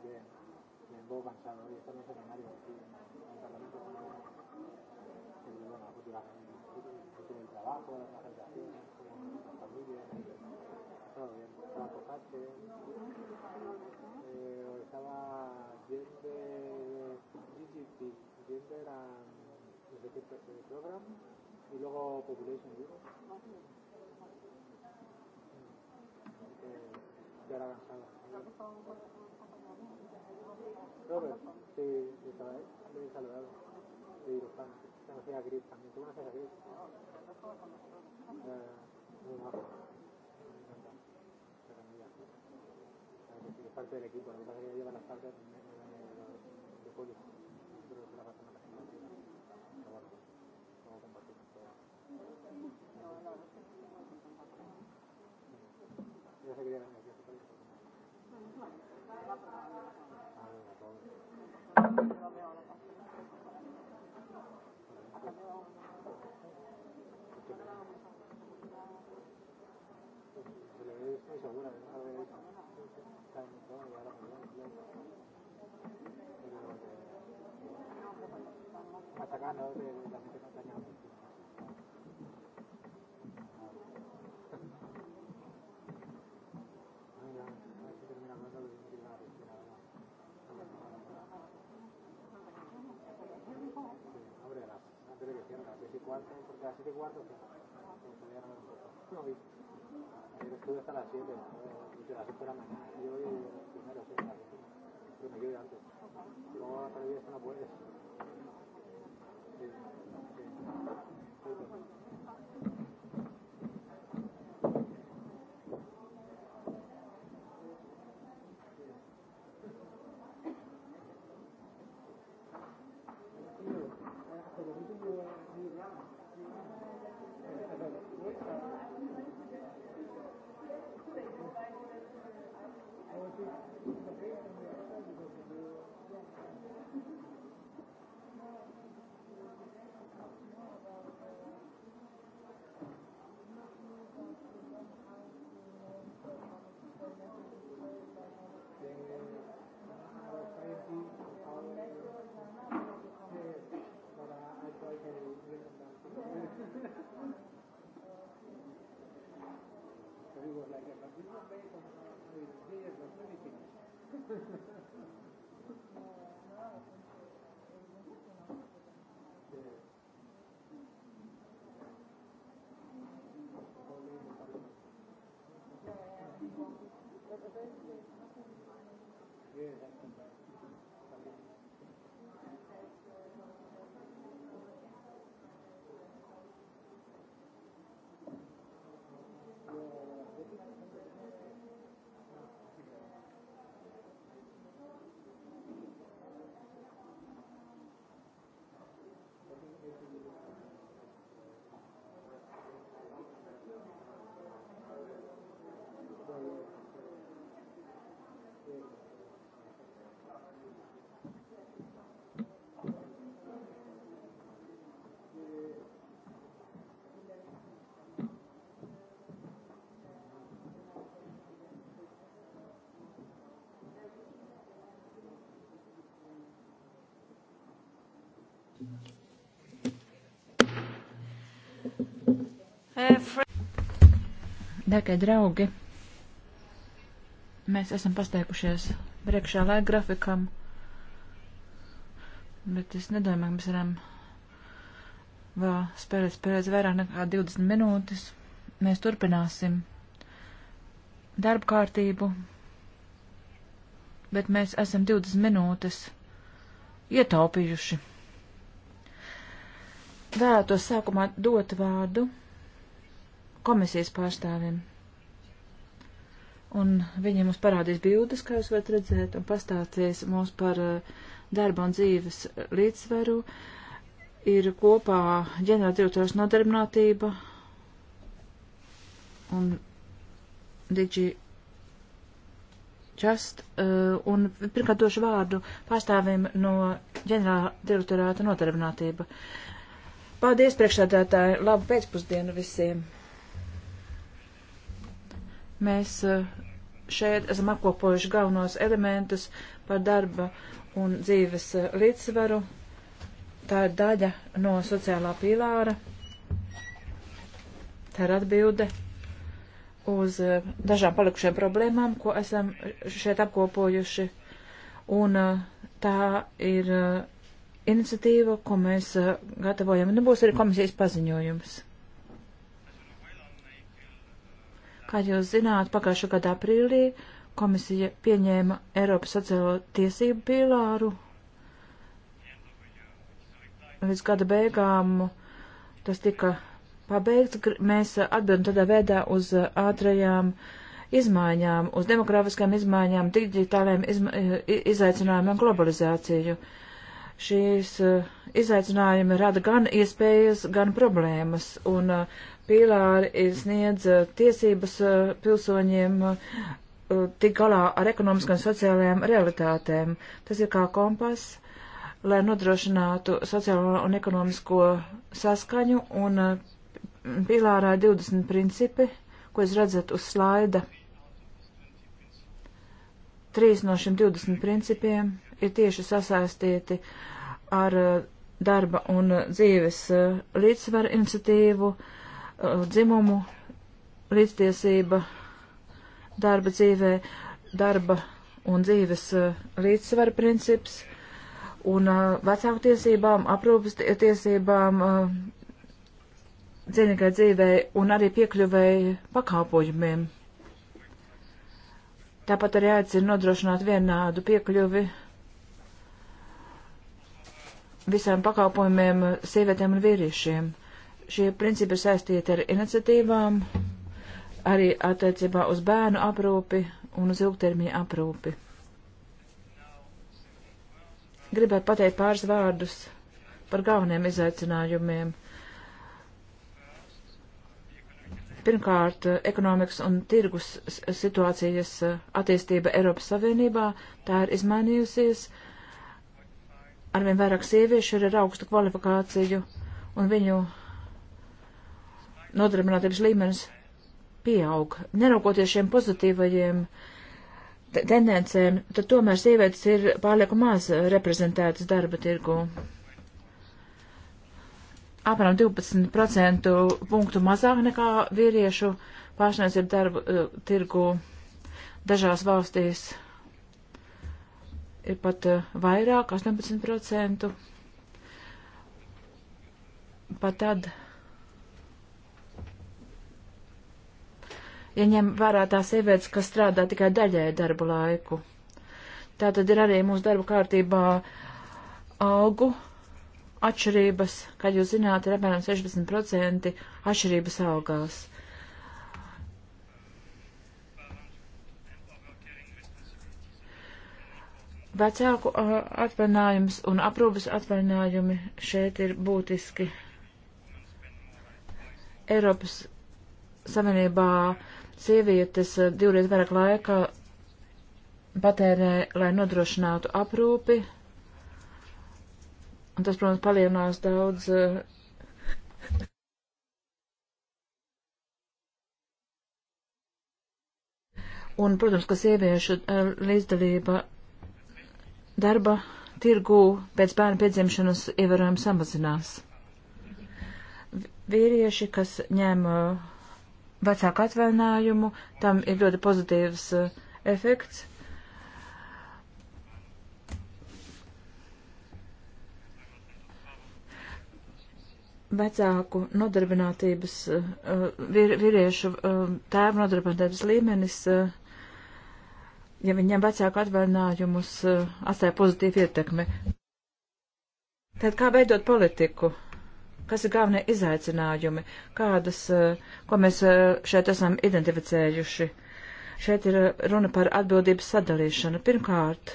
Bien, bien poco cansado. Hoy estamos en escenario aquí en, en el Parlamento. Pero bueno, la futura, el trabajo, las agitaciones, las familias. Todo bien. Estaba por parte. Eh, estaba Gender GGT, Gender and no sé qué program, y luego Population Europe. Eh, ya era cansado. No, pero sí, Isabel, bien saludado. De Irofán. Conocí a Gris también. ¿Tú conoces a Gris? Eh, muy guapo. Me encanta. Pero mira, es parte del equipo. Lo que pasa es que lleva las partes. seguramente haber calentado ya la Pero atacando de la gente no tenía Abre las, antes de que cierre, a las 7 y cuarto, porque a las 7 y cuarto, que se vean los No, viste. Estuve hasta las 7, desde las 8 de la mañana. Yo y los primeros, sí, las 7. Pero me quedé antes. Luego a la tarde ya no puedes. Yeah, that's Dārgie draugi, mēs esam pasteikušies priekšā laika grafikam, bet es nedomāju, ka mēs varam vēl spēlēt spēlēt vairāk nekā 20 minūtes. Mēs turpināsim darba kārtību, bet mēs esam 20 minūtes ietaupījuši vēlētos sākumā dot vārdu komisijas pārstāvim. Un viņi mums parādīs bildes, kā jūs varat redzēt, un pastāstīs mums par uh, darba un dzīves līdzsvaru. Ir kopā ģenerāldirektors nodarbinātība un Digi Just, uh, un pirmkārt došu vārdu pārstāvim no ģenerāla direktorāta nodarbinātība. Paldies, priekšsēdētāji. Labu pēcpusdienu visiem. Mēs eh, šeit esam apkopojuši galvenos elementus par darba un dzīves eh, līdzsvaru. Tā ir daļa no sociālā pīlāra. Tā ir atbilde uz eh, dažām palikušiem problēmām, ko esam šeit apkopojuši. Un tā ir iniciatīva, ko mēs eh, gatavojam. Nu, būs arī komisijas paziņojums. Kā jūs zināt, pagājušā gada aprīlī komisija pieņēma Eiropas sociālo tiesību pīlāru. Līdz gada beigām tas tika pabeigts. Mēs atbildam tādā veidā uz eh, ātrajām izmaiņām, uz demografiskām izmaiņām, digitālajiem izma eh, izaicinājumiem, globalizāciju. Uh, Šīs uh, izaicinājumi rada gan iespējas, gan problēmas, un uh, pīlāri sniedz uh, tiesības pilsoņiem tik galā ar ekonomiskām un sociālajām realitātēm. Tas ir kā kompas, lai nodrošinātu sociālo un ekonomisko saskaņu, un pīlārā 20 principi, ko jūs redzat uz slaida. Trīs no šiem 20 principiem ir tieši sasaistīti ar uh, darba un uh, dzīves uh, līdzsvaru iniciatīvu, dzimumu līdztiesība darba dzīvē, darba un dzīves līdzsvaru princips un vecāku tiesībām, aprūpas tiesībām, cienīgai dzīvei un arī piekļuvēji pakalpojumiem. Tāpat arī aicina nodrošināt vienādu piekļuvi visām pakalpojumiem sievietēm un vīriešiem. Šie principi ir saistīti ar iniciatīvām, arī attiecībā uz bērnu aprūpi un uz ilgtermiņa aprūpi. Gribētu pateikt pāris vārdus par galveniem izaicinājumiem. Pirmkārt, ekonomikas un tirgus situācijas attīstība Eiropas Savienībā, tā ir izmainījusies. Uh, arvien vairāk sieviešu ir ar augstu kvalifikāciju un viņu nodarbinātības līmenis pieaug. Neraugoties šiem pozitīvajiem tendencēm, tad tomēr sievietes ir pārlieku maz reprezentētas darba tirgu. Apmēram 12% punktu mazāk nekā vīriešu pārsniedz ir darba uh, eh, tirgu dažās valstīs ir pat eh, vairāk, 18%. Pat tad, ja ņem vērā tās sievietes, kas strādā tikai daļēju darbu laiku. Tā tad ir arī mūsu darba kārtībā augu atšķirības, kā jūs zināt, ir apmēram 16% atšķirības algās. Vecāku uh, atvainājums un aprūpas atvainājumi šeit ir būtiski. Eiropas Savienībā sievietes uh, divreiz vairāk laika patērē, lai nodrošinātu aprūpi. Un tas, protams, palielinās daudz. Uh, un, protams, ka sieviešu līdzdalība darba tirgū pēc bērna piedzimšanas ievērojami samazinās. Vīrieši, kas ņem uh, vecāku atvainājumu, tam ir ļoti pozitīvs uh, efekts. Vecāku nodarbinātības, uh, vīriešu tēvu nodarbinātības līmenis uh, ja viņiem vecāku atvaļinājumus eh, atstāja pozitīvu ietekmi. Tad kā veidot politiku? Kas ir galvenie izaicinājumi? Kādas, eh, ko mēs eh, šeit esam identificējuši? Šeit ir runa par atbildības sadalīšanu. Pirmkārt,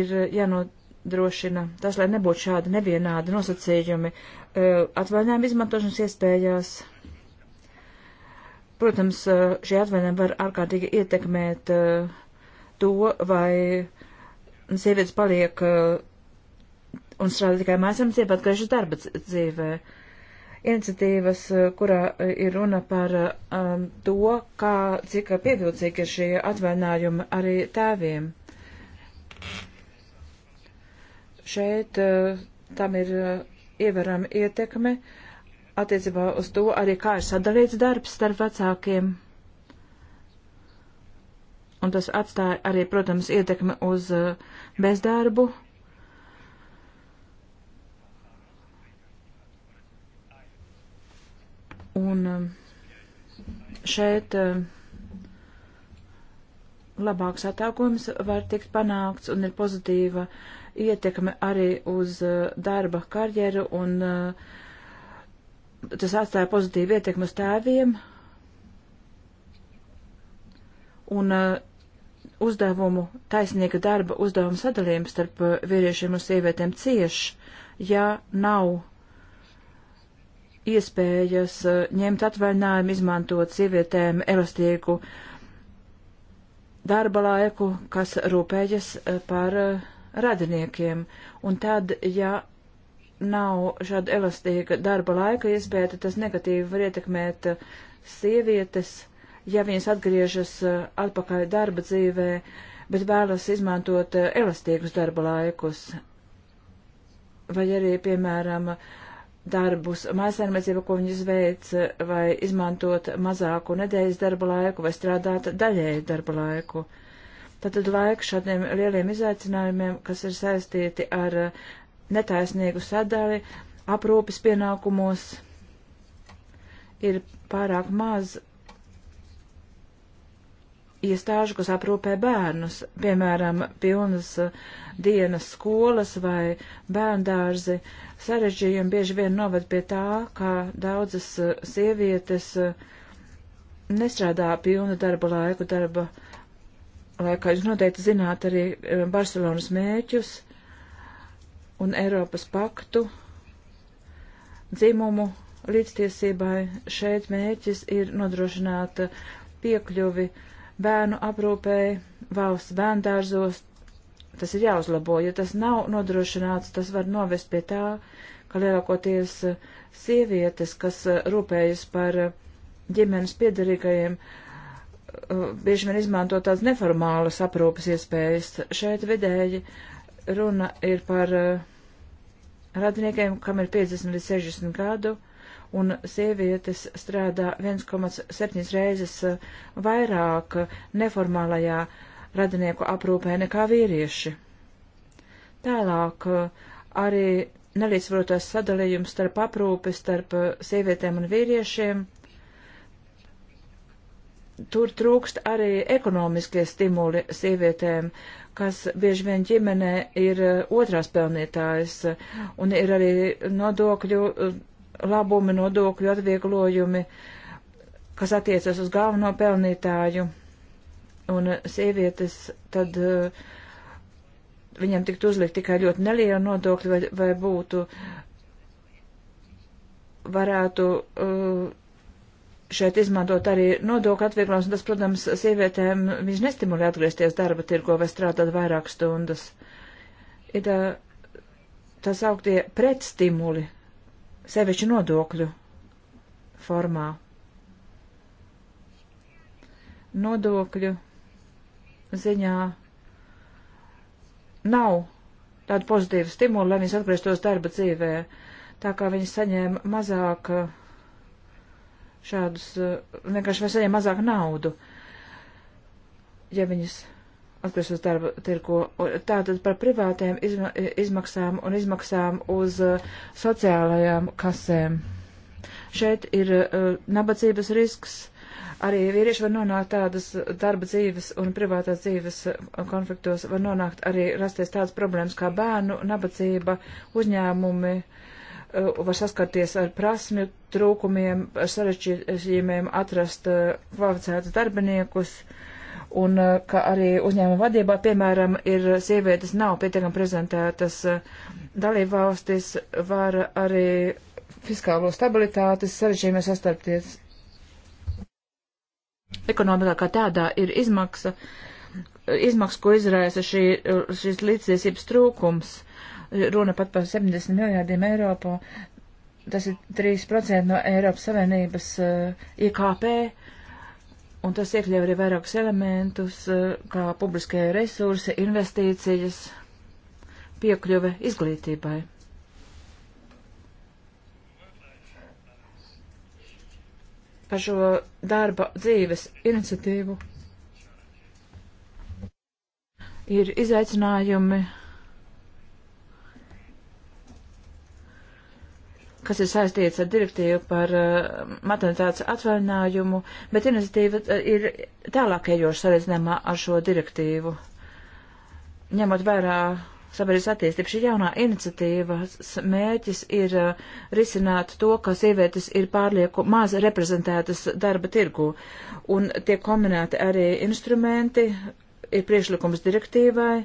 ir jānodrošina tas, lai nebūtu šādi nevienādi nosacījumi atvaļinājuma izmantošanas iespējās Protams, eh, šie atvainojumi var ārkārtīgi ietekmēt eh, to, vai sievietes paliek eh, un strādā tikai mājasemniecībā, atgriežas darba dzīvē. Iniciatīvas, kurā ir runa par um, to, kā, cik pievilcīgi ir šie atvainājumi arī tēviem. Šeit uh, tam ir uh, ievarama ietekme. Uh, attiecībā uz to arī kā ir sadalīts darbs starp vecākiem. Un tas atstāja arī, protams, ietekmi uz uh, bezdarbu. Un um, šeit uh, labāks atākojums var tikt panākts un ir pozitīva ietekme arī uz uh, darba karjeru un uh, tas atstāja pozitīvu ietekmi uz tēviem un uh, uzdevumu taisnīga darba uzdevuma sadalījums starp uh, vīriešiem un sievietēm cieši, ja nav iespējas uh, ņemt atvaļinājumu, izmantot sievietēm elastīgu darba laiku, kas rūpējas uh, par radiniekiem. Un tad, ja nav šāda elastīga darba laika iespēja, tad tas negatīvi var ietekmēt uh, sievietes, ja viņas atgriežas uh, atpakaļ darba dzīvē, bet vēlas izmantot uh, elastīgus darba laikus. Vai arī, piemēram, darbus mājasarmēcība, ko viņas veic, vai izmantot mazāku nedēļas darba laiku, vai strādāt daļēju darba laiku. Tātad laiks šādiem lieliem izaicinājumiem, kas ir saistīti ar netaisnīgu sadali aprūpes pienākumos ir pārāk maz iestāžu, kas aprūpē bērnus, piemēram, pilnas uh, dienas skolas vai bērndārzi. Sarežģījumi bieži vien noved pie tā, ka daudzas uh, sievietes uh, nestrādā pilnu darba laiku darba laikā. Jūs noteikti zināt arī Barcelonas mēķus. Uh, un Eiropas paktu dzimumu līdztiesībai. Šeit mērķis ir nodrošināt piekļuvi bērnu aprūpēji valsts bērndārzos. Tas ir jāuzlabo, ja tas nav nodrošināts, tas var novest pie tā, ka lielākoties sievietes, kas rūpējas par ģimenes piedarīgajiem, bieži vien izmanto tādas neformālas aprūpas iespējas. Šeit vidēji runa ir par uh, radiniekiem, kam ir 50 līdz 60 gadu, un sievietes strādā 1,7 reizes eh, vairāk neformālajā radinieku aprūpē nekā vīrieši. Tālāk eh, arī nelīdzsvarotās sadalījums starp aprūpi, starp eh, sievietēm un vīriešiem. Tur trūkst arī ekonomiskie stimuli sievietēm, uh, kas bieži vien ģimenē ir eh, otrās pelnītājas, un ir arī nodokļu eh, labumi, nodokļu atvieglojumi, kas attiecas uz galveno pelnītāju, un eh, sievietes tad viņam tiktu uzlikt tikai ļoti neliela nodokļa vai, vai būtu varētu uh, šeit izmantot arī nodokļu atvieglojums, un tas, protams, sievietēm viņš nestimulē atgriezties darba tirgo vai strādāt vairāk stundas. Ir tā, tas augtie pretstimuli, sevišķi nodokļu formā. Nodokļu ziņā nav tādu pozitīvu stimulu, lai viņas atgrieztos darba dzīvē, tā kā viņas saņēma mazāk uh, šādus, eh, vienkārši vai saņem mazāk naudu, ja viņas atgriežas uz darba tirko. Tātad par privātiem izma izmaksām un izmaksām uz eh, sociālajām kasēm. Šeit ir uh, nabadzības risks. Arī vīrieši var nonākt tādas darba dzīves un privātās dzīves konfliktos, var nonākt arī rasties tādas problēmas kā bērnu, nabadzība, uzņēmumi, uh, Eh, var saskarties ar prasmju trūkumiem, ar sarežģījumiem atrast eh, kvalificētus darbiniekus, un eh, ka arī uzņēmuma vadībā, piemēram, ir sievietes nav pietiekami prezentētas dalībvalstis, var arī fiskālo stabilitātes sarežģījumi sastapties. Ekonomikā kā tādā ir izmaksa, izmaksa, ko izraisa šī, šis līdztiesības trūkums runa pat par 70 miljārdiem Eiropu, tas ir 3% no Eiropas Savienības uh, eh, IKP, un tas iekļauj arī vairākus elementus, uh, kā publiskie resursi, investīcijas, piekļuve izglītībai. Par šo darba dzīves iniciatīvu ir izaicinājumi kas ir saistīts ar direktīvu par uh, maternitātes atvaļinājumu, bet iniciatīva eh, ir tālāk ejoša salīdzinājumā ar šo direktīvu. Ņemot vērā sabiedrības attīstību, šī jaunā iniciatīvas mērķis ir uh, risināt to, ka sievietes ir pārlieku maz reprezentētas darba tirgu, un tiek kombinēti arī instrumenti, ir priešlikums direktīvai,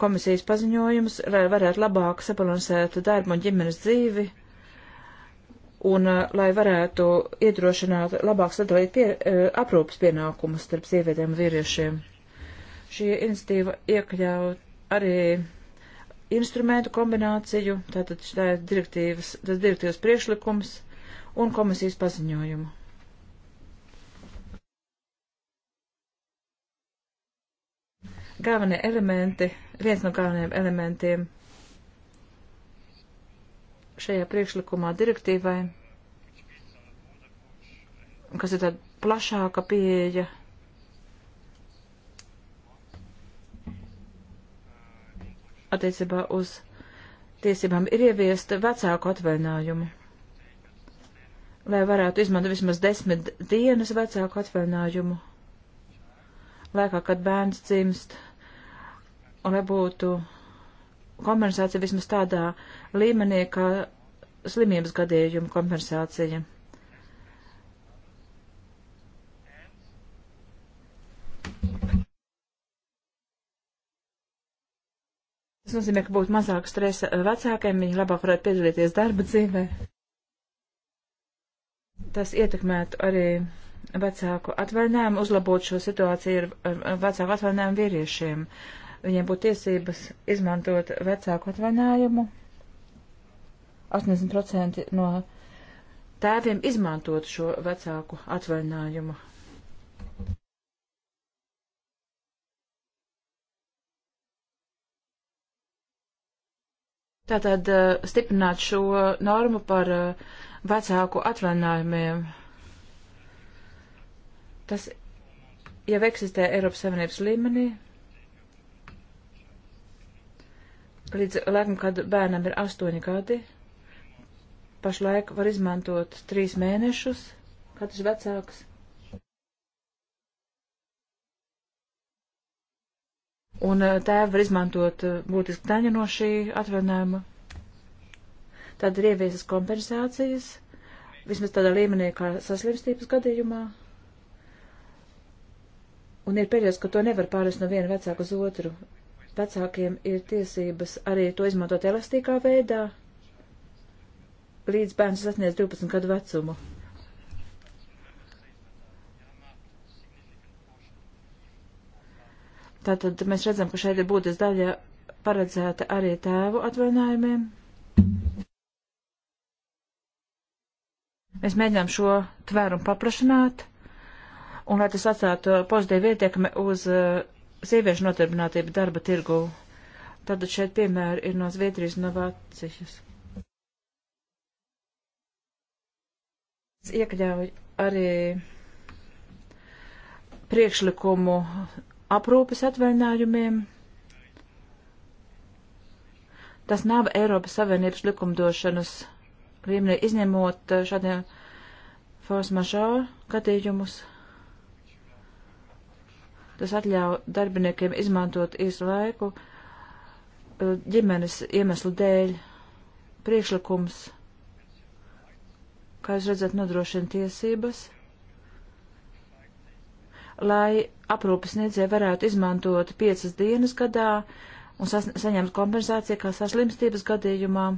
komisijas paziņojums, lai varētu labāk sabalansēt darbu un ģimenes dzīvi un eh, lai varētu iedrošināt labāk sadalīt pie, eh, aprūpas pienākumus starp sievietēm un vīriešiem. Šī institīva iekļauj arī instrumentu kombināciju, tātad tā ir direktīvas, tas direktīvas priekšlikums un komisijas paziņojumu. Galvenie elementi, viens no galvenajiem elementiem šajā priekšlikumā direktīvai, kas ir tāda plašāka pieeja. Attiecībā uz tiesībām ir ieviesta vecāku atvaļinājumu, lai varētu izmantot vismaz desmit dienas vecāku atvaļinājumu, laikā, kad bērns dzimst, un lai būtu kompensācija vismaz tādā līmenī, kā slimības gadījuma kompensācija. Tas nozīmē, ka būtu mazāk stresa vecākiem, viņi labāk varētu piedalīties darba dzīvē. Tas ietekmētu arī vecāku atvaļinājumu, uzlabot šo situāciju ar vecāku atvaļinājumu vīriešiem. Uh, viņiem būtu tiesības izmantot vecāku atvainājumu. 80% no tēviem izmantot šo vecāku atvainājumu. Tātad uh, stiprināt šo normu par uh, vecāku atvainājumiem. Tas jau eksistē Eiropas Savienības līmenī, līdz laikam, kad bērnam ir astoņi gadi, pašlaik var izmantot trīs mēnešus, katrs vecāks. Un eh, tēvi var izmantot eh, būtiski daļu no šī atvainājuma. Tad ir ieviesas kompensācijas, vismaz tādā līmenī kā saslimstības gadījumā. Un ir periods, ka to nevar pāris no viena vecāka uz otru vecākiem ir tiesības arī to izmantot elastīgā veidā, līdz bērns sasniedz 12 gadu vecumu. Tātad mēs redzam, ka šeit ir būtis daļa paredzēta arī tēvu atvainājumiem. Mēs mēģinām šo tvērumu paplašināt, un lai tas atstātu pozitīvu ietekmi uz uh, sieviešu nodarbinātība darba tirgu. Tad šeit piemēri ir no Zviedrijas un no Vācijas. Iekļauj arī priekšlikumu aprūpes atvaļinājumiem. Tas nav Eiropas Savienības likumdošanas līmenī izņemot eh, šādiem force majeure gadījumus. Tas atļauj darbiniekiem izmantot īsu laiku e, ģimenes iemeslu dēļ. Priekšlikums, kā jūs redzat, nodrošina tiesības, lai aprūpes niedzēja varētu izmantot piecas dienas gadā un saņemt kompensāciju kā saslimstības gadījumā.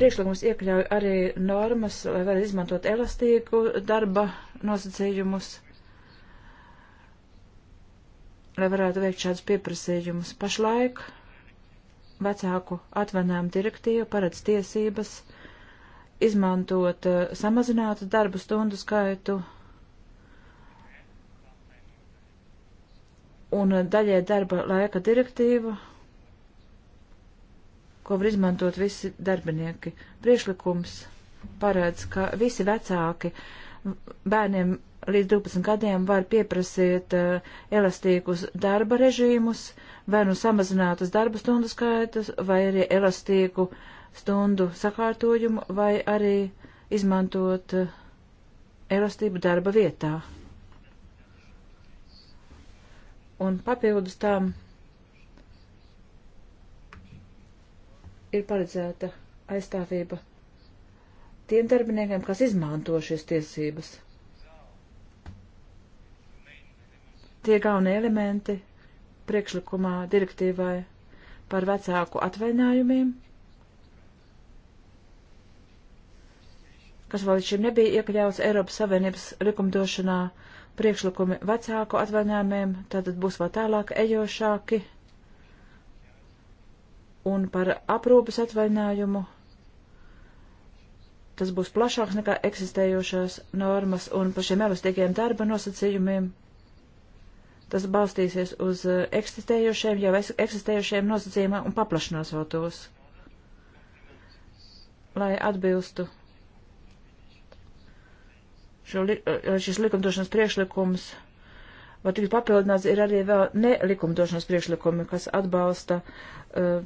Priekšlikums iekļauj arī normas, lai var izmantot elastīgu darba nosacījumus, lai varētu veikt šādus pieprasījumus. Pašlaik vecāku atvainājumu direktīva paredz tiesības izmantot eh, samazinātu darbu stundu skaitu un daļai darba laika direktīva ko var izmantot visi darbinieki. Priešlikums paredz, ka visi vecāki bērniem līdz 12 gadiem var pieprasīt uh, elastīgus darba režīmus, vai nu samazinātas darba stundu skaitas, vai arī elastīgu stundu sakārtojumu, vai arī izmantot uh, elastību darba vietā. Un papildus tam ir paredzēta aizstāvība tiem darbiniekiem, kas izmanto šīs tiesības. Tie galvenie elementi priekšlikumā direktīvai par vecāku atvainājumiem, kas vēl līdz šim nebija iekļauts Eiropas Savienības likumdošanā, priekšlikumi vecāku atvainājumiem, tātad būs vēl tālāk ejošāki un par aprūpes atvaļinājumu. Tas būs plašāks nekā eksistējošās normas un par šiem elastīgiem darba nosacījumiem. Tas balstīsies uz eh, eksistējošiem, jau eksistējošiem nosacījumiem un paplašinās vēl tos, lai atbilstu. Šo, li eh, šis likumdošanas priekšlikums var tikt papildināts, ir arī vēl nelikumdošanas priekšlikumi, kas atbalsta uh,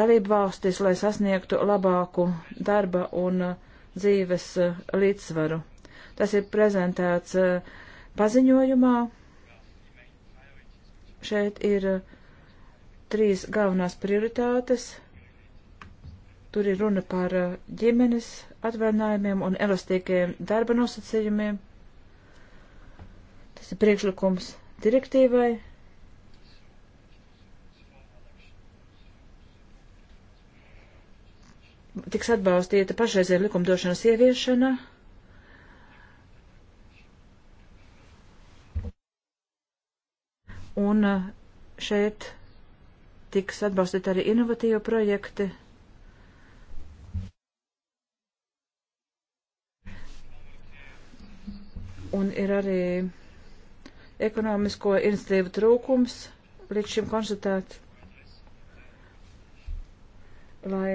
dalību valstis, lai sasniegtu labāku darba un uh, dzīves uh, līdzsvaru. Tas ir prezentēts uh, paziņojumā. Šeit ir uh, trīs galvenās prioritātes. Tur ir runa par uh, ģimenes atvaļinājumiem un elastīgiem darba nosacījumiem Tas ir priekšlikums direktīvai. Tiks atbalstīta pašreizēja likumdošanas ieviešana. Un uh, šeit tiks atbalstīt arī inovatīvi projekti. Un ir arī ekonomisko iniciatīvu trūkums līdz šim konstatēt, lai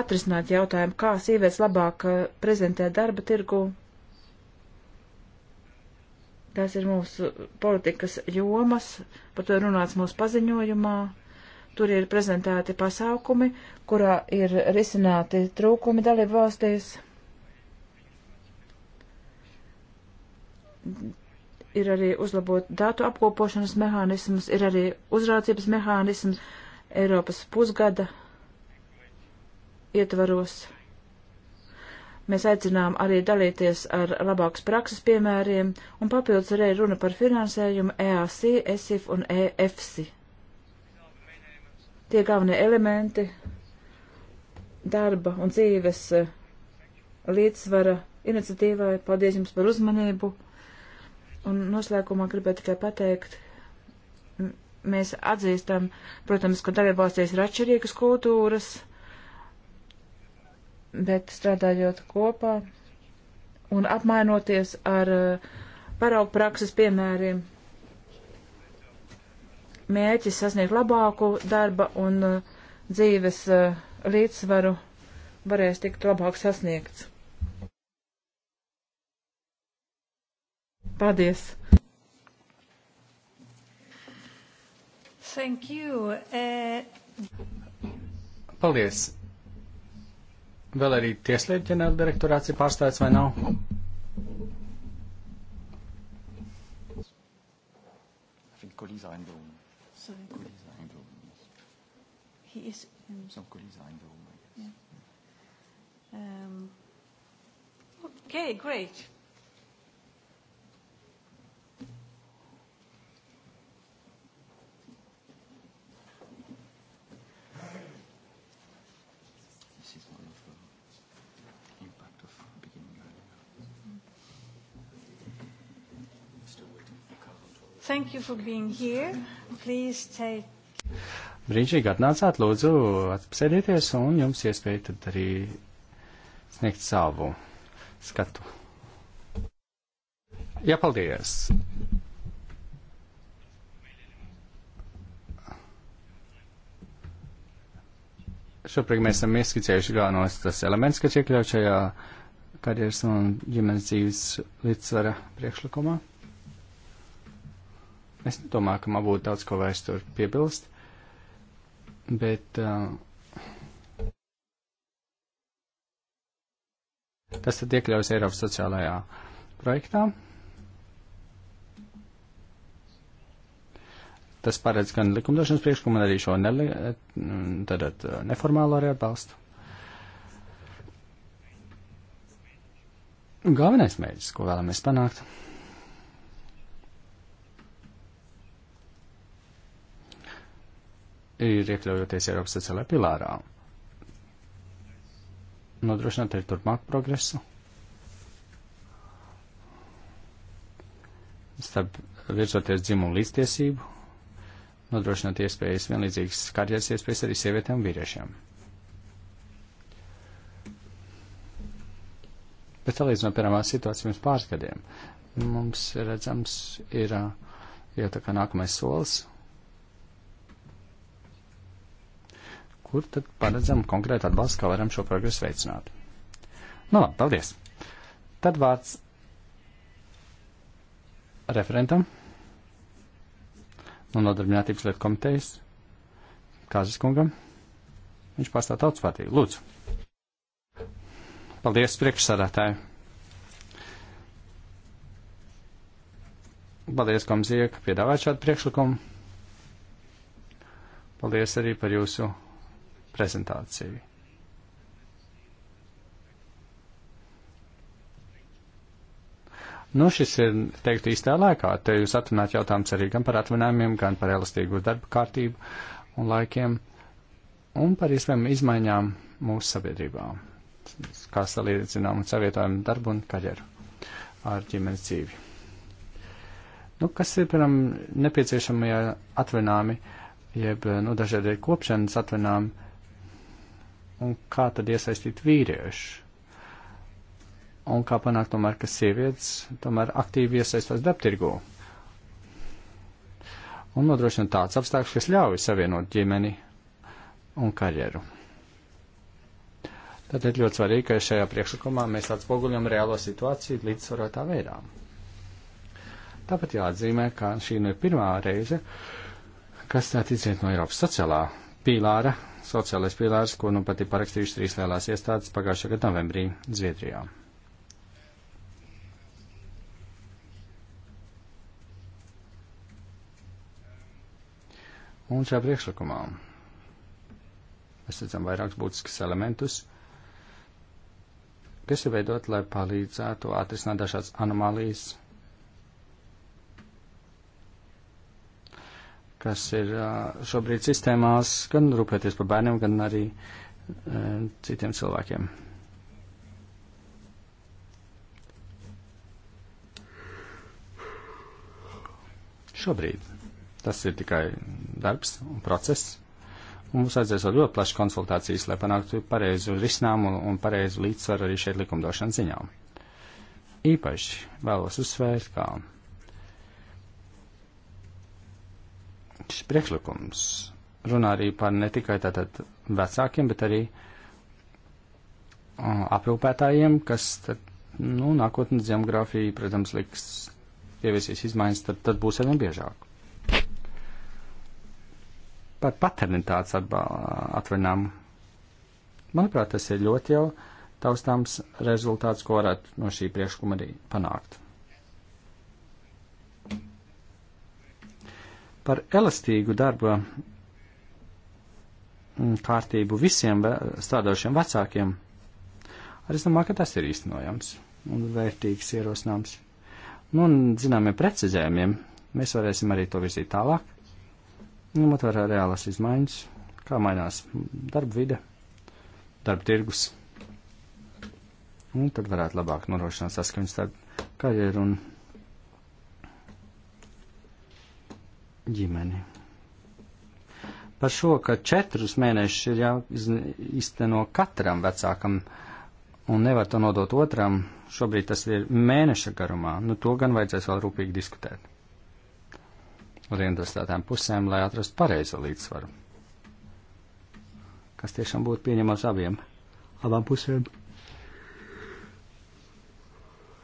atrisināt jautājumu, kā sievietes labāk eh, prezentē darba tirgu. Tas ir mūsu politikas jomas, par to ir runāts mūsu paziņojumā. Tur ir prezentēti pasākumi, kurā ir risināti trūkumi dalību valstīs ir arī uzlabot datu apkopošanas mehānismus, ir arī uzraudzības mehānisms Eiropas pusgada ietvaros. Mēs aicinām arī dalīties ar labākas prakses piemēriem, un papildus arī runa par finansējumu EAC, ESIF un EFSI. Tie galvenie elementi darba un dzīves eh, līdzsvara iniciatīvai. Paldies jums par uzmanību! Un noslēgumā gribētu tikai pateikt, mēs atzīstam, protams, ka dalībvalstīs ir atšķirīgas kultūras, bet strādājot kopā un apmainoties ar eh, paraugu prakses piemēriem, mēķis sasniegt labāku darba un eh, dzīves eh, līdzsvaru varēs tikt labāk sasniegts. Paldies! Thank you. Uh... Paldies! Vēl arī tieslietu ģenerāla direktorāts ir pārstāvis vai nav? Is, um, yeah. um, okay, great. Thank you for being here. Please take. Brīžīgi atnācāt, lūdzu, apsēdieties un jums iespēja tad arī sniegt savu skatu. Jā, paldies. Šobrīd mēs esam ieskicējuši galvenos tas elements, kas iekļaut šajā karjeras un ģimenes dzīves līdzsvara priekšlikumā. Es nedomāju, ka man būtu daudz ko vairs tur piebilst, bet. Uh, tas tad iekļaujas Eiropas sociālajā projektā. Tas paredz gan likumdošanas priekšlikumu, gan arī šo neli, tātad, neformālo arī atbalstu. Galvenais mērķis, ko vēlamies panākt, ir iekļaujoties Eiropas sociālajā pilārā. Nodrošināt arī turpmāk progresu. Starp virzoties dzimumu līdztiesību, nodrošināt iespējas vienlīdzīgas karjeras iespējas arī sievietēm un vīriešiem. Bet salīdzinot pirmā situācija pirms pāris gadiem, mums redzams ir, ir tā kā nākamais solis kur tad paredzam konkrēti atbalstu, kā varam šo progresu veicināt. Nu labi, paldies. Tad vārds referentam no Nodarbinātības lietu komitejas Kāzes kungam. Viņš pārstāv tautas partiju. Lūdzu. Paldies priekšsādātāju. Paldies, komisija, ka piedāvājat šādu priekšlikumu. Paldies arī par jūsu prezentāciju. Nu, šis ir teikt īstā laikā. Te jūs atrunāt jautājums arī gan par atvinājumiem, gan par elastīgo darba kārtību un laikiem un par iespējām izmaiņām mūsu sabiedrībā, kā salīdzinām un savietojam darbu un karjeru ar ģimenes dzīvi. Nu, kas ir, piemēram, nepieciešamie atvinājumi, jeb, nu, dažādi kopšanas atvinājumi, un kā tad iesaistīt vīriešu. Un kā panākt tomēr, ka sievietes tomēr aktīvi iesaistās darbtirgū. Un nodrošina tāds apstākļus, kas ļauj savienot ģimeni un karjeru. Tad ir ļoti svarīgi, ka šajā priekšlikumā mēs atspoguļam reālo situāciju līdzsvarotā veidā. Tāpat jāatzīmē, ka šī nu ir pirmā reize, kas tā iziet no Eiropas sociālā pīlāra, sociālais pīlārs, ko nu pat ir parakstījuši trīs lielās iestādes pagājušā gada novembrī Zviedrijā. Un šajā priekšlikumā mēs redzam vairākus būtiskus elementus, kas ir veidot, lai palīdzētu atrisināt dažādas anomālijas kas ir šobrīd sistēmās, gan rūpēties par bērniem, gan arī citiem cilvēkiem. Šobrīd tas ir tikai darbs un process. Un mums vajadzēs vēl ļoti plašas konsultācijas, lai panāktu pareizu risinājumu un, un pareizu līdzsvaru arī šeit likumdošanas ziņā. Īpaši vēlos uzsvērt, ka šis priekšlikums runā arī par ne tikai tātad vecākiem, bet arī uh, aprūpētājiem, kas tad, nu, nākotnes demogrāfija, protams, liks ieviesīs izmaiņas, tad, tad būs arvien biežāk. Par paternitātes atvaļinājumu. Manuprāt, tas ir ļoti jau taustāms rezultāts, ko varētu no šī priekšlikuma arī panākt. par elastīgu darba mm, kārtību visiem strādošiem vecākiem. Arī es domāju, ka tas ir īstenojams un vērtīgs ierosināms. Nu, un zināmiem precizējumiem mēs varēsim arī to virzīt tālāk, ņemot vērā reālas izmaiņas, kā mainās darba vide, darba tirgus. Un tad varētu labāk norošināt saskaņas starp karjeru un ģimeni. Par šo, ka četrus mēnešus ir jāizteno katram vecākam un nevar to nodot otram, šobrīd tas ir mēneša garumā, nu to gan vajadzēs vēl rūpīgi diskutēt ar interesētām pusēm, lai atrastu pareizo līdzsvaru, kas tiešām būtu pieņemams abiem, abām pusēm.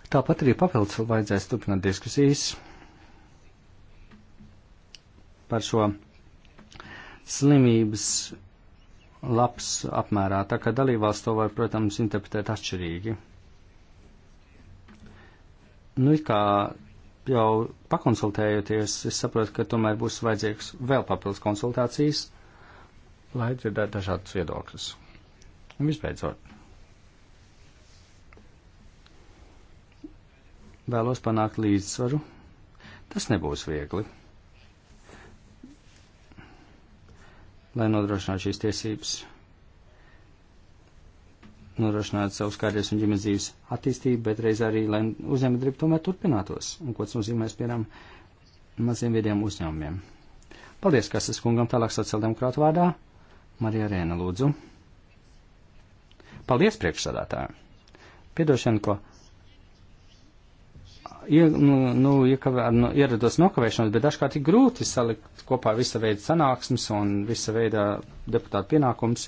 Tāpat arī papildus vajadzēs turpināt diskusijas par šo slimības labs apmērā, tā ka dalībās to var, protams, interpretēt atšķirīgi. Nu, it kā jau pakonsultējoties, es saprotu, ka tomēr būs vajadzīgs vēl papildus konsultācijas, lai dzirdētu dažādus viedokļus. Un visbeidzot. vēlos panākt līdzsvaru. Tas nebūs viegli. lai nodrošinātu šīs tiesības, nodrošinātu savus karjeras un ģimenes dzīves attīstību, bet reiz arī, lai uzņēmējdarbība tomēr turpinātos, un ko tas nozīmēs, piemēram, maziem vidiem uzņēmumiem. Paldies, kas es kungam tālāk sociāldemokrātu vārdā. Marija Rēna, lūdzu. Paldies, priekšsādātāji! Piedošana, ko ie, nu, nu, iekavē, nu, ierados nokavēšanos, bet dažkārt ir grūti salikt kopā visa veida sanāksmes un visa veida deputātu pienākums.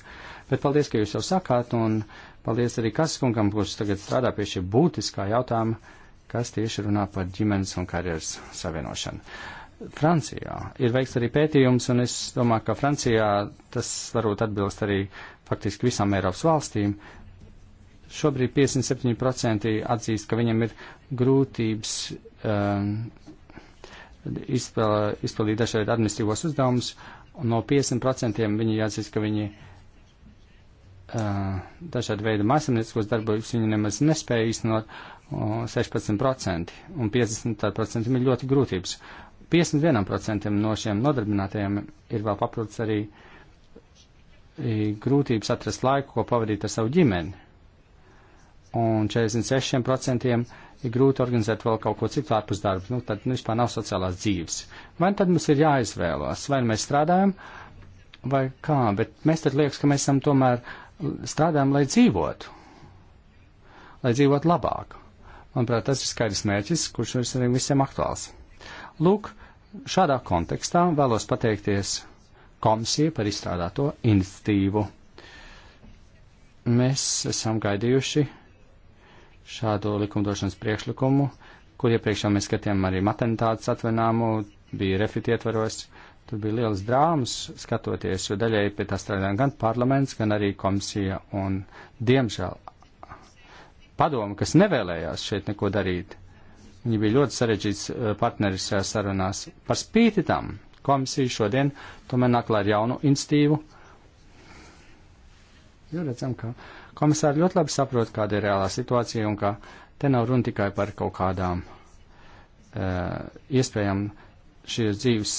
Bet paldies, ka jūs jau sakāt, un paldies arī Kaskungam, kurš tagad strādā pie šī būtiskā jautājuma, kas tieši runā par ģimenes un karjeras savienošanu. Francijā ir veikts arī pētījums, un es domāju, ka Francijā tas varbūt atbilst arī faktiski visām Eiropas valstīm, šobrīd 57% atzīst, ka viņiem ir grūtības um, izpēl, izpildīt dažādi administratīvos uzdevumus, un no 50% viņi atzīst, ka viņi uh, dažādi veidi mākslinieciskos darbības viņi nemaz nespēja īstenot uh, 16%, un 50% ir ļoti grūtības. 51% no šiem nodarbinātajiem ir vēl papildus arī grūtības atrast laiku, ko pavadīt ar savu ģimeni un 46% ir grūti organizēt vēl kaut ko citu ārpus darba. Nu, tad nu, vispār nav sociālās dzīves. Vai tad mums ir jāizvēlās, vai nu mēs strādājam, vai kā, bet mēs tad liekas, ka mēs esam tomēr strādājam, lai dzīvotu, lai dzīvotu labāk. Manuprāt, tas ir skaidrs mērķis, kurš ir arī visiem aktuāls. Lūk, šādā kontekstā vēlos pateikties komisija par izstrādāto iniciatīvu. Mēs esam gaidījuši šādu likumdošanas priekšlikumu, kur iepriekš jau mēs skatījām arī maternitātes atvenāmu, bija refit ietvaros. Tur bija liels drāmas skatoties, jo daļēji pie tā strādājām gan parlaments, gan arī komisija un, diemžēl, padoma, kas nevēlējās šeit neko darīt. Viņi bija ļoti sarežģīts eh, partneris šajā sarunās. Par spīti tam komisija šodien tomēr nāk ar jaunu institīvu. Jo redzam, ka uh, Komisāri ļoti labi saprot, kāda ir reālā situācija un ka te nav runa tikai par kaut kādām uh, iespējām šīs dzīves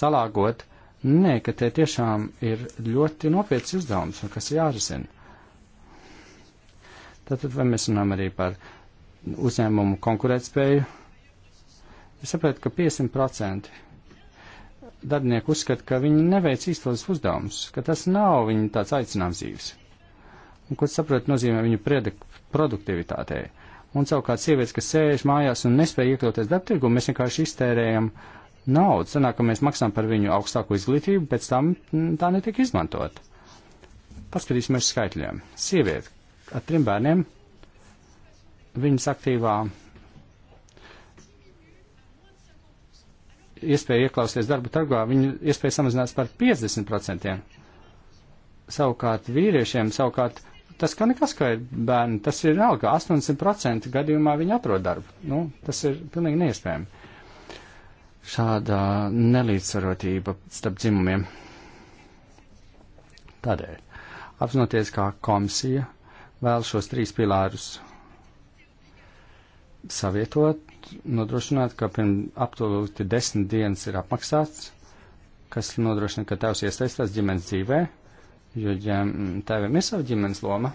salāgot. Nē, ka te tiešām ir ļoti nopietns uzdevums un kas jārisina. Tātad vai mēs runājam arī par uzņēmumu konkurētspēju? Es saprotu, ka 50% darbinieki uzskata, ka viņi neveic īstos uzdevumus, ka tas nav viņu tāds aicinājums dzīves. Un, ko saprot, nozīmē viņu produktivitātei. Un savukārt sievietes, kas sēž mājās un nespēja iekļauties darbtirgu, mēs vienkārši iztērējam naudu. Sanāk, ka mēs maksām par viņu augstāko izglītību, pēc tam mm, tā netiek izmantot. Paskatīsimies skaitļiem. Sieviete ar trim bērniem, viņas aktīvā iespēja ieklausties darba targā, viņu iespēja samazinās par 50%. Savukārt vīriešiem, savukārt tas kā nekas, ka ir bērni, tas ir alga, 80% gadījumā viņi atrod darbu. Nu, tas ir pilnīgi neiespējami. Šāda nelīdzsvarotība starp dzimumiem. Tādēļ apzinoties, kā komisija vēl šos trīs pilārus savietot, nodrošināt, ka pirms aptuveni desmit dienas ir apmaksāts, kas nodrošina, ka tēvs iesaistās ģimenes dzīvē, jo ja tēvam ir sava ģimenes loma.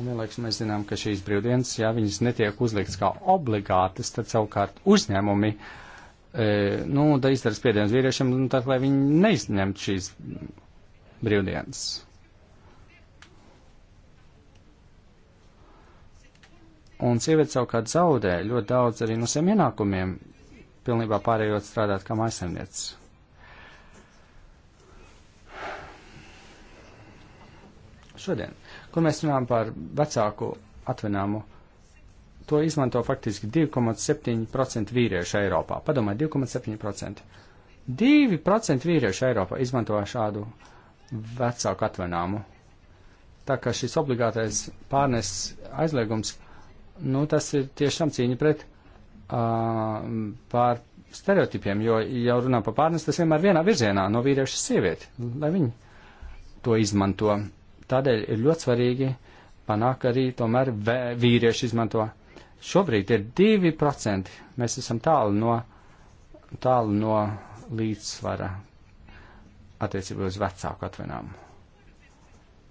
Un vienlaikus mēs zinām, ka šīs brīvdienas, ja viņas netiek uzlikts kā obligātas, tad savukārt uzņēmumi, e, nu, da izdara spiedienus vīriešiem, nu, tad, lai viņi neizņemtu šīs brīvdienas. Un sieviete savukārt zaudē ļoti daudz arī no saviem ienākumiem, pilnībā pārējot strādāt kā mājasemniece. Šodien, kur mēs runājam par vecāku atvināmu, to izmanto faktiski 2,7% vīriešu Eiropā. Padomā, 2,7%. 2% vīriešu Eiropā izmanto šādu vecāku atvināmu. Tā kā šis obligātais pārnes aizliegums nu, tas ir tiešām cīņa pret uh, pār stereotipiem, jo jau runā par pārnes, tas vienmēr vienā virzienā no vīrieša sievieti, lai viņi to izmanto. Tādēļ ir ļoti svarīgi panākt arī tomēr vīrieši izmanto. Šobrīd ir 2%. Mēs esam tālu no, tālu no līdzsvara attiecībā uz vecāku atvinām.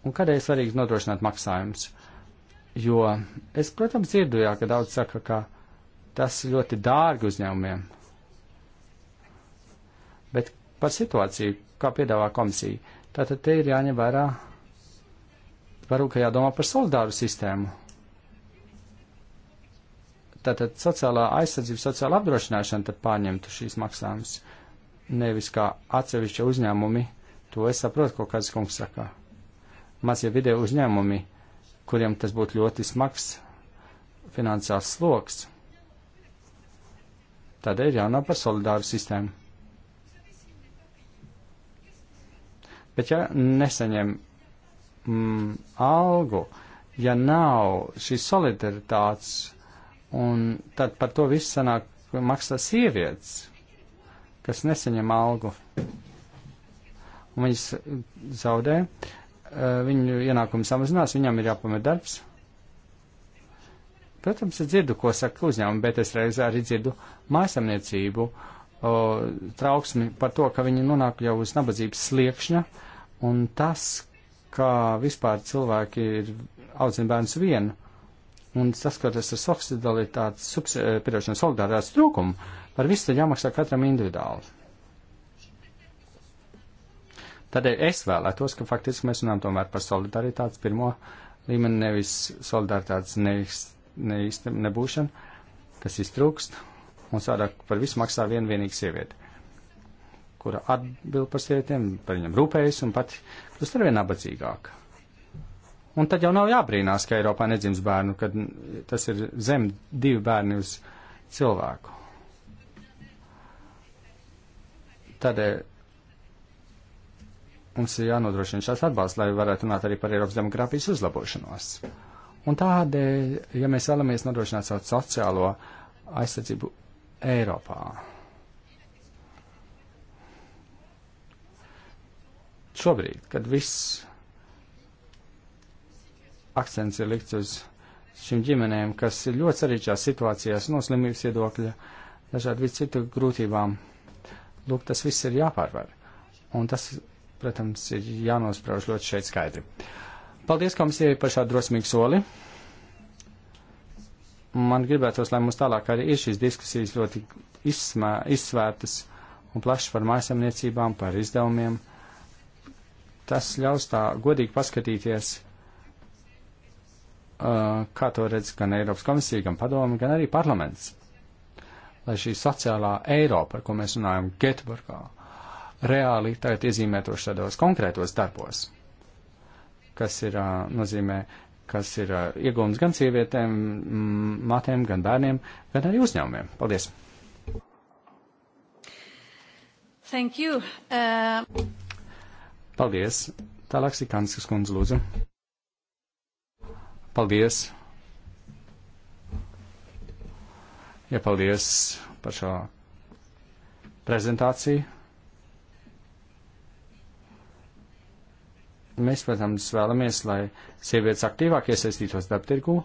Un kādēļ ir svarīgi nodrošināt maksājumus? Uh, Jo es, protams, dzirdu, jā, ka daudz saka, ka tas ļoti dārgi uzņēmumiem. Bet par situāciju, kā piedāvā komisija, tātad te ir jāņem vērā, varbūt, ka jādomā par solidāru sistēmu. Tātad sociālā aizsardzība, sociāla apdrošināšana tad pārņemtu šīs maksājumus, nevis kā atsevišķa uzņēmumi, to es saprotu, ko kāds kungs saka. Mazie video uzņēmumi kuriem tas būtu ļoti smags finansās sloks. Tādēļ jānāk par solidāru sistēmu. Bet ja nesaņem mm, algu, ja nav šīs solidaritātes, un tad par to viss sanāk maksā sievietes, kas nesaņem algu. Un viņas zaudē Eh, viņu ienākumi samazinās, viņam ir jāpamet darbs. Protams, es dzirdu, ko saka uzņēmumi, bet es reizē arī dzirdu mājasemniecību o, trauksmi par to, ka viņi nonāk jau uz nabadzības sliekšņa, un tas, kā vispār cilvēki ir audzina bērns vienu, un saskaties ar solidaritātes, eh, piedošanas solidaritātes trūkumu, par visu tad jāmaksā katram individuāli. Tādēļ es vēlētos, ka faktiski mēs runājam tomēr par solidaritātes pirmo līmeni, nevis solidaritātes nevis, nevis, nebūšanu, kas iztrūkst, un sādāk par visu maksā vien vienīgi sievieti, kura atbild par sievietēm, par viņam rūpējas un pati kļūst arvien nabadzīgāka. Un tad jau nav jābrīnās, ka Eiropā nedzims bērnu, kad tas ir zem divi bērni uz cilvēku. Tādēļ mums ir jānodrošina šāds atbalsts, lai varētu runāt arī par Eiropas demogrāfijas uzlabošanos. Un tādēļ, ja mēs vēlamies nodrošināt savu sociālo aizsardzību Eiropā, šobrīd, kad viss akcents ir likts uz šīm ģimenēm, kas ir ļoti sarežģītās situācijās, no slimības viedokļa, dažādu citu grūtībām, lūk, tas viss ir jāpārvar. Un tas protams, ir jānosprauž ļoti šeit skaidri. Paldies komisijai par šādu drosmīgu soli. Man gribētos, lai mums tālāk arī ir šīs diskusijas ļoti izsmē, izsvērtas un plašas par mājasemniecībām, par izdevumiem. Tas ļaus tā godīgi paskatīties, uh, kā to redz gan Eiropas komisija, gan padomi, gan arī parlaments. Lai šī sociālā Eiropa, par ko mēs runājam Getburgā, reāli tagad iezīmētos šādos konkrētos darbos, kas ir nozīmē, kas ir iegūms gan sievietēm, mātēm, gan bērniem, gan arī uzņēmumiem. Paldies! Thank you. Uh... Paldies. Tālāk Sikanskas kundze lūdzu. Paldies. Ja paldies par šo prezentāciju. Mēs, protams, vēlamies, lai sievietes aktīvāk iesaistītos darbtirgu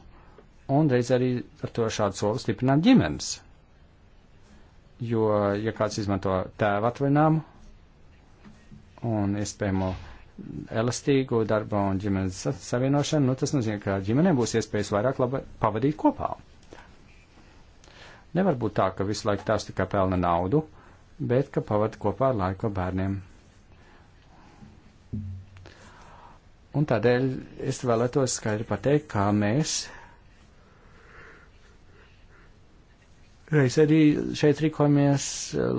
un reiz arī ar to šādu soli stiprināt ģimenes. Jo, ja kāds izmanto tēva atvainājumu un iespējamo elastīgu darba un ģimenes savienošanu, nu, tas nozīmē, ka ģimenē būs iespējas vairāk laba pavadīt kopā. Nevar būt tā, ka visu laiku tās tikai pelna naudu, bet ka pavada kopā ar laiku bērniem. Un tādēļ es vēlētos skaidri pateikt, kā mēs reiz arī šeit rīkojamies,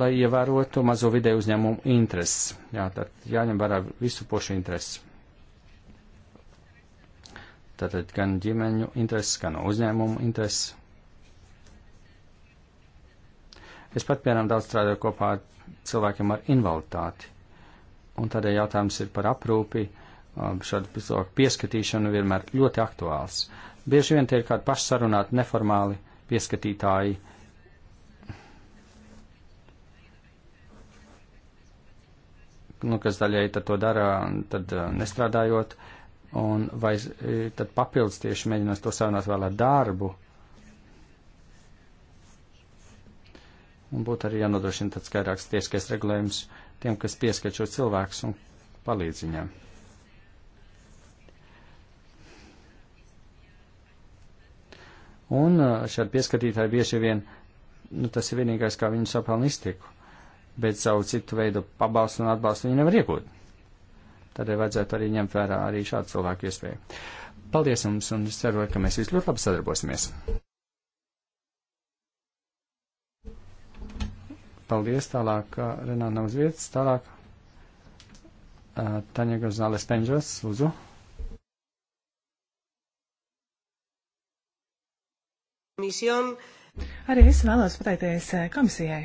lai ievērotu mazo vidēju uzņēmumu intereses. Jā, tad jāņem vērā visu pošu intereses. Tātad gan ģimeņu intereses, gan uzņēmumu intereses. Es pat, piemēram, daudz strādāju kopā ar cilvēkiem ar invaliditāti. Un tādēļ jautājums ir par aprūpi. Uh, šādu cilvēku pieskatīšanu vienmēr ļoti aktuāls. Bieži vien tie ir kādi pašsarunāti, neformāli pieskatītāji. Nu, kas daļai tad to dara, tad eh, nestrādājot, un vai eh, tad papildus tieši mēģinās to sarunāt vēl ar darbu. Un būtu arī jānodrošina tāds skaidrāks tieskais regulējums tiem, kas pieskat šo cilvēkus un palīdz viņiem. Un šādi pieskatītāji bieži vien, nu, tas ir vienīgais, kā viņi sapelna iztiku, bet savu citu veidu pabalstu un atbalstu viņi nevar iegūt. Tādēļ vajadzētu arī ņemt vērā arī šādu cilvēku iespēju. Paldies jums un es ceru, ka mēs visi ļoti labi sadarbosimies. Paldies, tālāk Renāna uz vietas, tālāk Taņa Gonzāles Penžas, lūdzu. Arī es vēlos pateikties eh, komisijai.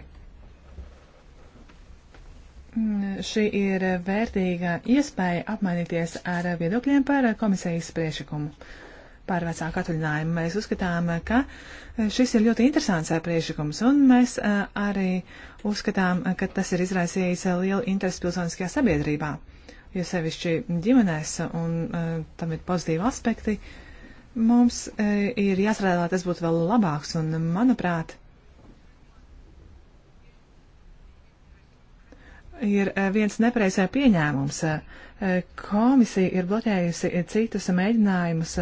Mm, šī ir vērtīga iespēja apmainīties ar viedokļiem par komisijas priešakumu. Par vecāku atvaļinājumu mēs uzskatām, ka šis ir ļoti interesants eh, priešakums, un mēs eh, arī uzskatām, ka tas ir izraisījis lielu interesi pilsoniskajā sabiedrībā, jo sevišķi ģimenēs, un tam ir pozitīvi aspekti. Uh, Mums e, ir jāstrādā, lai tas būtu vēl labāks, un manuprāt, ir e, viens nepareizā pieņēmums. E, komisija ir bloķējusi citus mēģinājumus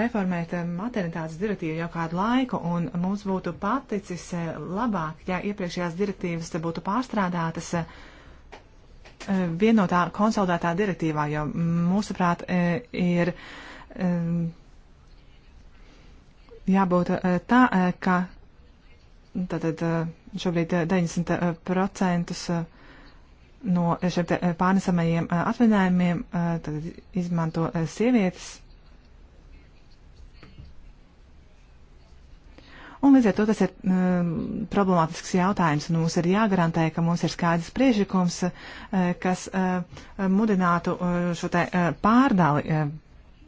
reformēt maternitātes direktīvu jau kādu laiku, un mums būtu paticis labāk, ja iepriekšējās direktīvas būtu pārstrādātas vienotā konsolidētā direktīvā, jo mūsuprāt ir jābūt eh, tā, eh, ka tātad eh, šobrīd 90% no šiem pārnesamajiem atvinājumiem tātad izmanto sievietes. Un līdz ar to tas ir um, problemātisks jautājums, un mums ir jāgarantē, ka mums ir skaidrs priežikums, uh, kas uh, mudinātu uh, šo te uh, pārdali uh,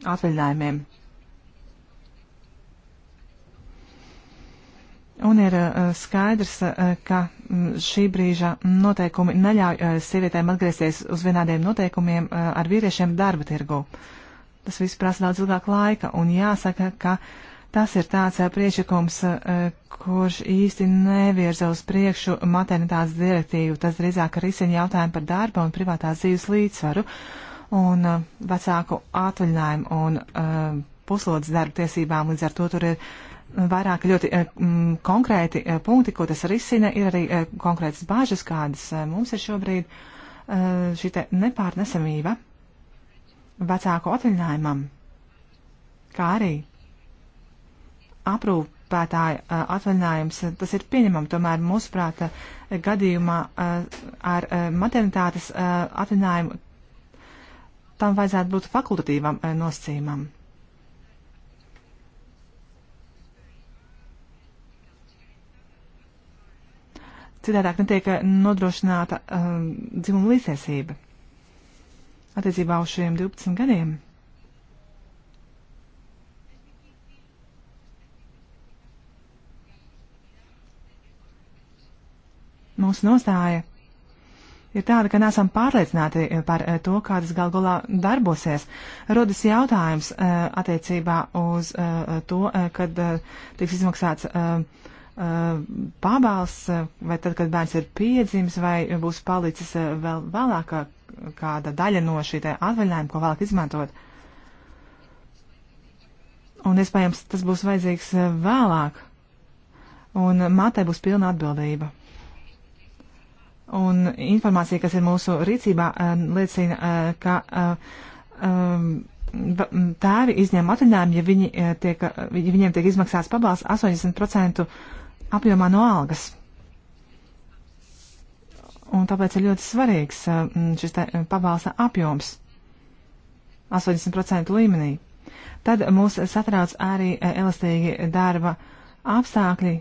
atvaļinājumiem. Uh, Un ir eh, skaidrs, eh, ka mm, šī brīža noteikumi neļauj eh, sievietēm atgriezties uz vienādiem noteikumiem ar vīriešiem darba tirgu. Tas viss prasa daudz ilgāk laika, un jāsaka, ka tas ir tāds priekšlikums, kurš īsti nevirza uz priekšu maternitātes direktīvu. Tas drīzāk risina jautājumu par darba un privātās dzīves līdzsvaru un vecāku atvaļinājumu un puslodes darba tiesībām. Līdz ar to tur ir vairāk ļoti mm, konkrēti eh, punkti, ko tas risina, ir arī eh, konkrētas bāžas, kādas mums ir šobrīd šī nepārnesamība vecāku atvaļinājumam, kā arī aprūpētāja atvaļinājums, tas ir pieņemam, tomēr mūsuprāt gadījumā ar maternitātes atvaļinājumu tam vajadzētu būt fakultatīvam nosacījumam. citādāk netiek nodrošināta um, dzimuma līdztiesība attiecībā uz šiem 12 gadiem. Mūsu nostāja ir tāda, ka neesam pārliecināti par eh, to, kā tas gal galā darbosies. Rodas jautājums eh, attiecībā uz eh, to, kad tiks izmaksāts uh, pabalsts, vai tad, kad bērns ir piedzimis, vai būs palicis eh, vēl vēlāk kāda daļa no šī atvaļinājuma, ko vēlāk izmantot. Un iespējams, tas būs vajadzīgs eh, vēlāk. Un mātei būs pilna atbildība. Un informācija, kas ir mūsu rīcībā, eh, liecina, ka um, tēvi izņem atvaļinājumu, ja, viņi tiek, ja viņiem tiek izmaksāts pabalsts 80% apjomā no algas. Un tāpēc ir ļoti svarīgs uh, šis uh, pabalsta apjoms 80% līmenī. Tad mūs satrauc arī uh, elastīgi darba apstākļi.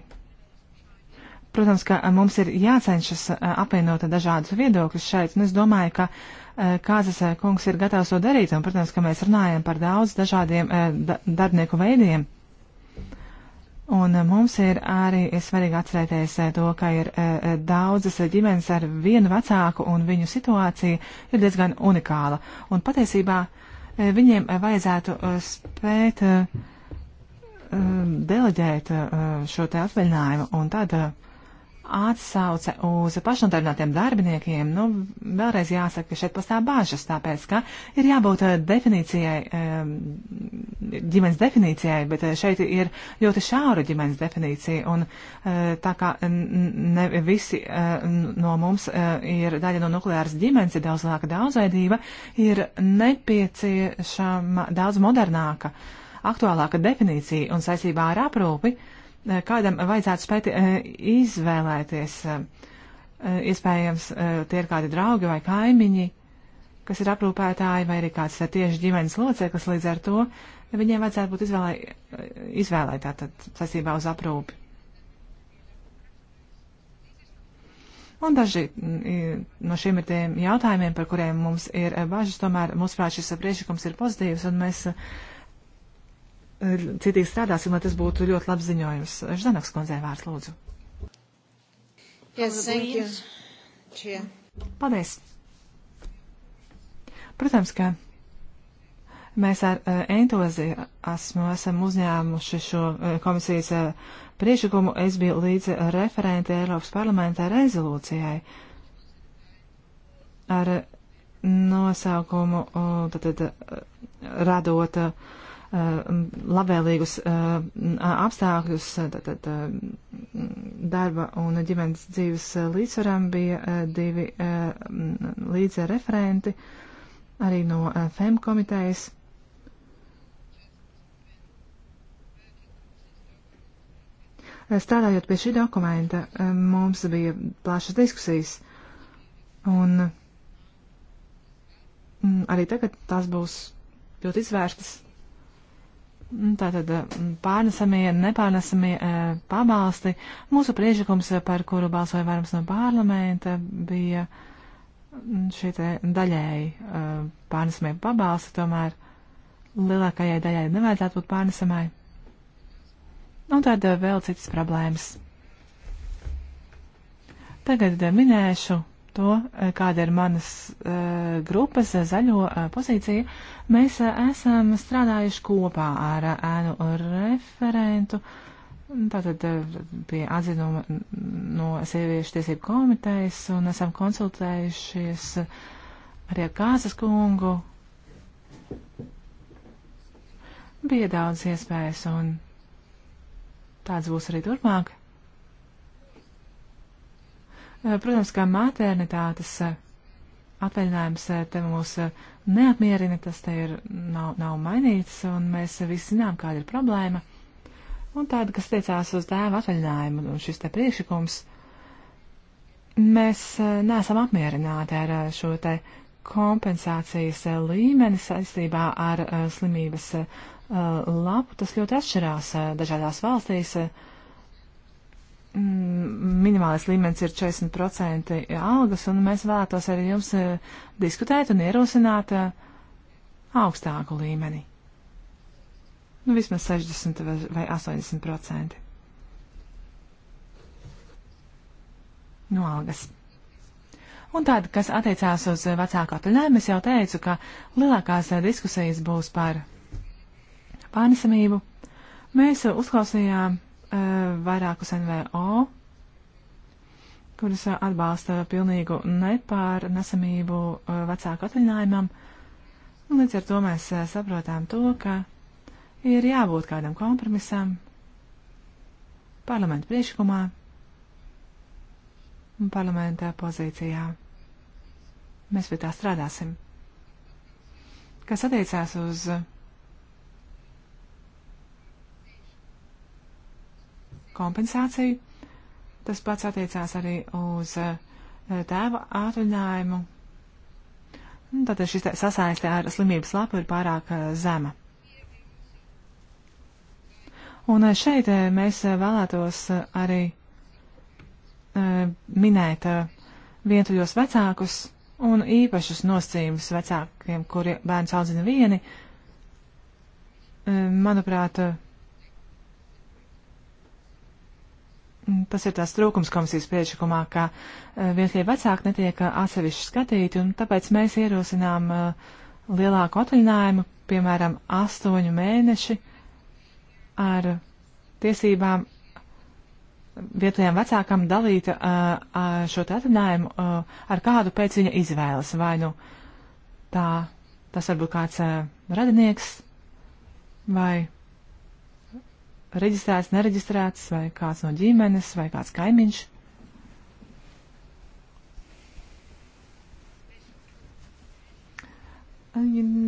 Protams, ka mums ir jācenšas apvienot dažādus viedokļus šeit, un es domāju, ka Kāzas kungs ir gatavs to darīt, un, protams, ka mēs runājam par daudz dažādiem da darbnieku veidiem. Un eh, mums ir arī svarīgi atcerēties eh, to, ka ir eh, daudzas ģimenes ar vienu vecāku un viņu situācija ir diezgan unikāla. Un patiesībā viņiem vajadzētu spēt deleģēt šo te atvaļinājumu un tad atsauce uz pašnodarbinātiem darbiniekiem, nu, vēlreiz jāsaka, ka šeit pastāv bāžas, tāpēc, ka ir jābūt eh, definīcijai, eh, ģimenes definīcijai, bet eh, šeit ir ļoti šāra ģimenes definīcija, un tā kā ne visi no mums ir daļa no nukleāras ģimenes, ir daudz lielāka daudzveidība, ir nepieciešama daudz modernāka, aktuālāka definīcija un saistībā ar aprūpi. Uh, Eh, kādam vajadzētu spēt eh, izvēlēties. Eh, iespējams, tie ir kādi draugi vai kaimiņi, kas ir aprūpētāji, vai arī kāds tieši ģimenes loceklis līdz ar to. Viņiem vajadzētu būt izvēlē, izvēlē tātad saistībā uz aprūpi. Un daži mm, no šiem ir tiem jautājumiem, par kuriem mums ir bažas. Tomēr, mūsuprāt, šis priekšlikums ir pozitīvs, un mēs uh, citīgi strādāsim, lai tas būtu ļoti labs ziņojums. Ždanoks kundzei vārds lūdzu. Yes, thank you. Cheer. Paldies. Protams, ka mēs ar eh, entuziasmu esam uzņēmuši šo eh, komisijas eh, priekšlikumu. Es biju līdz referente Eiropas parlamentā rezolūcijai ar nosaukumu, tad, tad radot uh, Uh, labvēlīgus uh, apstākļus uh, tātad, mm, darba un ģimenes dzīves līdzsvaram bija divi mm, līdzreferenti arī no FEM komitejas. Strādājot pie šī dokumenta, mums bija plašas diskusijas, un mm, arī tagad tās būs ļoti izvērstas. Tātad mm, pārnesamie, nepārnesamie e, pabalsti. Mūsu priekšlikums, e, par kuru balsoja vairums no parlamenta, bija mm, šie daļēji e, pārnesamie pabalsti, tomēr lielākajai daļai nevajadzētu būt pārnesamai. Un tad vēl citas problēmas. Tagad minēšu to, eh, kāda ir manas uh, grupas eh, zaļo uh, pozīcija, mēs uh, esam strādājuši kopā ar ēnu referentu, mm, tātad pie atzinuma mm, mm, no sieviešu tiesību komitejas, un esam konsultējušies arī ar Kāzas kungu. Bija daudz iespējas, un tāds būs arī turpmāk. Eh, protams, kā maternitātes eh, atvaļinājums eh, te mūs neapmierina, tas te ir, nav, nav mainīts, un mēs visi zinām, kāda ir problēma. Un tāda, kas tiecās uz dēva atvaļinājumu, un šis te priekšlikums, mēs neesam apmierināti ar šo te kompensācijas līmeni saistībā ar slimības lapu. Tas ļoti atšķirās dažādās valstīs. Uh, Mm, minimālais līmenis ir 40% algas, un mēs vēlētos ar jums eh, diskutēt un ierosināt eh, augstāku līmeni. Nu, vismaz 60 vai 80% no algas. Un tāda, kas attiecās uz vecāku atvaļinājumu, es jau teicu, ka lielākās eh, diskusijas būs par pārnesamību. Mēs uzklausījām Uh, vairākus NVO, kuras uh, atbalsta pilnīgu nepārnesamību uh, vecāku atvaļinājumam. Līdz ar to mēs saprotam to, ka ir jābūt kādam kompromisam parlamentu priekšlikumā un parlamentā pozīcijā. Mēs pie tā strādāsim. Kas attiecās uz kompensāciju. Tas pats attiecās arī uz eh, tēva atvaļinājumu. Tātad šis sasaiste ar slimības lapu ir pārāk eh, zema. Un eh, šeit mēs vēlētos arī minēt vientuļos vecākus un īpašus nosacījumus vecākiem, kuri bērns audzina vieni. Manuprāt, tas ir tās trūkums komisijas priekšlikumā, ka eh, vietlie vecāki netiek eh, atsevišķi skatīti, un tāpēc mēs ierosinām eh, lielāku atvaļinājumu, piemēram, astoņu mēneši ar tiesībām vietējām vecākam dalīt šo atvaļinājumu ar kādu pēc viņa izvēles. Vai nu tā, tas varbūt kāds radinieks vai reģistrēts, nereģistrēts, vai kāds no ģimenes, vai kāds kaimiņš.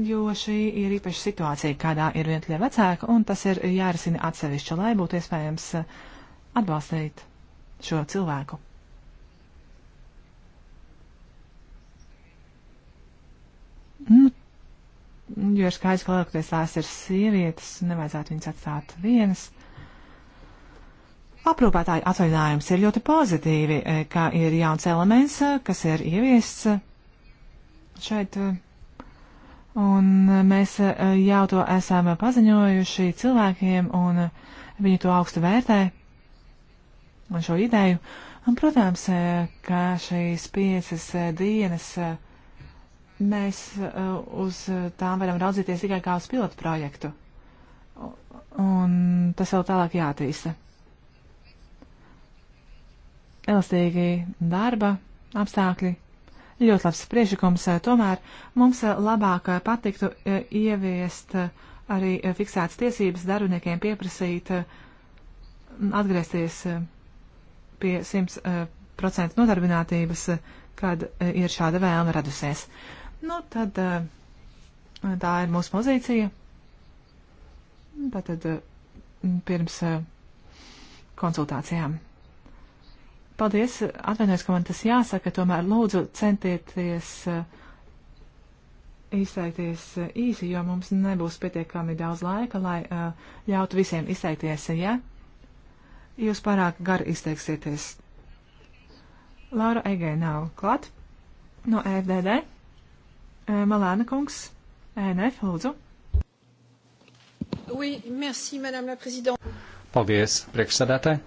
Jo šī ir īpaša situācija, kādā ir vientuļie vecāki, un tas ir jārisina atsevišķi, lai būtu iespējams atbalstīt šo cilvēku. jo ir skaidrs, ka lielākoties tās ir sievietes, nevajadzētu viņas atstāt vienas. Aprūpētāju atvaļinājums ir ļoti pozitīvi, eh, ka ir jauns elements, eh, kas ir ieviests eh, šeit. Un mēs jau to esam paziņojuši cilvēkiem, un viņi to augstu vērtē, un šo ideju. Un, protams, ka šīs piecas dienas mēs uh, uz tām varam raudzīties tikai kā uz pilotu projektu. Un tas vēl tālāk jātīsta. Elastīgi darba apstākļi. Ļoti labs priešakums, uh, tomēr mums uh, labāk patiktu ieviest arī fiksētas tiesības darbiniekiem pieprasīt atgriezties pie 100% nodarbinātības, kad ir šāda vēlme radusies. Uh, Nu, tad eh, tā ir mūsu pozīcija. Tātad eh, pirms eh, konsultācijām. Paldies, atvainojos, ka man tas jāsaka, tomēr lūdzu centieties izteikties īsi, jo mums nebūs pietiekami daudz laika, lai ļautu visiem izteikties, ja jūs pārāk gari izteiksieties. Laura Egei nav klāt no FDD. Eh, Malēna kungs, ENF, lūdzu. Oui, merci, madame la présidente. Paldies, priekšsēdētāji.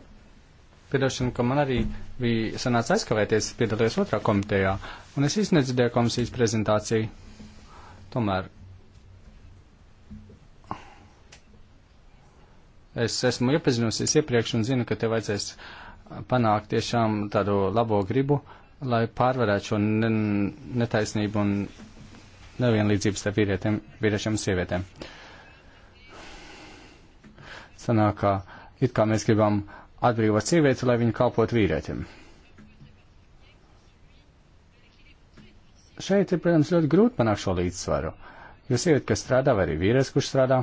Piedošana, ka man arī bija sanāca aizkavēties, piedalījos otrā komitejā, un es īsti nedzirdēju komisijas prezentāciju. Tomēr es esmu iepazinusies iepriekš un zinu, ka te vajadzēs panākt tiešām tādu labo gribu, lai pārvarētu šo netaisnību un nav vienlīdzības starp vīrietiem, vīriešiem un sievietēm. Sanāk, ka it kā mēs gribam atbrīvot sievieti, lai viņa kalpot vīrietim. Šeit ir, protams, ļoti grūti panākt šo līdzsvaru, jo sieviete, kas strādā, vai arī vīrietis, kurš strādā,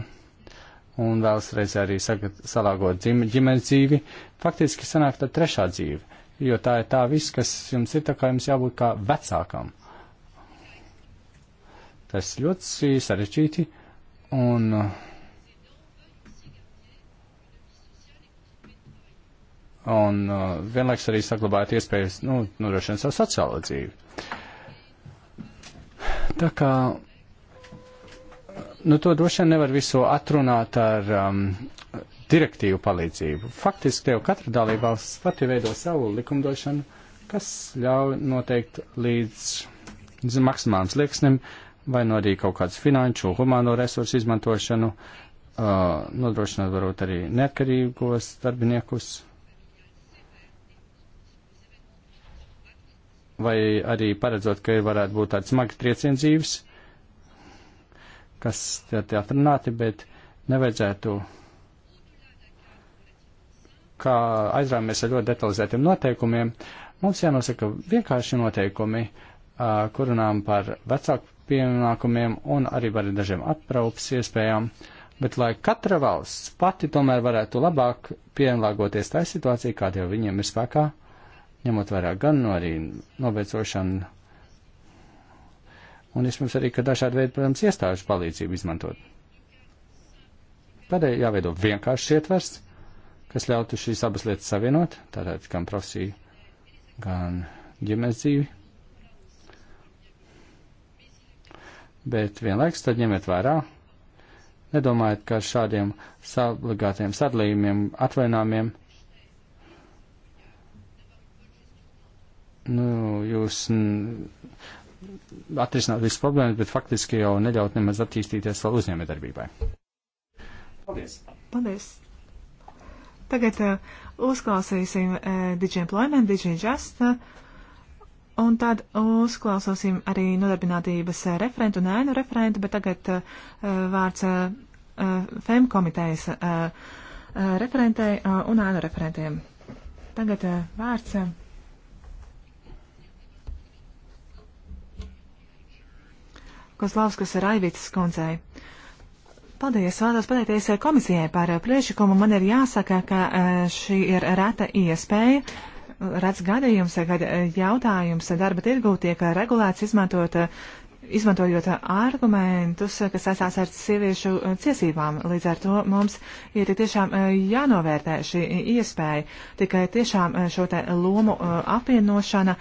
un vēlas reizē arī sagat, salāgot dzim, ģimenes dzīvi, faktiski sanāk tā trešā dzīve, jo tā ir tā viss, kas jums ir, tā kā jums jābūt kā vecākam. Tas ļoti sarežģīti un. Un uh, vienlaiks arī saglabājot iespējas, nu, nodrošināt savu sociālo dzīvi. Tā kā nu, to droši vien nevar visu atrunāt ar um, direktīvu palīdzību. Faktiski jau katra dalībvalsts pati veido savu likumdošanu, kas ļauj noteikt līdz maksimālam slieksnim vai nu arī kaut kādas finanšu, humāno resursu izmantošanu, uh, nodrošināt varbūt arī neatkarīgos darbiniekus, vai arī paredzot, ka varētu būt tāds smags trieciens dzīves, kas tiek atrunāti, bet nevajadzētu, kā aizrāmies ar ļoti detalizētiem noteikumiem, mums jānosaka vienkārši noteikumi, uh, kurunām par vecāku pienākumiem un arī var dažiem apraupas iespējām, bet lai katra valsts pati tomēr varētu labāk pielāgoties tā situācija, kāda jau viņiem ir spēkā, ņemot vērā gan no arī nobeidzošanu, un vismaz arī, ka dažādi veidi, protams, iestāžu palīdzību izmantot. Tādēļ jāveido vienkāršs ietvers, kas ļautu šīs abas lietas savienot, tātad gan profesiju, gan ģimenes dzīvi bet vienlaiks tad ņemiet vērā. Nedomājiet, ka ar šādiem obligātiem sadalījumiem, atvainājumiem, nu, jūs atrisināt visas problēmas, bet faktiski jau neļaut nemaz attīstīties vēl uzņēmējdarbībai. Paldies! Paldies! Tagad uh, uzklausīsim uh, Digemployment, Digenjust. Uh, Un tad uzklausīsim arī nodarbinātības eh, referentu un ēnu referentu, bet tagad uh, vārds uh, eh, FEM komitejas uh, uh, referentai uh, un ēnu referentiem. Tagad uh, vārds. Uh, Kozlauskas Raivītas kundzei. Paldies, vēlos pateikties komisijai par priekšlikumu. Man ir jāsaka, ka šī ir reta iespēja redz gadījums, kad eh, jautājums eh, darba tirgū tiek eh, regulēts izmantot izmantojot argumentus, kas sasās ar sieviešu eh, tiesībām. Līdz ar to mums ir tiešām eh, jānovērtē šī iespēja. Tikai tiešām eh, šo te lomu apvienošana,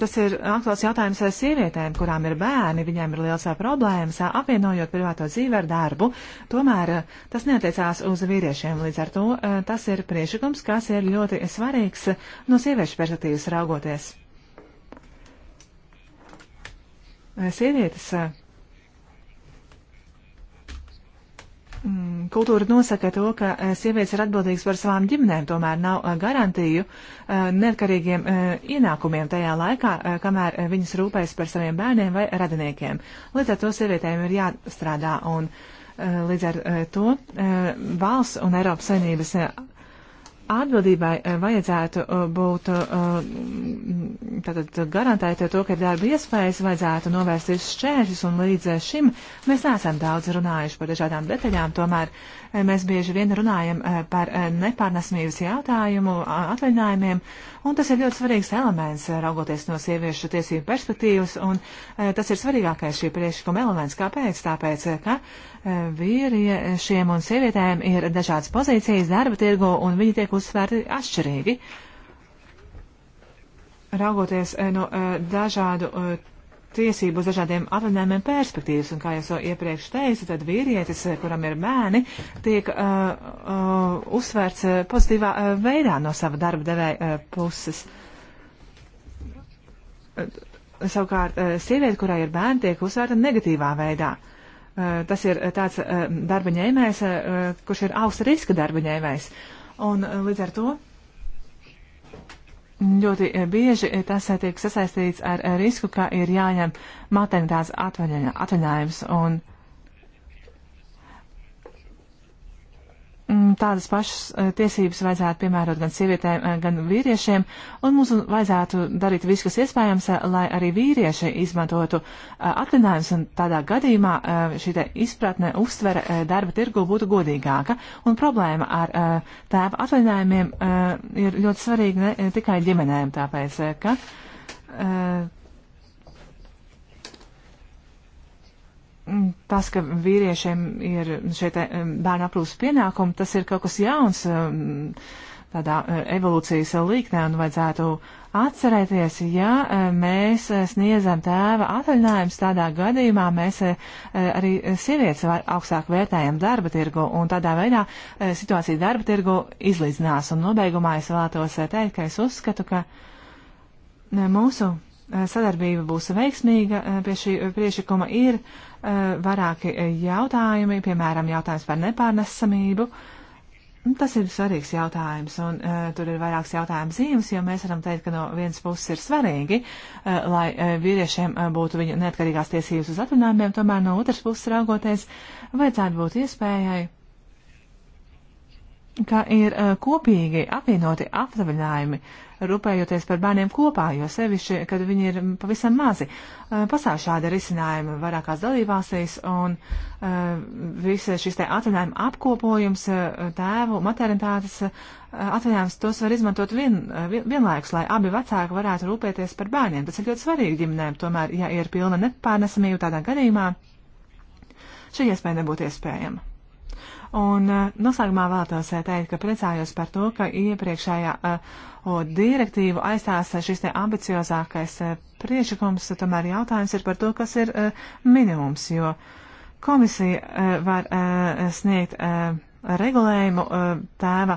tas ir aktuāls jautājums sievietēm, kurām ir bērni, viņiem ir liels problēmas apvienojot privāto dzīvi ar darbu. Tomēr tas neatiecās uz vīriešiem. Līdz ar to tas ir priešakums, kas ir ļoti svarīgs no sieviešu perspektīvas raugoties. sievietes. Mm, kultūra nosaka to, ka sievietes ir atbildīgas par savām ģimenēm, tomēr nav garantiju neatkarīgiem ienākumiem tajā laikā, kamēr viņas rūpēs par saviem bērniem vai radiniekiem. Līdz ar to sievietēm ir jāstrādā un līdz ar to valsts un Eiropas saimnības atbildībai eh, vajadzētu eh, būt eh, mm, tātad garantēt to, ka ir darba iespējas, vajadzētu novērst visus šķēršļus, un līdz šim mēs neesam daudz runājuši par dažādām detaļām, tomēr mēs bieži vien runājam par nepārnesmības jautājumu, atvaļinājumiem, un tas ir ļoti svarīgs elements, raugoties no sieviešu tiesību perspektīvas, un tas ir svarīgākais šī priekšlikuma elements. Kāpēc? Tāpēc, ka vīriešiem un sievietēm ir dažādas pozīcijas darba tirgu un viņi tiek uzsvērti atšķirīgi. Raugoties eh, no eh, dažādu eh, tiesību uz dažādiem atvaļinājumiem perspektīvas, un kā jau so iepriekš teicu, tad vīrietis, kuram ir bērni, tiek uh, uh, uzsvērts pozitīvā uh, veidā no sava darba devēja uh, puses. Uh, savukārt, uh, sieviete, kurai ir bērni, tiek uzsvērta negatīvā veidā. Uh, Eh, tas ir eh, tāds eh, darba ņēmējs, kurš ir augsta riska darba ņēmējs. Un līdz ar to ļoti bieži tas tiek sasaistīts ar risku, ka ir jāņem maternitātes atvaļinājums. Un, uh, Mm, tādas pašas eh, tiesības vajadzētu piemērot gan sievietēm, eh, gan vīriešiem, un mums vajadzētu darīt visu, kas iespējams, eh, lai arī vīrieši izmantotu atlinājumus, un tādā gadījumā šī izpratne uztvere darba tirgu būtu godīgāka, un problēma ar tēva atlinājumiem ir ļoti svarīga ne tikai ģimenēm, tāpēc, ka Mm, tas, ka vīriešiem ir šeit eh, bērnu aprūpas pienākumi, tas ir kaut kas jauns um, tādā eh, evolūcijas līknē un vajadzētu atcerēties, ja eh, mēs sniedzam tēva atvaļinājumus, tādā gadījumā mēs arī sievietes augstāk vērtējam darba tirgu un tādā veidā situācija darba tirgu izlīdzinās. Un nobeigumā es vēlētos teikt, ka es uzskatu, ka mūsu sadarbība būs veiksmīga pie šī priešakuma ir Eh, vairāki eh, jautājumi, piemēram, jautājums par nepārnesamību. Nu, tas ir svarīgs jautājums, un uh, tur ir vairākas jautājuma zīmes, jo mēs varam teikt, ka no vienas puses ir svarīgi, uh, lai uh, vīriešiem uh, būtu viņu neatkarīgās tiesības uz atvinājumiem, tomēr no otras puses raugoties, vajadzētu būt iespējai, ka ir uh, kopīgi apvienoti atvinājumi uh, rūpējoties par bērniem kopā, jo sevišķi, kad viņi ir pavisam mazi. Eh, Pasāv šāda risinājuma vairākās dalībvalstīs, un eh, visi šis te atvaļinājuma apkopojums, eh, tēvu, maternitātes atvaļinājums, tos var izmantot vien, vien, vienlaikus, lai abi vecāki varētu rūpēties par bērniem. Tas ir ļoti svarīgi ģimnēm, tomēr, ja ir pilna nepārnesamība tādā gadījumā, šī iespēja nebūtu iespējama. Un noslēgumā vēlētos teikt, ka priecājos par to, ka iepriekšējā uh, direktīvu aizstās eh, šis te ambiciozākais eh, priešakums, tomēr jautājums ir par to, kas ir eh, minimums, jo komisija var sniegt regulējumu tēva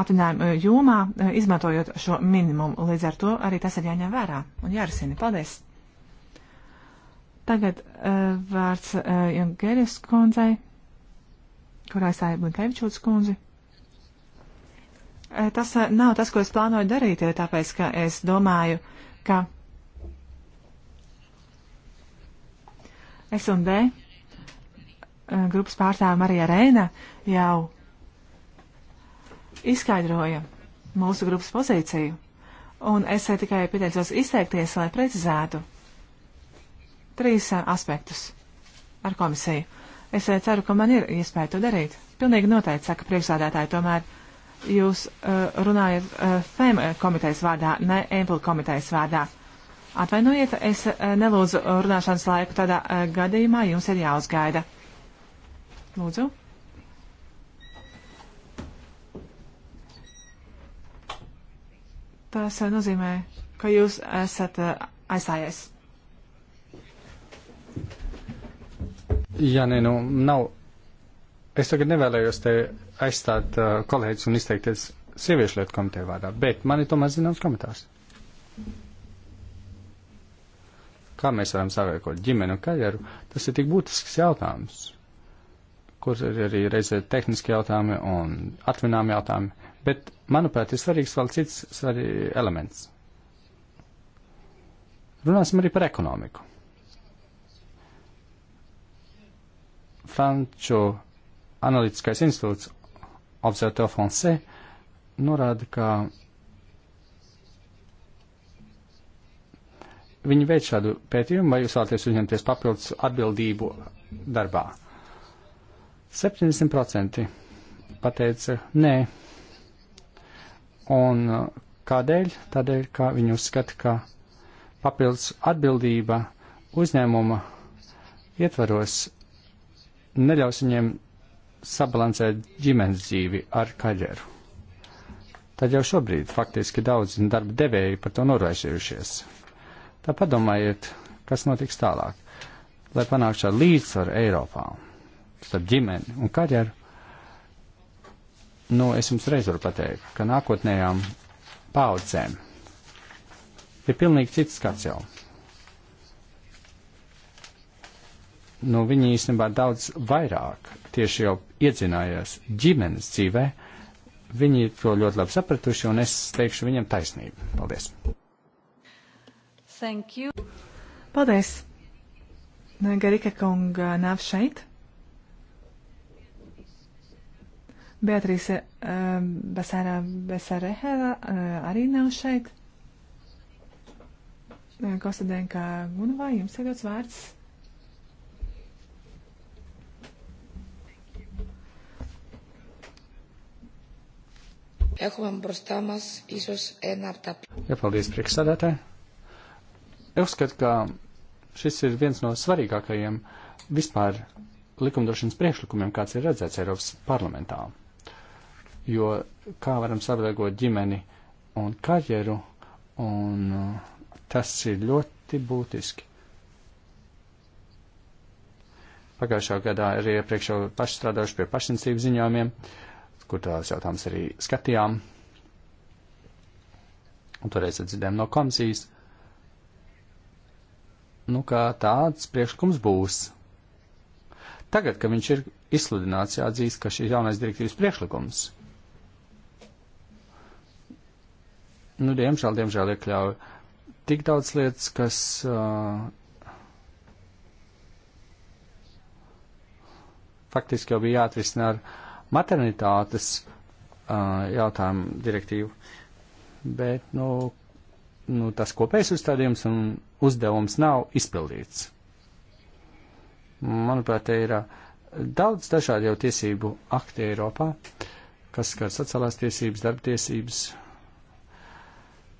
atvinājuma jomā, izmantojot šo minimumu. Līdz ar to arī tas ir jāņem vērā un jārisina. Paldies! Tagad vārds Junkeris kundzei, kurā aizstāja Blinkevičūtas kundzi. Eh, tas eh, nav tas, ko es plānoju darīt, eh, tāpēc, ka es domāju, ka S&D grupas pārstāve Marija Reina jau izskaidroja mūsu grupas pozīciju, un es tikai pieteicos izteikties, lai precizētu trīs aspektus ar komisiju. Es ceru, ka man ir iespēja to darīt. Pilnīgi noteikti, saka priekšsādātāji, tomēr jūs uh, runājat uh, FEM eh, komitejas vārdā, ne EMPL komitejas vārdā. Atvainojiet, es uh, nelūdzu runāšanas laiku tādā uh, gadījumā, jums ir jāuzgaida. Lūdzu. Tas uh, nozīmē, ka jūs esat uh, aizstājies. Jā, nē, nu, nav. Es tagad nevēlējos te aizstāt uh, kolēģis un izteikties sieviešu lietu komiteju vārdā, bet man ir tomēr zināms komentārs. Kā mēs varam savēkot ģimeni un karjeru, tas ir tik būtisks jautājums, kur ir arī reizē tehniski jautājumi un atvinām jautājumi, bet, manuprāt, ir svarīgs vēl cits svarīgs elements. Runāsim arī par ekonomiku. Franču analītiskais institūts Observatoire Français norāda, ka viņi veic šādu pētījumu, vai jūs vēlaties uzņemties papildus atbildību darbā. 70% pateica nē. Un uh, kādēļ? Tādēļ, ka viņi uzskata, ka papildus atbildība uzņēmuma ietvaros neļaus viņiem sabalansēt ģimenes dzīvi ar karjeru. Tad jau šobrīd faktiski daudz darba devēju par to noraižījušies. Tā padomājiet, kas notiks tālāk, lai panāktu šādu līdzsvaru Eiropā starp ģimeni un karjeru. Nu, es jums reiz varu pateikt, ka nākotnējām paudzēm ir pilnīgi cits skats jau. nu, viņi īstenībā daudz vairāk tieši jau iedzinājās ģimenes dzīvē. Viņi to ļoti labi sapratuši, un es teikšu viņam taisnību. Paldies! Thank you. Paldies! Garika kunga nav šeit. Beatrīse uh, um, Basārā Besarehera uh, arī nav šeit. Uh, Kostadenka Gunvā, jums ir dots vārds. Jā, paldies priekšsādātē. Es uzskatu, ka šis ir viens no svarīgākajiem vispār likumdošanas priekšlikumiem, kāds ir redzēts Eiropas parlamentā. Jo kā varam savādākot ģimeni un karjeru, un uh, tas ir ļoti būtiski. Pagājušā gadā arī iepriekš jau paši strādājuši pie pašinstību ziņojumiem. Uh, kur tās jautājumas arī skatījām. Un toreiz dzirdējām no komisijas, nu, kā tāds priekšlikums būs. Tagad, kad viņš ir izsludināts, jāatzīst, ka šī jaunais direktīvas priekšlikums, nu, diemžēl, diemžēl iekļauj tik daudz lietas, kas uh, faktiski jau bija jāatrisina ar maternitātes uh, jautājumu direktīvu, bet, nu, nu, tas kopējs uzstādījums un uzdevums nav izpildīts. Manuprāt, te ir daudz dažādu jau tiesību akti Eiropā, kas skar sociālās tiesības, darba tiesības,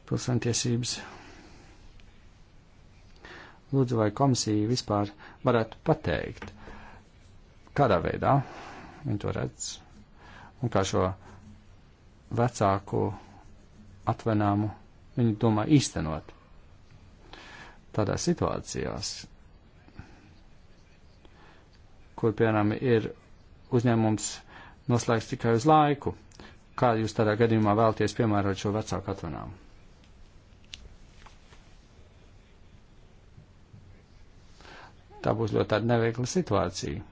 pilsēmtiesības. Lūdzu, vai komisija vispār varētu pateikt, kādā veidā viņi to redz, un kā šo vecāku atvenāmu viņi domā īstenot. Tādās situācijās, kur, piemēram, ir uzņēmums noslēgts tikai uz laiku, kā jūs tādā gadījumā vēlties piemērot šo vecāku atvenāmu? Tā būs ļoti tāda neveikla situācija.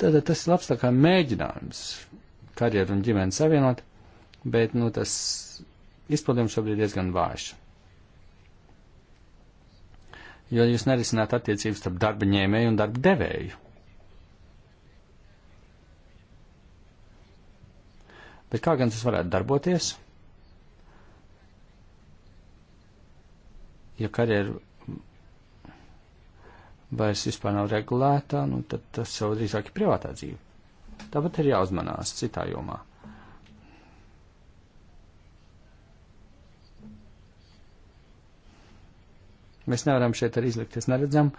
Tad tas ir labs tā kā mēģinājums karjeru un ģimeni savienot, bet, nu, tas izpildījums šobrīd diezgan vājš. Jo jūs nerisināt attiecības starp darba ņēmēju un darba devēju. Bet kā gan tas varētu darboties? Ja karjeru vairs vispār nav regulēta, nu tad tas jau drīzāk ir privātā dzīve. Tāpat ir jāuzmanās citā jomā. Mēs nevaram šeit arī izlikties neredzam.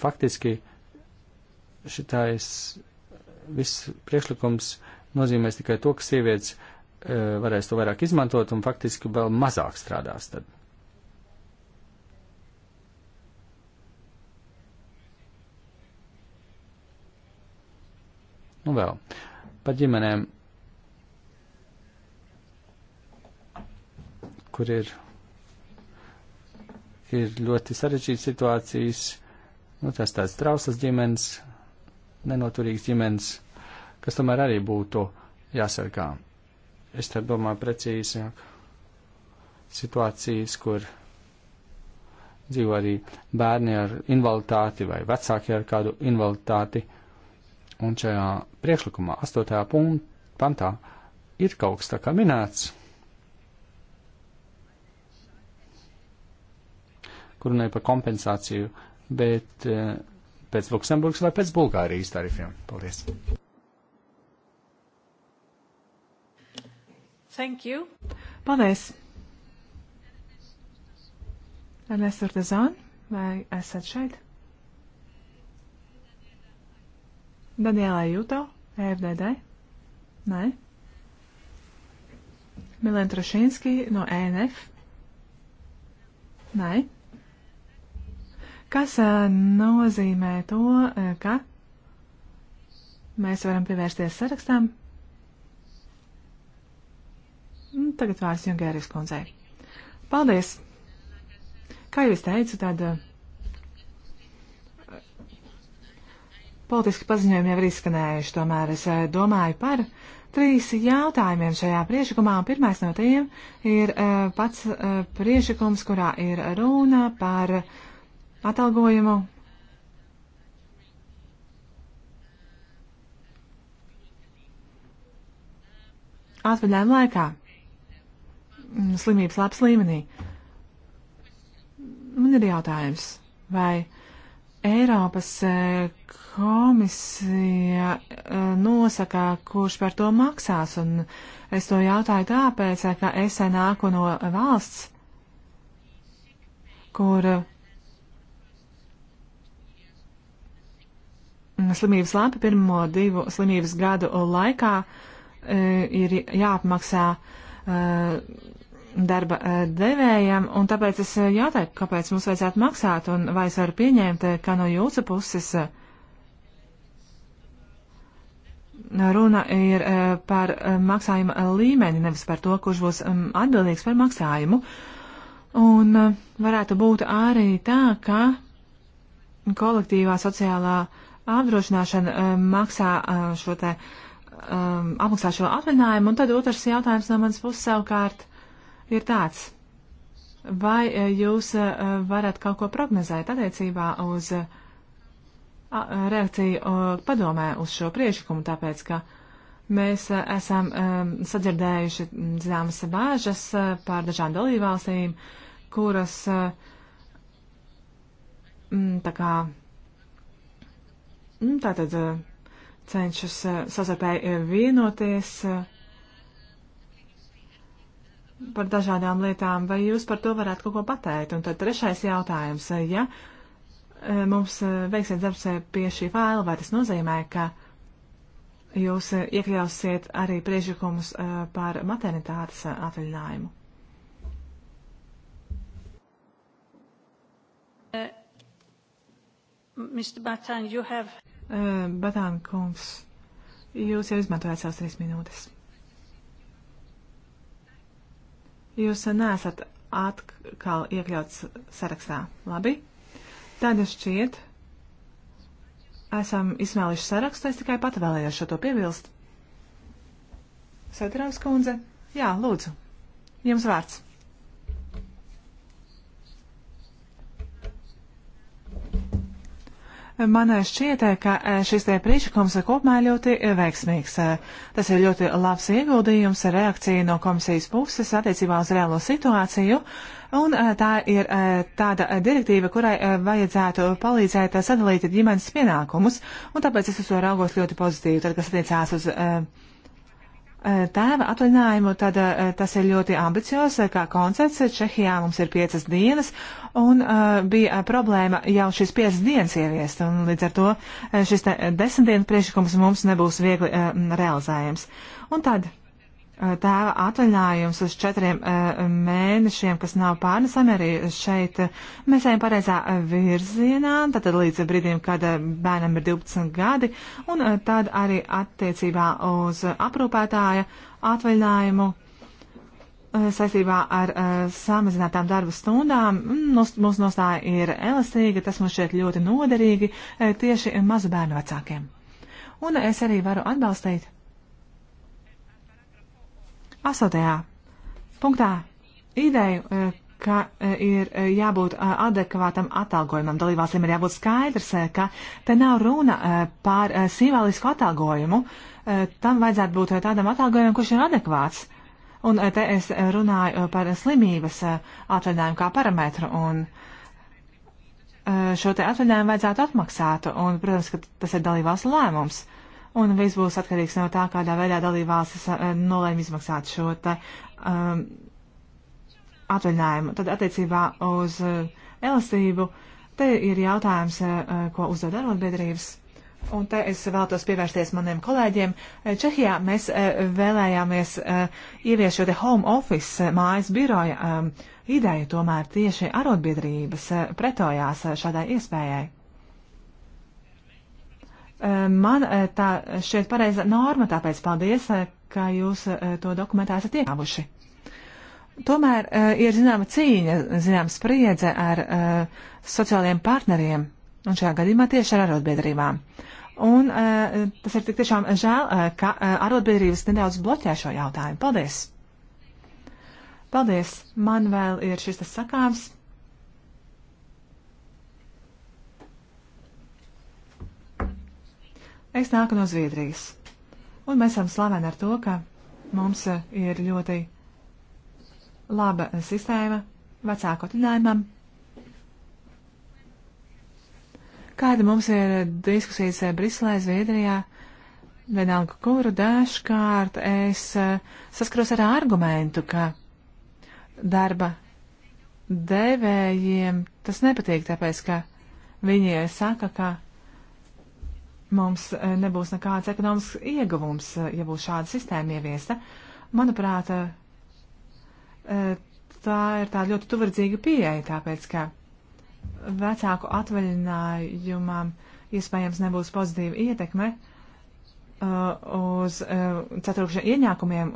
Faktiski šitais viss priekšlikums nozīmēs tikai to, ka sievietes e, varēs to vairāk izmantot un faktiski vēl mazāk strādās tad. Nu vēl par ģimenēm, kur ir, ir ļoti sarežģītas situācijas, nu tas tāds trauslas ģimenes, nenoturīgas ģimenes, kas tomēr arī būtu jāsargā. Es te domāju precīzi situācijas, kur dzīvo arī bērni ar invaliditāti vai vecāki ar kādu invaliditāti. Uh, Un šajā priekšlikumā, 8. Punkt, pantā, ir kaut kas tā kā minēts, kur runāja par kompensāciju, bet e, pēc Luksemburgas vai pēc Bulgārijas tarifiem. Paldies! Thank you. Paldies! Ernests Ortezān, vai esat šeit? Daniela Juto, EFDD? Nē. Milen Trašinski no ENF? Nē. Kas nozīmē to, ka mēs varam pievērsties sarakstam? Nu, tagad vārds Jungēris kundzei. Paldies! Kā jau es teicu, tāda Politiski paziņojumi jau ir izskanējuši, tomēr es eh, domāju par trīs jautājumiem šajā priešakumā. Pirmais no tiem ir eh, pats eh, priešakums, kurā ir runa par atalgojumu. Atvaļājuma laikā, mm, slimības labs līmenī. Man ir jautājums, vai Eiropas e, komisija e, nosaka, kurš par to maksās, un es to jautāju tāpēc, e, ka es nāku no valsts, kur slimības lampa pirmo divu slimības gadu laikā ir jāapmaksā darba e, devējam, un tāpēc es e, jautāju, kāpēc mums vajadzētu maksāt, un vai es varu pieņemt, e, ka no jūsu puses runa ir par maksājuma līmeni, nevis par to, kurš būs atbildīgs par maksājumu. Un varētu būt arī tā, ka kolektīvā sociālā apdrošināšana maksā šo te apmaksā šo atvaļinājumu, un tad otrs jautājums no manas puses savukārt ir tāds. Vai e, jūs e, varat kaut ko prognozēt attiecībā uz e, reakciju padomē uz šo priekšlikumu, tāpēc, ka mēs esam sadzirdējuši zināmas bāžas par dažām dalībvalstīm, kuras tā kā tātad cenšas sasarpēji vienoties par dažādām lietām, vai jūs par to varētu kaut ko pateikt? Un tad trešais jautājums, ja e, mums e, veiksiet darbs e, pie šī faila, vai tas nozīmē, ka jūs iekļausiet arī priekšlikumus par maternitātes atvaļinājumu? Uh, Mr. Batan, you have. Uh, Batan kungs, jūs jau izmantojāt savas trīs minūtes. Jūs nesat atkal iekļauts sarakstā. Labi. Tad es šķiet, esam izsmēluši sarakstu, es tikai pat vēlējos šo to piebilst. Sadarāvs kundze, jā, lūdzu, jums vārds. Man šķiet, ka e, šis te priekšlikums kopumā ir ļoti e, veiksmīgs. E, tas ir ļoti labs ieguldījums, reakcija no komisijas puses attiecībā uz reālo situāciju. Un tā ir tāda direktīva, kurai vajadzētu palīdzēt sadalīt ģimenes pienākumus. Un tāpēc es uz to raugos ļoti pozitīvi, tad, kas attiecās uz tēva atvaļinājumu, tad eh, tas ir ļoti ambiciozs eh, kā koncepts. Čehijā mums ir piecas dienas, un eh, bija problēma jau šīs piecas dienas ieviest, un līdz ar to šis desmit dienu priekšlikums mums nebūs viegli realizējams. Un tad tēva atvaļinājums uz četriem mēnešiem, kas nav pārnesami arī šeit. Mēs ejam pareizā virzienā, tad līdz brīdim, kad bērnam ir 12 gadi, un tad arī attiecībā uz aprūpētāja atvaļinājumu saistībā ar uh, samazinātām darba stundām nost, mūsu nostāja ir elastīga, tas mums šķiet ļoti noderīgi tieši mazu bērnu vecākiem. Un es arī varu atbalstīt Asotajā punktā ideju, e, ka e, ir e, jābūt adekvātam atalgojumam. Dalībvalstīm ir jābūt skaidrs, ka te nav runa par sīvēlisku atalgojumu. Tam vajadzētu būt tādam atalgojumam, kurš ir adekvāts. Un te es runāju par slimības atvaļinājumu kā parametru. Un šo te atvaļinājumu vajadzētu atmaksāt. Un, protams, ka tas ir dalībvalsts lēmums. Uh, un viss būs atkarīgs no tā, kādā veidā dalībvalstis eh, nolēma izmaksāt šo te, um, atvaļinājumu. Tad attiecībā uz eh, elastību te ir jautājums, eh, ko uzdod arotbiedrības. Un te es vēlētos pievērsties maniem kolēģiem. Čehijā mēs vēlējāmies ievies šo te home office mājas biroja ehm, ideju, tomēr tieši arotbiedrības pretojās šādai iespējai. Eh, man eh, tā šķiet pareiza norma, tāpēc paldies, eh, ka jūs to dokumentā esat iekāvuši. Tomēr ir zināma cīņa, zināma spriedze ar sociālajiem partneriem, un šajā gadījumā tieši ar arotbiedrībām. Un tas ir tik tiešām žēl, ka arotbiedrības nedaudz bloķē šo jautājumu. Paldies! Paldies! Man vēl ir šis tas sakāms. Es nāku no Zviedrijas, un mēs esam slaveni ar to, ka mums eh, ir ļoti laba eh, sistēma vecāku atļinājumam. Kāda mums ir eh, diskusijas Briselē, Zviedrijā? vienalga kuru dažkārt es saskaros ar argumentu, ka darba devējiem tas nepatīk, tāpēc ka viņi saka, ka mums eh, nebūs nekāds ekonomisks ieguvums, eh, ja būs šāda sistēma ieviesta. Manuprāt, eh, tā ir tā ļoti tuvardzīga pieeja, tāpēc, ka vecāku atvaļinājumam iespējams nebūs pozitīva ietekme uz ceturkšņa ienākumiem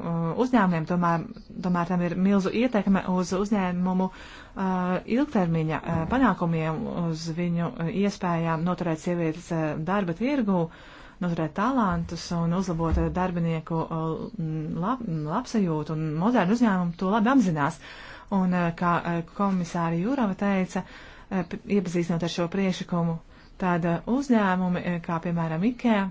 uzņēmumiem, tomēr, tomēr tam ir milzu ietekme uz uzņēmumu Uh, ilgtermiņa uh, panākumiem, uz viņu uh, iespējām noturēt sievietes darba tirgu, noturēt talantus un uzlabot darbinieku lab, labsajūtu. Un modernu uzņēmumu to labi apzinās. Un kā komisāra Jurava teica, iepazīstinot ar šo priešakumu, tāda uzņēmumi, kā piemēram IKEA,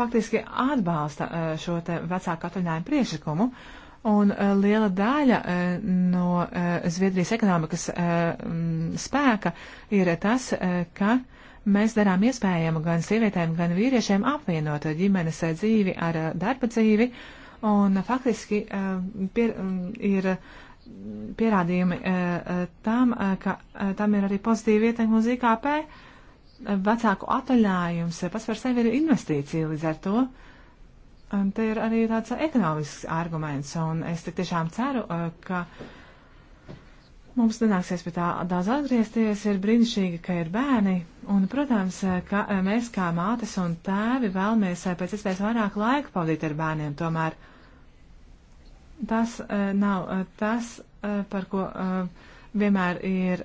faktiski atbalsta šo te vecāku atvaļinājumu priešakumu. Uh, Un eh, liela daļa eh, no eh, Zviedrijas ekonomikas spēka ir tas, ka mēs darām iespējamu gan sievietēm, gan vīriešiem apvienot ģimenes dzīvi ar darba dzīvi. Un faktiski pier, ir pierādījumi tam, ka tam ir arī pozitīva ietekme uz IKP. Vecāku atvaļinājums pats par sevi ir investīcija līdz ar to. Uh, Un te ir arī tāds ekonomisks arguments, un es tik tiešām ceru, uh, ka mums nenāksies pie tā daudz atgriezties. Ir brīnišķīgi, ka ir bērni, un, protams, uh, ka uh, mēs kā mātes un tēvi vēlamies pēc iespējas vairāk laika pavadīt ar bērniem. Tomēr tas nav tas, par ko vienmēr ir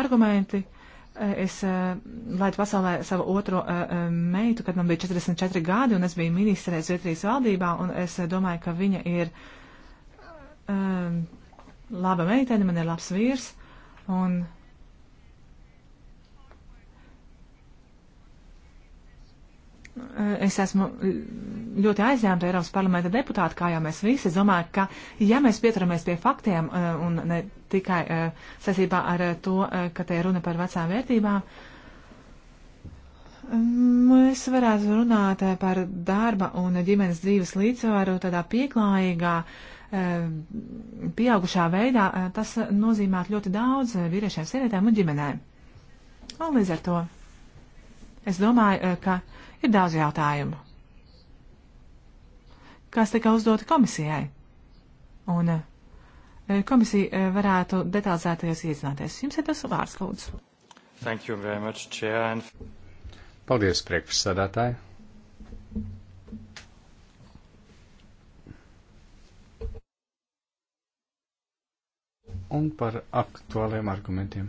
argumenti. Uh, Es eh, laidu pasaulē savu otro eh, eh, meitu, kad man bija 44 gadi, un es biju ministrē Zviedrijas valdībā, un es domāju, ka viņa ir laba meitene, man ir labs vīrs, un Es esmu ļoti aizņemta Eiropas parlamenta deputāta, kā jau mēs visi. Es domāju, ka ja mēs pieturamies pie faktiem eh, un ne tikai eh, saistībā ar eh, to, ka te runa par vecām vērtībām, mēs varētu runāt par darba un ģimenes dzīves līdzsvaru tādā pieklājīgā, pieaugušā veidā. Tas nozīmē ļoti daudz vīriešiem, sievietēm un ģimenēm. Un līdz ar to Es domāju, eh, ka ir daudz jautājumu, kas tika uzdoti komisijai. Un eh, komisija eh, varētu detalizētajos iedzināties. Jums ir tas vārds, lūdzu. Thank you very much, Chair. And... Paldies, priekšsādātāji. Un par aktuāliem argumentiem.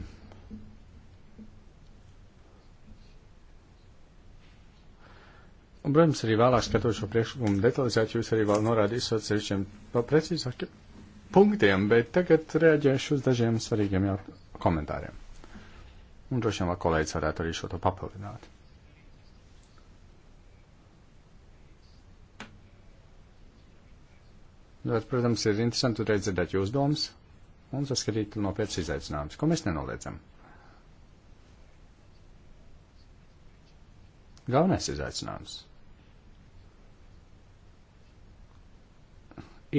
Un, protams, arī vēlāk skatot šo priekšlikumu detalizēt, jūs arī vēl norādīsiet atsevišķiem vēl precīzākiem punktiem, bet tagad reaģēšu uz dažiem svarīgiem jau komentāriem. Un droši vien vēl kolēģis varētu arī šo to papildināt. Bet, protams, ir interesanti turēt dzirdēt jūsu domas un saskatīt nopietnas izaicinājumus, ko mēs nenoliedzam. Galvenais izaicinājums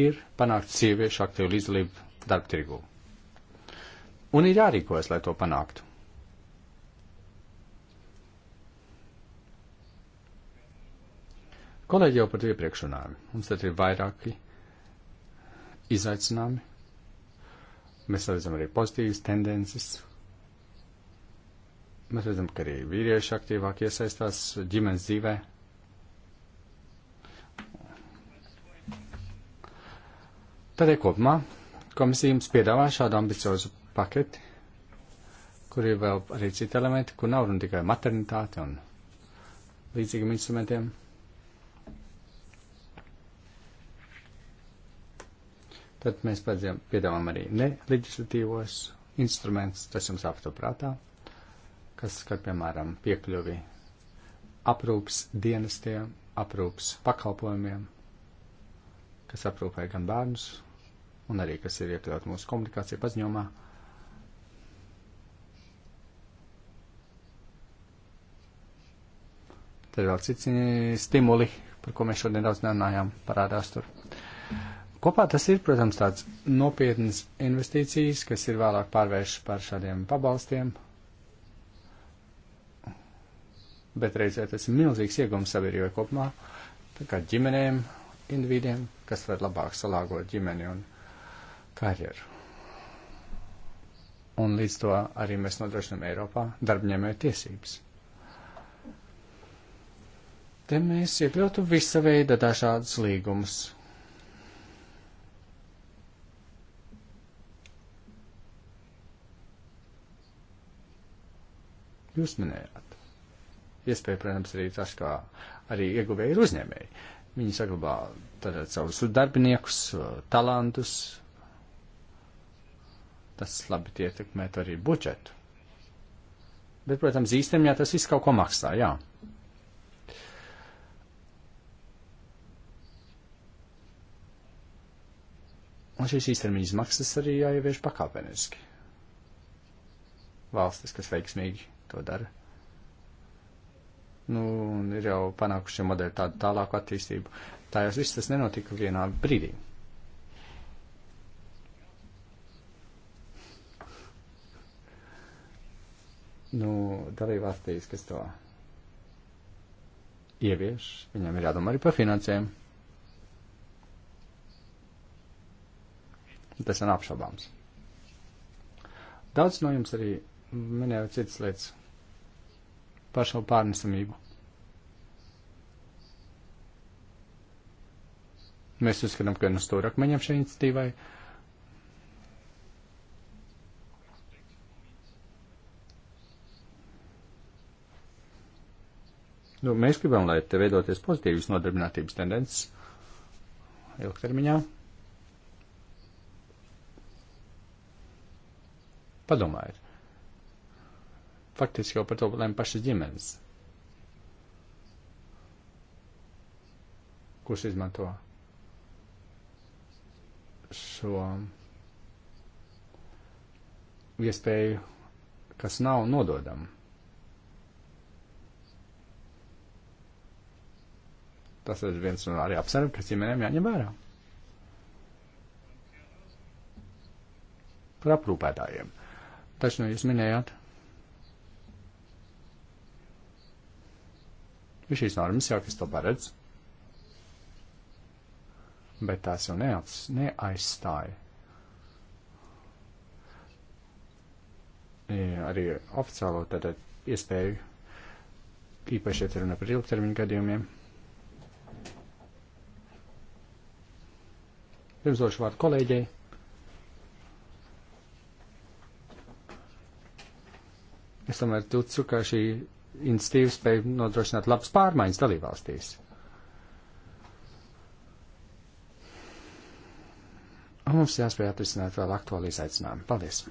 ir panākt sieviešu aktīvu līdzdalību darba tirgū. Un ir jārīkojas, lai to panāktu. Kolēģi jau par to iepriekš runāja. Mums tad ir vairāki izaicinājumi. Mēs redzam arī pozitīvas tendences. Mēs redzam, ka arī vīrieši aktīvāk iesaistās ģimenes dzīvē, Tādēļ kopumā komisija jums piedāvā šādu ambiciozu paketi, kur ir vēl arī citi elementi, kur nav runa tikai maternitāte un līdzīgiem instrumentiem. Tad mēs piedāvājam arī neleģislatīvos instrumentus, tas jums aptuprātā, kas skar, piemēram, piekļuvi aprūps dienestiem, aprūps pakalpojumiem, kas aprūpē gan bērnus, un arī kas ir iekļaut mūsu komunikācija paziņojumā. Tad vēl citi stimuli, par ko mēs šodien daudz nerunājām, parādās tur. Kopā tas ir, protams, tāds nopietnas investīcijas, kas ir vēlāk pārvērš par šādiem pabalstiem, bet reizē tas ir milzīgs iegums sabiedrībai kopumā, tā kā ģimenēm, individiem, kas var labāk salāgot ģimeni un karjeru. Un līdz to arī mēs nodrošinām Eiropā darbņēmēju tiesības. Te mēs iekļautu visa veida dažādas līgumus. Jūs minējāt. Iespēja, protams, arī tas, kā arī ieguvēji ir uzņēmēji. Viņi saglabā tātad savus darbiniekus, talantus. Tas labi ietekmētu arī budžetu. Bet, protams, īstenībā tas viss kaut ko maksā, jā. Un šīs īstermiņa izmaksas arī jāievieš pakāpeniski. Valstis, kas veiksmīgi to dara. Nu, un ir jau panākuši šie modeļi tādu tālāku attīstību. Tā jau viss tas nenotika vienā brīdī. Nu, dalībvalstīs, kas to ievieš, viņam ir jādomā arī par finansējumu. Tas ir apšaubāms. Daudz no jums arī minēja citas lietas par šo pārnesamību. Mēs uzskatām, ka ir no stūrakmeņiem šai iniciatīvai. Nu, mēs gribam, lai te veidoties pozitīvas nodarbinātības tendences ilgtermiņā. Padomājiet, faktiski jau par to lēma pašas ģimenes. Kurš izmanto šo iespēju, kas nav nododama? Tas ir viens no arī apsvērumiem, kas ģimenēm jāņem vērā. Par aprūpētājiem. Taču, nu, jūs minējāt, Ir šīs normas jau, kas to paredz, bet tās jau neats, neaizstāja. Arī oficiālo tātad iespēju, īpaši, ja runa par ilgtermiņu gadījumiem. Pirms došu vārdu kolēģei. Es tomēr ticu, ka šī institīvas spēja nodrošināt labas pārmaiņas dalībvalstīs. Un mums jāspēj atrisināt vēl aktuāli izaicinājumu. Paldies!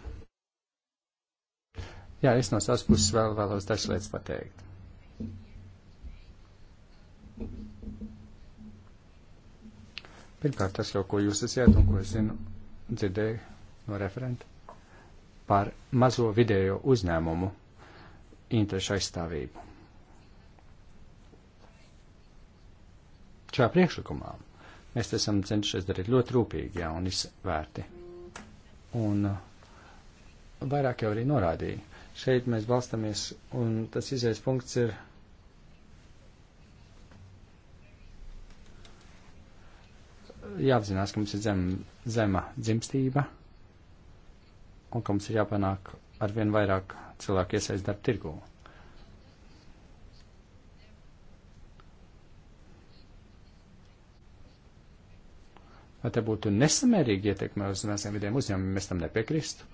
Jā, es no savas puses vēl vēlos dažas lietas pateikt. Pirmkārt, tas jau, ko jūs esat un ko es zinu, dzirdēju no referenta par mazo vidējo uzņēmumu interešu aizstāvību. Šajā priekšlikumā mēs esam cenšies darīt ļoti rūpīgi jā, un izvērti. Un uh, vairāk jau arī norādīja. Šeit mēs balstamies, un tas izējas punkts ir jāapzinās, ka mums ir zem, zema dzimstība un ka mums ir jāpanāk arvien vairāk cilvēki iesaist darba tirgū. Vai te būtu nesamērīgi ietekme uz maziem vidiem uzņēmumiem, mēs tam nepiekristu.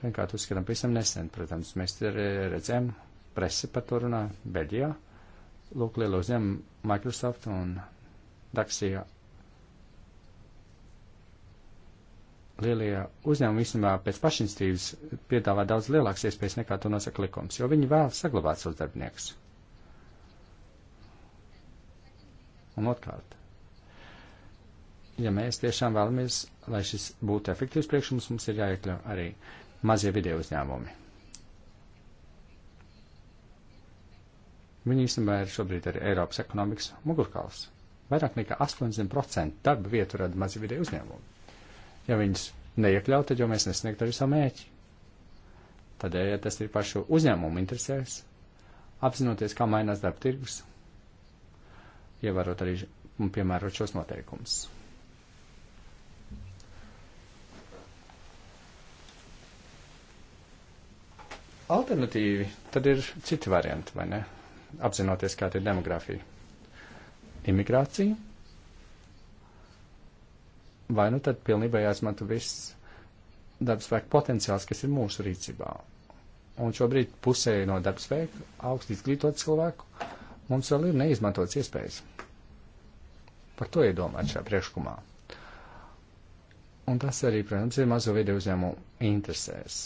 Vienkārši uzskatām pavisam nesen, protams, mēs redzējām, presi par to runā Beļģijā. Lūk, lielo uzņēmumu Microsoft un Daxija lielie uzņēmumi īstenībā pēc pašinstīvas piedāvā daudz lielākas iespējas nekā to nosaka likums, jo viņi vēl saglabāt savus darbiniekus. Un otrkārt, ja mēs tiešām vēlamies, lai šis būtu efektīvs priekšums, mums ir jāiekļauj arī mazie video uzņēmumi. Viņi īstenībā ir šobrīd arī Eiropas ekonomikas mugurkauls. Vairāk nekā 80% darba vietu rada mazi video uzņēmumi. Ja viņas neiekļaut, tad jau mēs nesniegtu arī savu mērķi. Tādēļ, ja tas ir pašu uzņēmumu interesēs, apzinoties, kā mainās darba tirgus, ievērot arī un piemērot šos noteikumus. alternatīvi, tad ir citi varianti, vai ne? Apzinoties, kāda ir demografija. Imigrācija vai nu tad pilnībā jāizmanto viss darbspēka potenciāls, kas ir mūsu rīcībā. Un šobrīd pusē no darbspēka augstu izglītotu cilvēku mums vēl ir neizmantots iespējas. Par to iedomāt šajā priekškumā. Un tas arī, protams, ir mazo video uzņēmumu interesēs.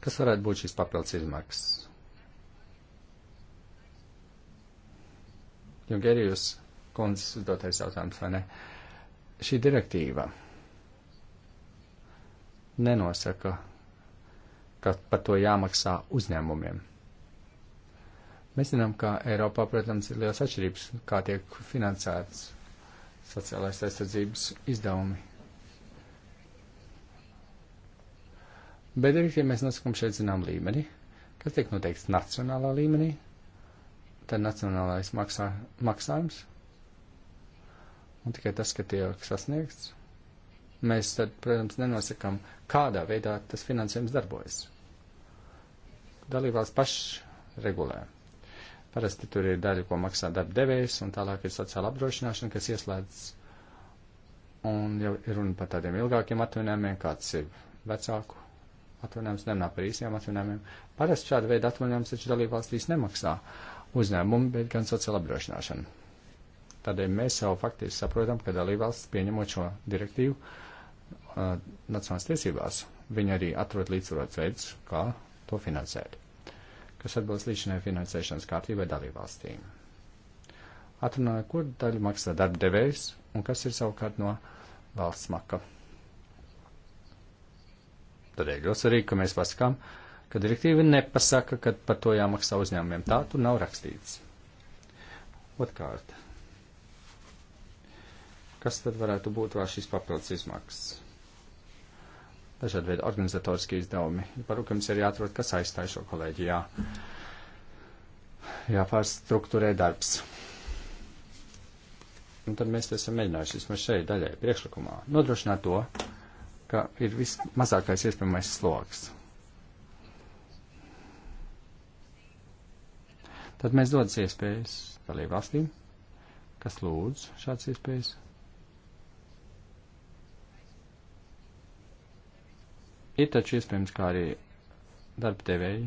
Kas varētu būt šīs papildus izmaksas? Jungerijus kundzes uzdotais jautājums, vai ne? Šī direktīva nenosaka, ka par to jāmaksā uzņēmumiem. Mēs zinām, ka Eiropā, protams, ir liels atšķirības, kā tiek finansēts sociālais aizsardzības izdevumi. Bet direktīvi mēs nosakām šeit zinām līmeni, kas tiek noteikts nacionālā līmenī, tad nacionālais maksā, maksājums. Un tikai tas, ka tiek sasniegts, mēs tad, protams, nenosakām, kādā veidā tas finansējums darbojas. Dalībvalsts paši regulē. Parasti tur ir daļa, ko maksā darba devējs, un tālāk ir sociāla apdrošināšana, kas ieslēdz. Un jau ir runa par tādiem ilgākiem atvinājumiem, kāds ir vecāku atvinājums, nerunā par īsiem atvinājumiem. Parasti šāda veida atvinājums taču dalībvalstīs nemaksā. Uh, uzņēmumi, bet gan sociāla apdrošināšana. Tādēļ mēs jau faktiski saprotam, ka dalībvalsts pieņemot šo direktīvu uh, nacionālās tiesībās, viņi arī atrod līdzsvarots veids, kā to finansēt, kas atbilst līdzinai finansēšanas kārtībai dalībvalstīm. Atrunāja, kur daļu maksā darba devējs un kas ir savukārt no valsts maka. Tādēļ ļoti svarīgi, ka mēs pasakām, uh, ka direktīva nepasaka, ka par to jāmaksā uzņēmumiem. Tā tur nav rakstīts. Otkārt, kas tad varētu būt vēl šīs papildus izmaksas? Dažādi veidi organizatoriskie izdevumi. Par to mums ir jāatrod, kas aizstāj šo kolēģi. Jā. Jāpārstruktūrē darbs. Un tad mēs esam mēģinājuši vismaz šeit daļai priekšlikumā nodrošināt to, ka ir vismazākais iespējamais sloks. Tad mēs dodas iespējas dalību valstīm, kas lūdz šāds iespējas. Ir taču iespējams, kā arī darba devēji,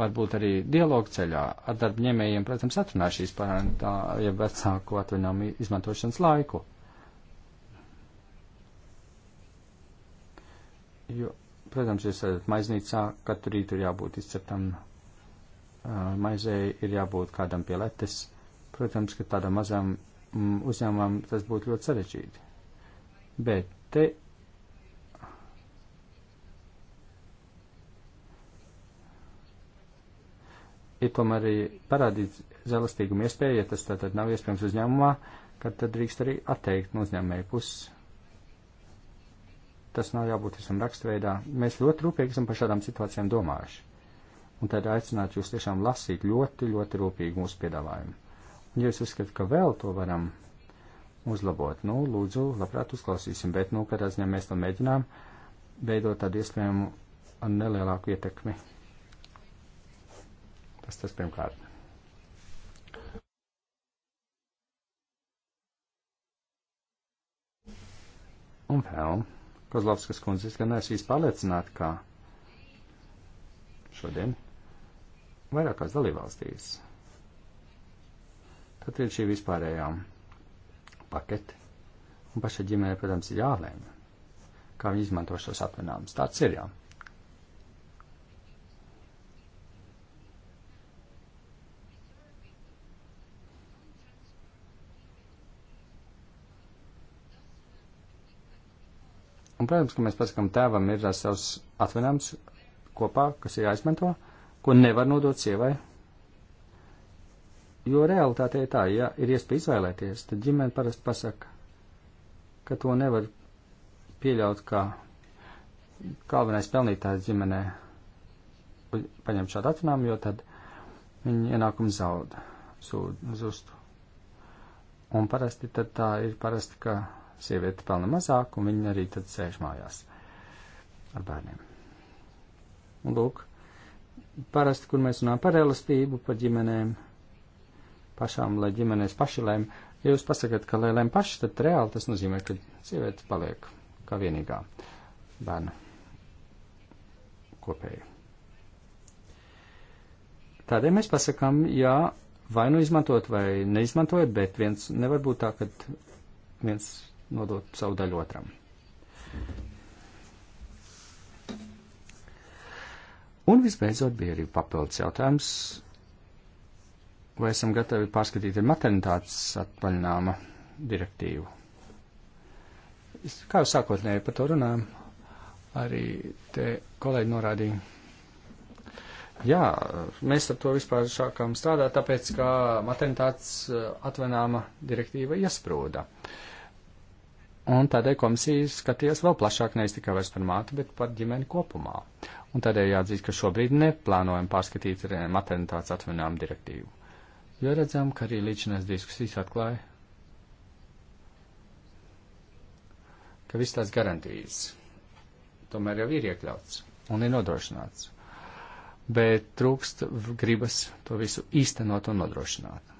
varbūt arī dialogu ceļā ar darba ņēmējiem, protams, atrunā šīs parentā, ja vecāku atvaļinājumu izmantošanas laiku. Jo, protams, jūs esat maiznīcā, katru rītu ir jābūt izceptam Ah, maizei ir jābūt kādam pie letes. Protams, ka tādam mazam mm, uzņēmumam tas būtu ļoti sarežģīti. Bet te. Ir tomēr arī parādīts zelastīguma iespēja, ja tas tātad nav iespējams uzņēmumā, kad tad drīkst arī atteikt no uzņēmēju puses. Tas nav jābūt visam rakstveidā. Mēs ļoti rūpīgi esam par šādām situācijām domājuši. Un tad aicinātu jūs tiešām lasīt ļoti, ļoti rūpīgi mūsu piedāvājumu. Un, ja jūs uzskatāt, ka vēl to varam uzlabot, nu, lūdzu, labprāt uzklausīsim, bet, nu, kādā ziņā mēs to mēģinām veidot tādu iespējamu ar nelielāku ietekmi. Tas tas pirmkārt. Un vēl, Kozlovskas kundzes gan es īsti pārliecināti, ka šodien vairākās dalībvalstīs. Tad ir šī vispārējā pakete. Un pašai ģimenei, protams, ir jālēma, kā viņi izmanto šos atvinājumus. Tāds ir jā. Un, protams, ka mēs pasakām, tēvam ir savs atvinājums kopā, kas ir jāizmanto. Uh, ko nevar nodot sievai. Jo realitāte ir tā, ja ir iespēja izvēlēties, tad ģimene parasti pasaka, ka to nevar pieļaut kā galvenais pelnītājs ģimenē paņemt šādu atvinājumu, jo tad viņa ienākumu zaud, zūd, zustu. Un parasti tad tā ir parasti, ka sieviete pelna mazāk, un viņa arī tad sēž mājās ar bērniem. Un lūk, parasti, kur mēs runājam par elastību, par ģimenēm, pašām, lai ģimenēs paši lēm. Ja jūs pasakat, ka lai lēm paši, tad reāli tas nozīmē, ka sieviete paliek kā vienīgā bērna kopēji. Tādēļ mēs pasakām, jā, vai nu izmantot, vai neizmantojot, bet viens nevar būt tā, ka viens nodot savu daļu otram. Un visbeidzot bija arī papildus jautājums, vai esam gatavi pārskatīt ar maternitātes atvaļinājuma direktīvu. Kā jau sākotnēji par to runājam, arī te kolēģi norādīja. Jā, mēs ar to vispār sākām strādāt, tāpēc, ka maternitātes eh, atvainājuma direktīva iesprūda. Un tādēļ komisija skatījās vēl plašāk, nevis tikai vairs par māti, bet par ģimeni kopumā un tādēļ jāatzīst, ka šobrīd neplānojam pārskatīt maternitātes atvainājumu direktīvu. Jo redzam, ka arī līdzinās diskusijas atklāja, ka viss tās garantijas tomēr jau ir iekļauts un ir nodrošināts, bet trūkst gribas to visu īstenot un nodrošināt.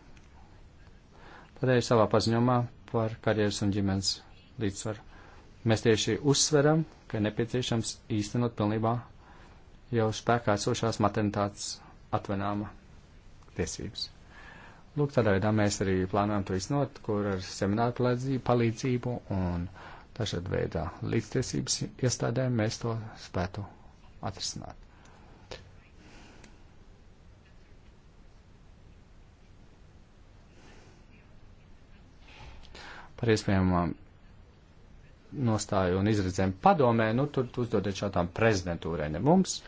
Tādēļ savā paziņojumā par karjeras un ģimenes līdzsvaru mēs tieši uzsveram, ka nepieciešams īstenot pilnībā jau spēkā esošās maternitātes atvaināma tiesības. Lūk, tādā veidā mēs arī plānojam to iznot, kur ar semināru palīdzību un dažādu veidā līdztiesības iestādēm mēs to spētu atrisināt. Par iespējamām nostāju un izredzēm padomē, nu tur uzdodat šādām prezidentūrai, ne mums,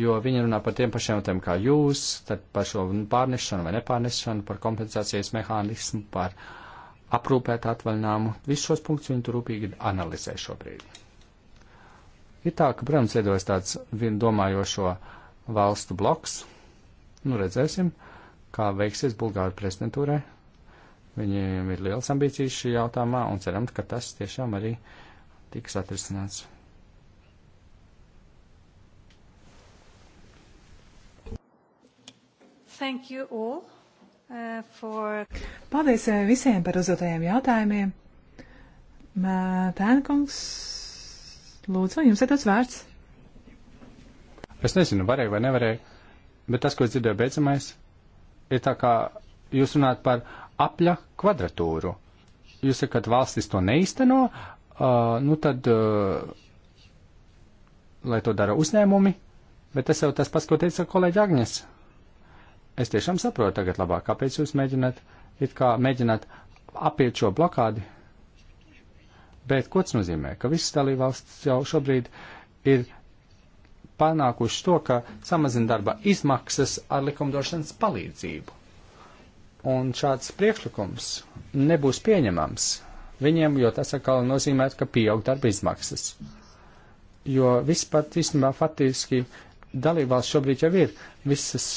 jo viņi runā par tiem pašiem jautājumiem kā jūs, tad par šo pārnešanu vai nepārnešanu, par kompensācijas mehānismu, par aprūpēt atvaļinājumu. Visus šos punktus viņi tur rūpīgi analizē šobrīd. Ir tā, ka, protams, veidojas tāds domājošo valstu bloks. Nu, redzēsim, kā veiksies Bulgāru prezidentūrai Viņiem ir liels ambīcijas šī jautājumā un ceram, ka tas tiešām arī tiks atrisināts. Thank you all uh, for. Paldies uh, visiem par uzdotajiem jautājumiem. Tēnkungs, lūdzu, jums ir tas vērts. Es nezinu, varēju vai nevarēju, bet tas, ko es dzirdēju beidzamais, ir tā kā jūs runājat par apļa kvadratūru. Jūs sakat, valstis to neizteno, uh, nu tad, uh, lai to dara uzņēmumi, bet tas jau tas pats, ko teica kolēģi Agnes. Es tiešām saprotu tagad labāk, kāpēc jūs mēģināt, it kā mēģināt apiet šo blokādi. Bet ko tas nozīmē? Ka visas dalībvalstis jau šobrīd ir panākuši to, ka samazina darba izmaksas ar likumdošanas palīdzību. Un šāds priekšlikums nebūs pieņemams viņiem, jo tas atkal nozīmē, ka pieaug darba izmaksas. Jo viss pat īstenībā faktiski dalībvalsts šobrīd jau ir visas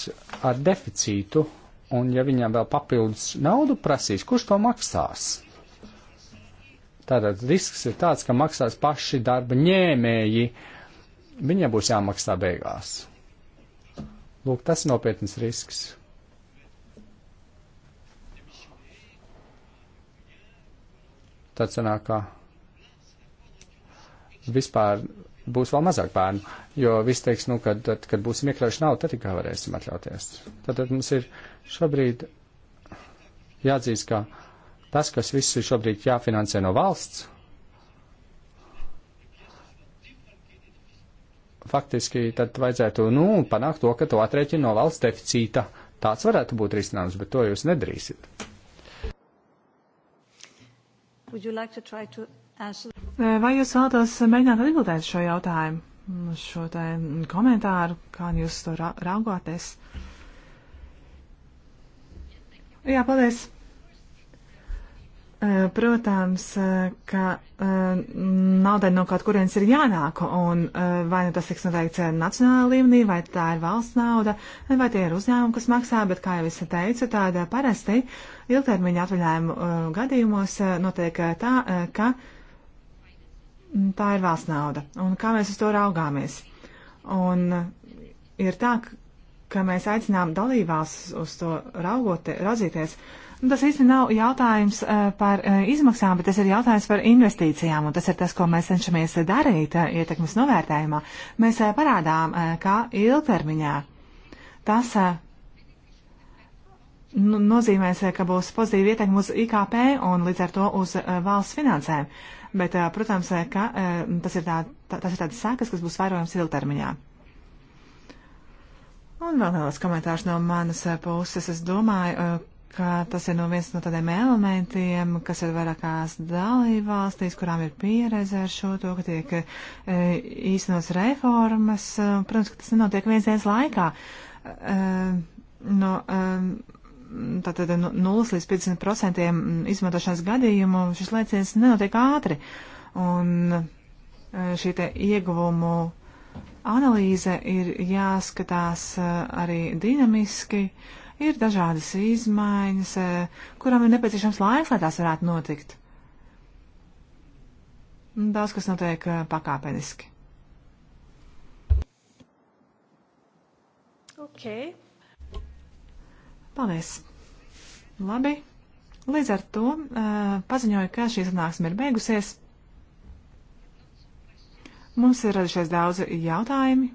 ar deficītu, un ja viņām vēl papildus naudu prasīs, kurš to maksās? Tātad risks ir tāds, ka maksās paši darba ņēmēji, viņiem būs jāmaksā beigās. Lūk, tas ir nopietns risks. tad sanāk, ka vispār būs vēl mazāk bērnu, jo viss teiks, nu, kad, tad, kad būsim iekļaujuši naudu, tad tikai varēsim atļauties. Tad, tad mums ir šobrīd jāatzīst, ka tas, kas viss ir šobrīd jāfinansē no valsts, faktiski tad vajadzētu, nu, panākt to, ka to atrēķina no valsts deficīta. Tāds varētu būt risinājums, bet to jūs nedrīksit. Like to to answer... Vai jūs vēlaties mēģināt atbildēt šo jautājumu, šo te komentāru, kā jūs to ra raugāties? Jā, paldies! Protams, ka naudai no kaut kurienes ir jānāk, un vai nu tas tiks noteikts nacionālā līmenī, vai tā ir valsts nauda, vai tie ir uzņēmumi, kas maksā, bet, kā jau es teicu, tādā parasti ilgtermiņa atvaļinājumu gadījumos notiek tā, ka tā ir valsts nauda, un kā mēs uz to raugāmies. Un ir tā, ka mēs aicinām dalībās uz to raugoties, raudzīties Nu, tas īsti nav jautājums eh, par eh, izmaksām, bet tas ir jautājums par investīcijām, un tas ir tas, ko mēs cenšamies darīt eh, ietekmes novērtējumā. Mēs parādām, kā ilgtermiņā tas nu, nozīmēs, ka būs pozitīva ietekme uz IKP un līdz ar to uz valsts finansēm. Bet, protams, ka tas ir, tā, tas ir tāds sekas, kas būs vērojams ilgtermiņā. Un vēl neliels komentārs no manas puses. Es domāju, ka tas ir no viens no tādiem elementiem, kas ir vairākās dalībvalstīs, kurām ir pieredze ar šo to, ka tiek e, īstenos reformas. Protams, ka tas nenotiek viens dienas laikā. E, no, e, tātad 0 nu, līdz 50% izmantošanas gadījumu šis lēciens nenotiek ātri. Un e, šī te ieguvumu analīze ir jāskatās e, arī dinamiski Ir dažādas izmaiņas, e, kurām ir nepieciešams laiks, lai tās varētu notikt. Daudz kas notiek e, pakāpeniski. Ok. Paldies. Labi. Līdz ar to e, paziņoju, ka šī sanāksme ir beigusies. Mums ir radušies daudzi jautājumi.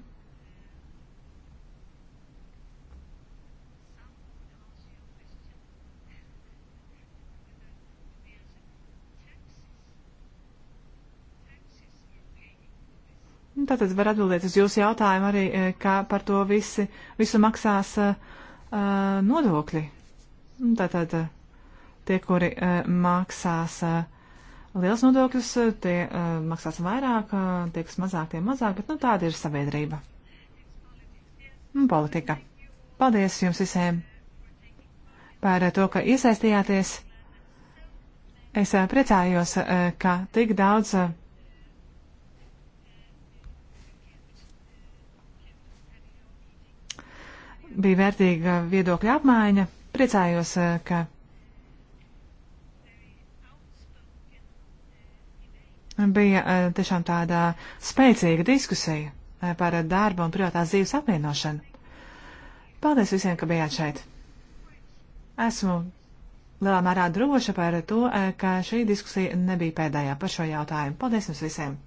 Tātad var atbildēt uz jūsu jautājumu arī, eh, kā par to visi, visu maksās uh, nodokļi. Nu, tātad tie, kuri uh, maksās uh, liels nodokļus, tie uh, maksās vairāk, uh, tie, kas mazāk, tie mazāk, bet nu, tāda ir sabiedrība. Un politika. Paldies jums visiem par to, ka iesaistījāties. Es priecājos, ka tik daudz bija vērtīga viedokļa apmaiņa. Priecājos, eh, ka bija eh, tiešām tāda spēcīga diskusija eh, par darba un privātās dzīves apvienošanu. Paldies visiem, ka bijāt šeit. Esmu lielā mērā droša par to, ka šī diskusija nebija pēdējā par šo jautājumu. Paldies jums visiem!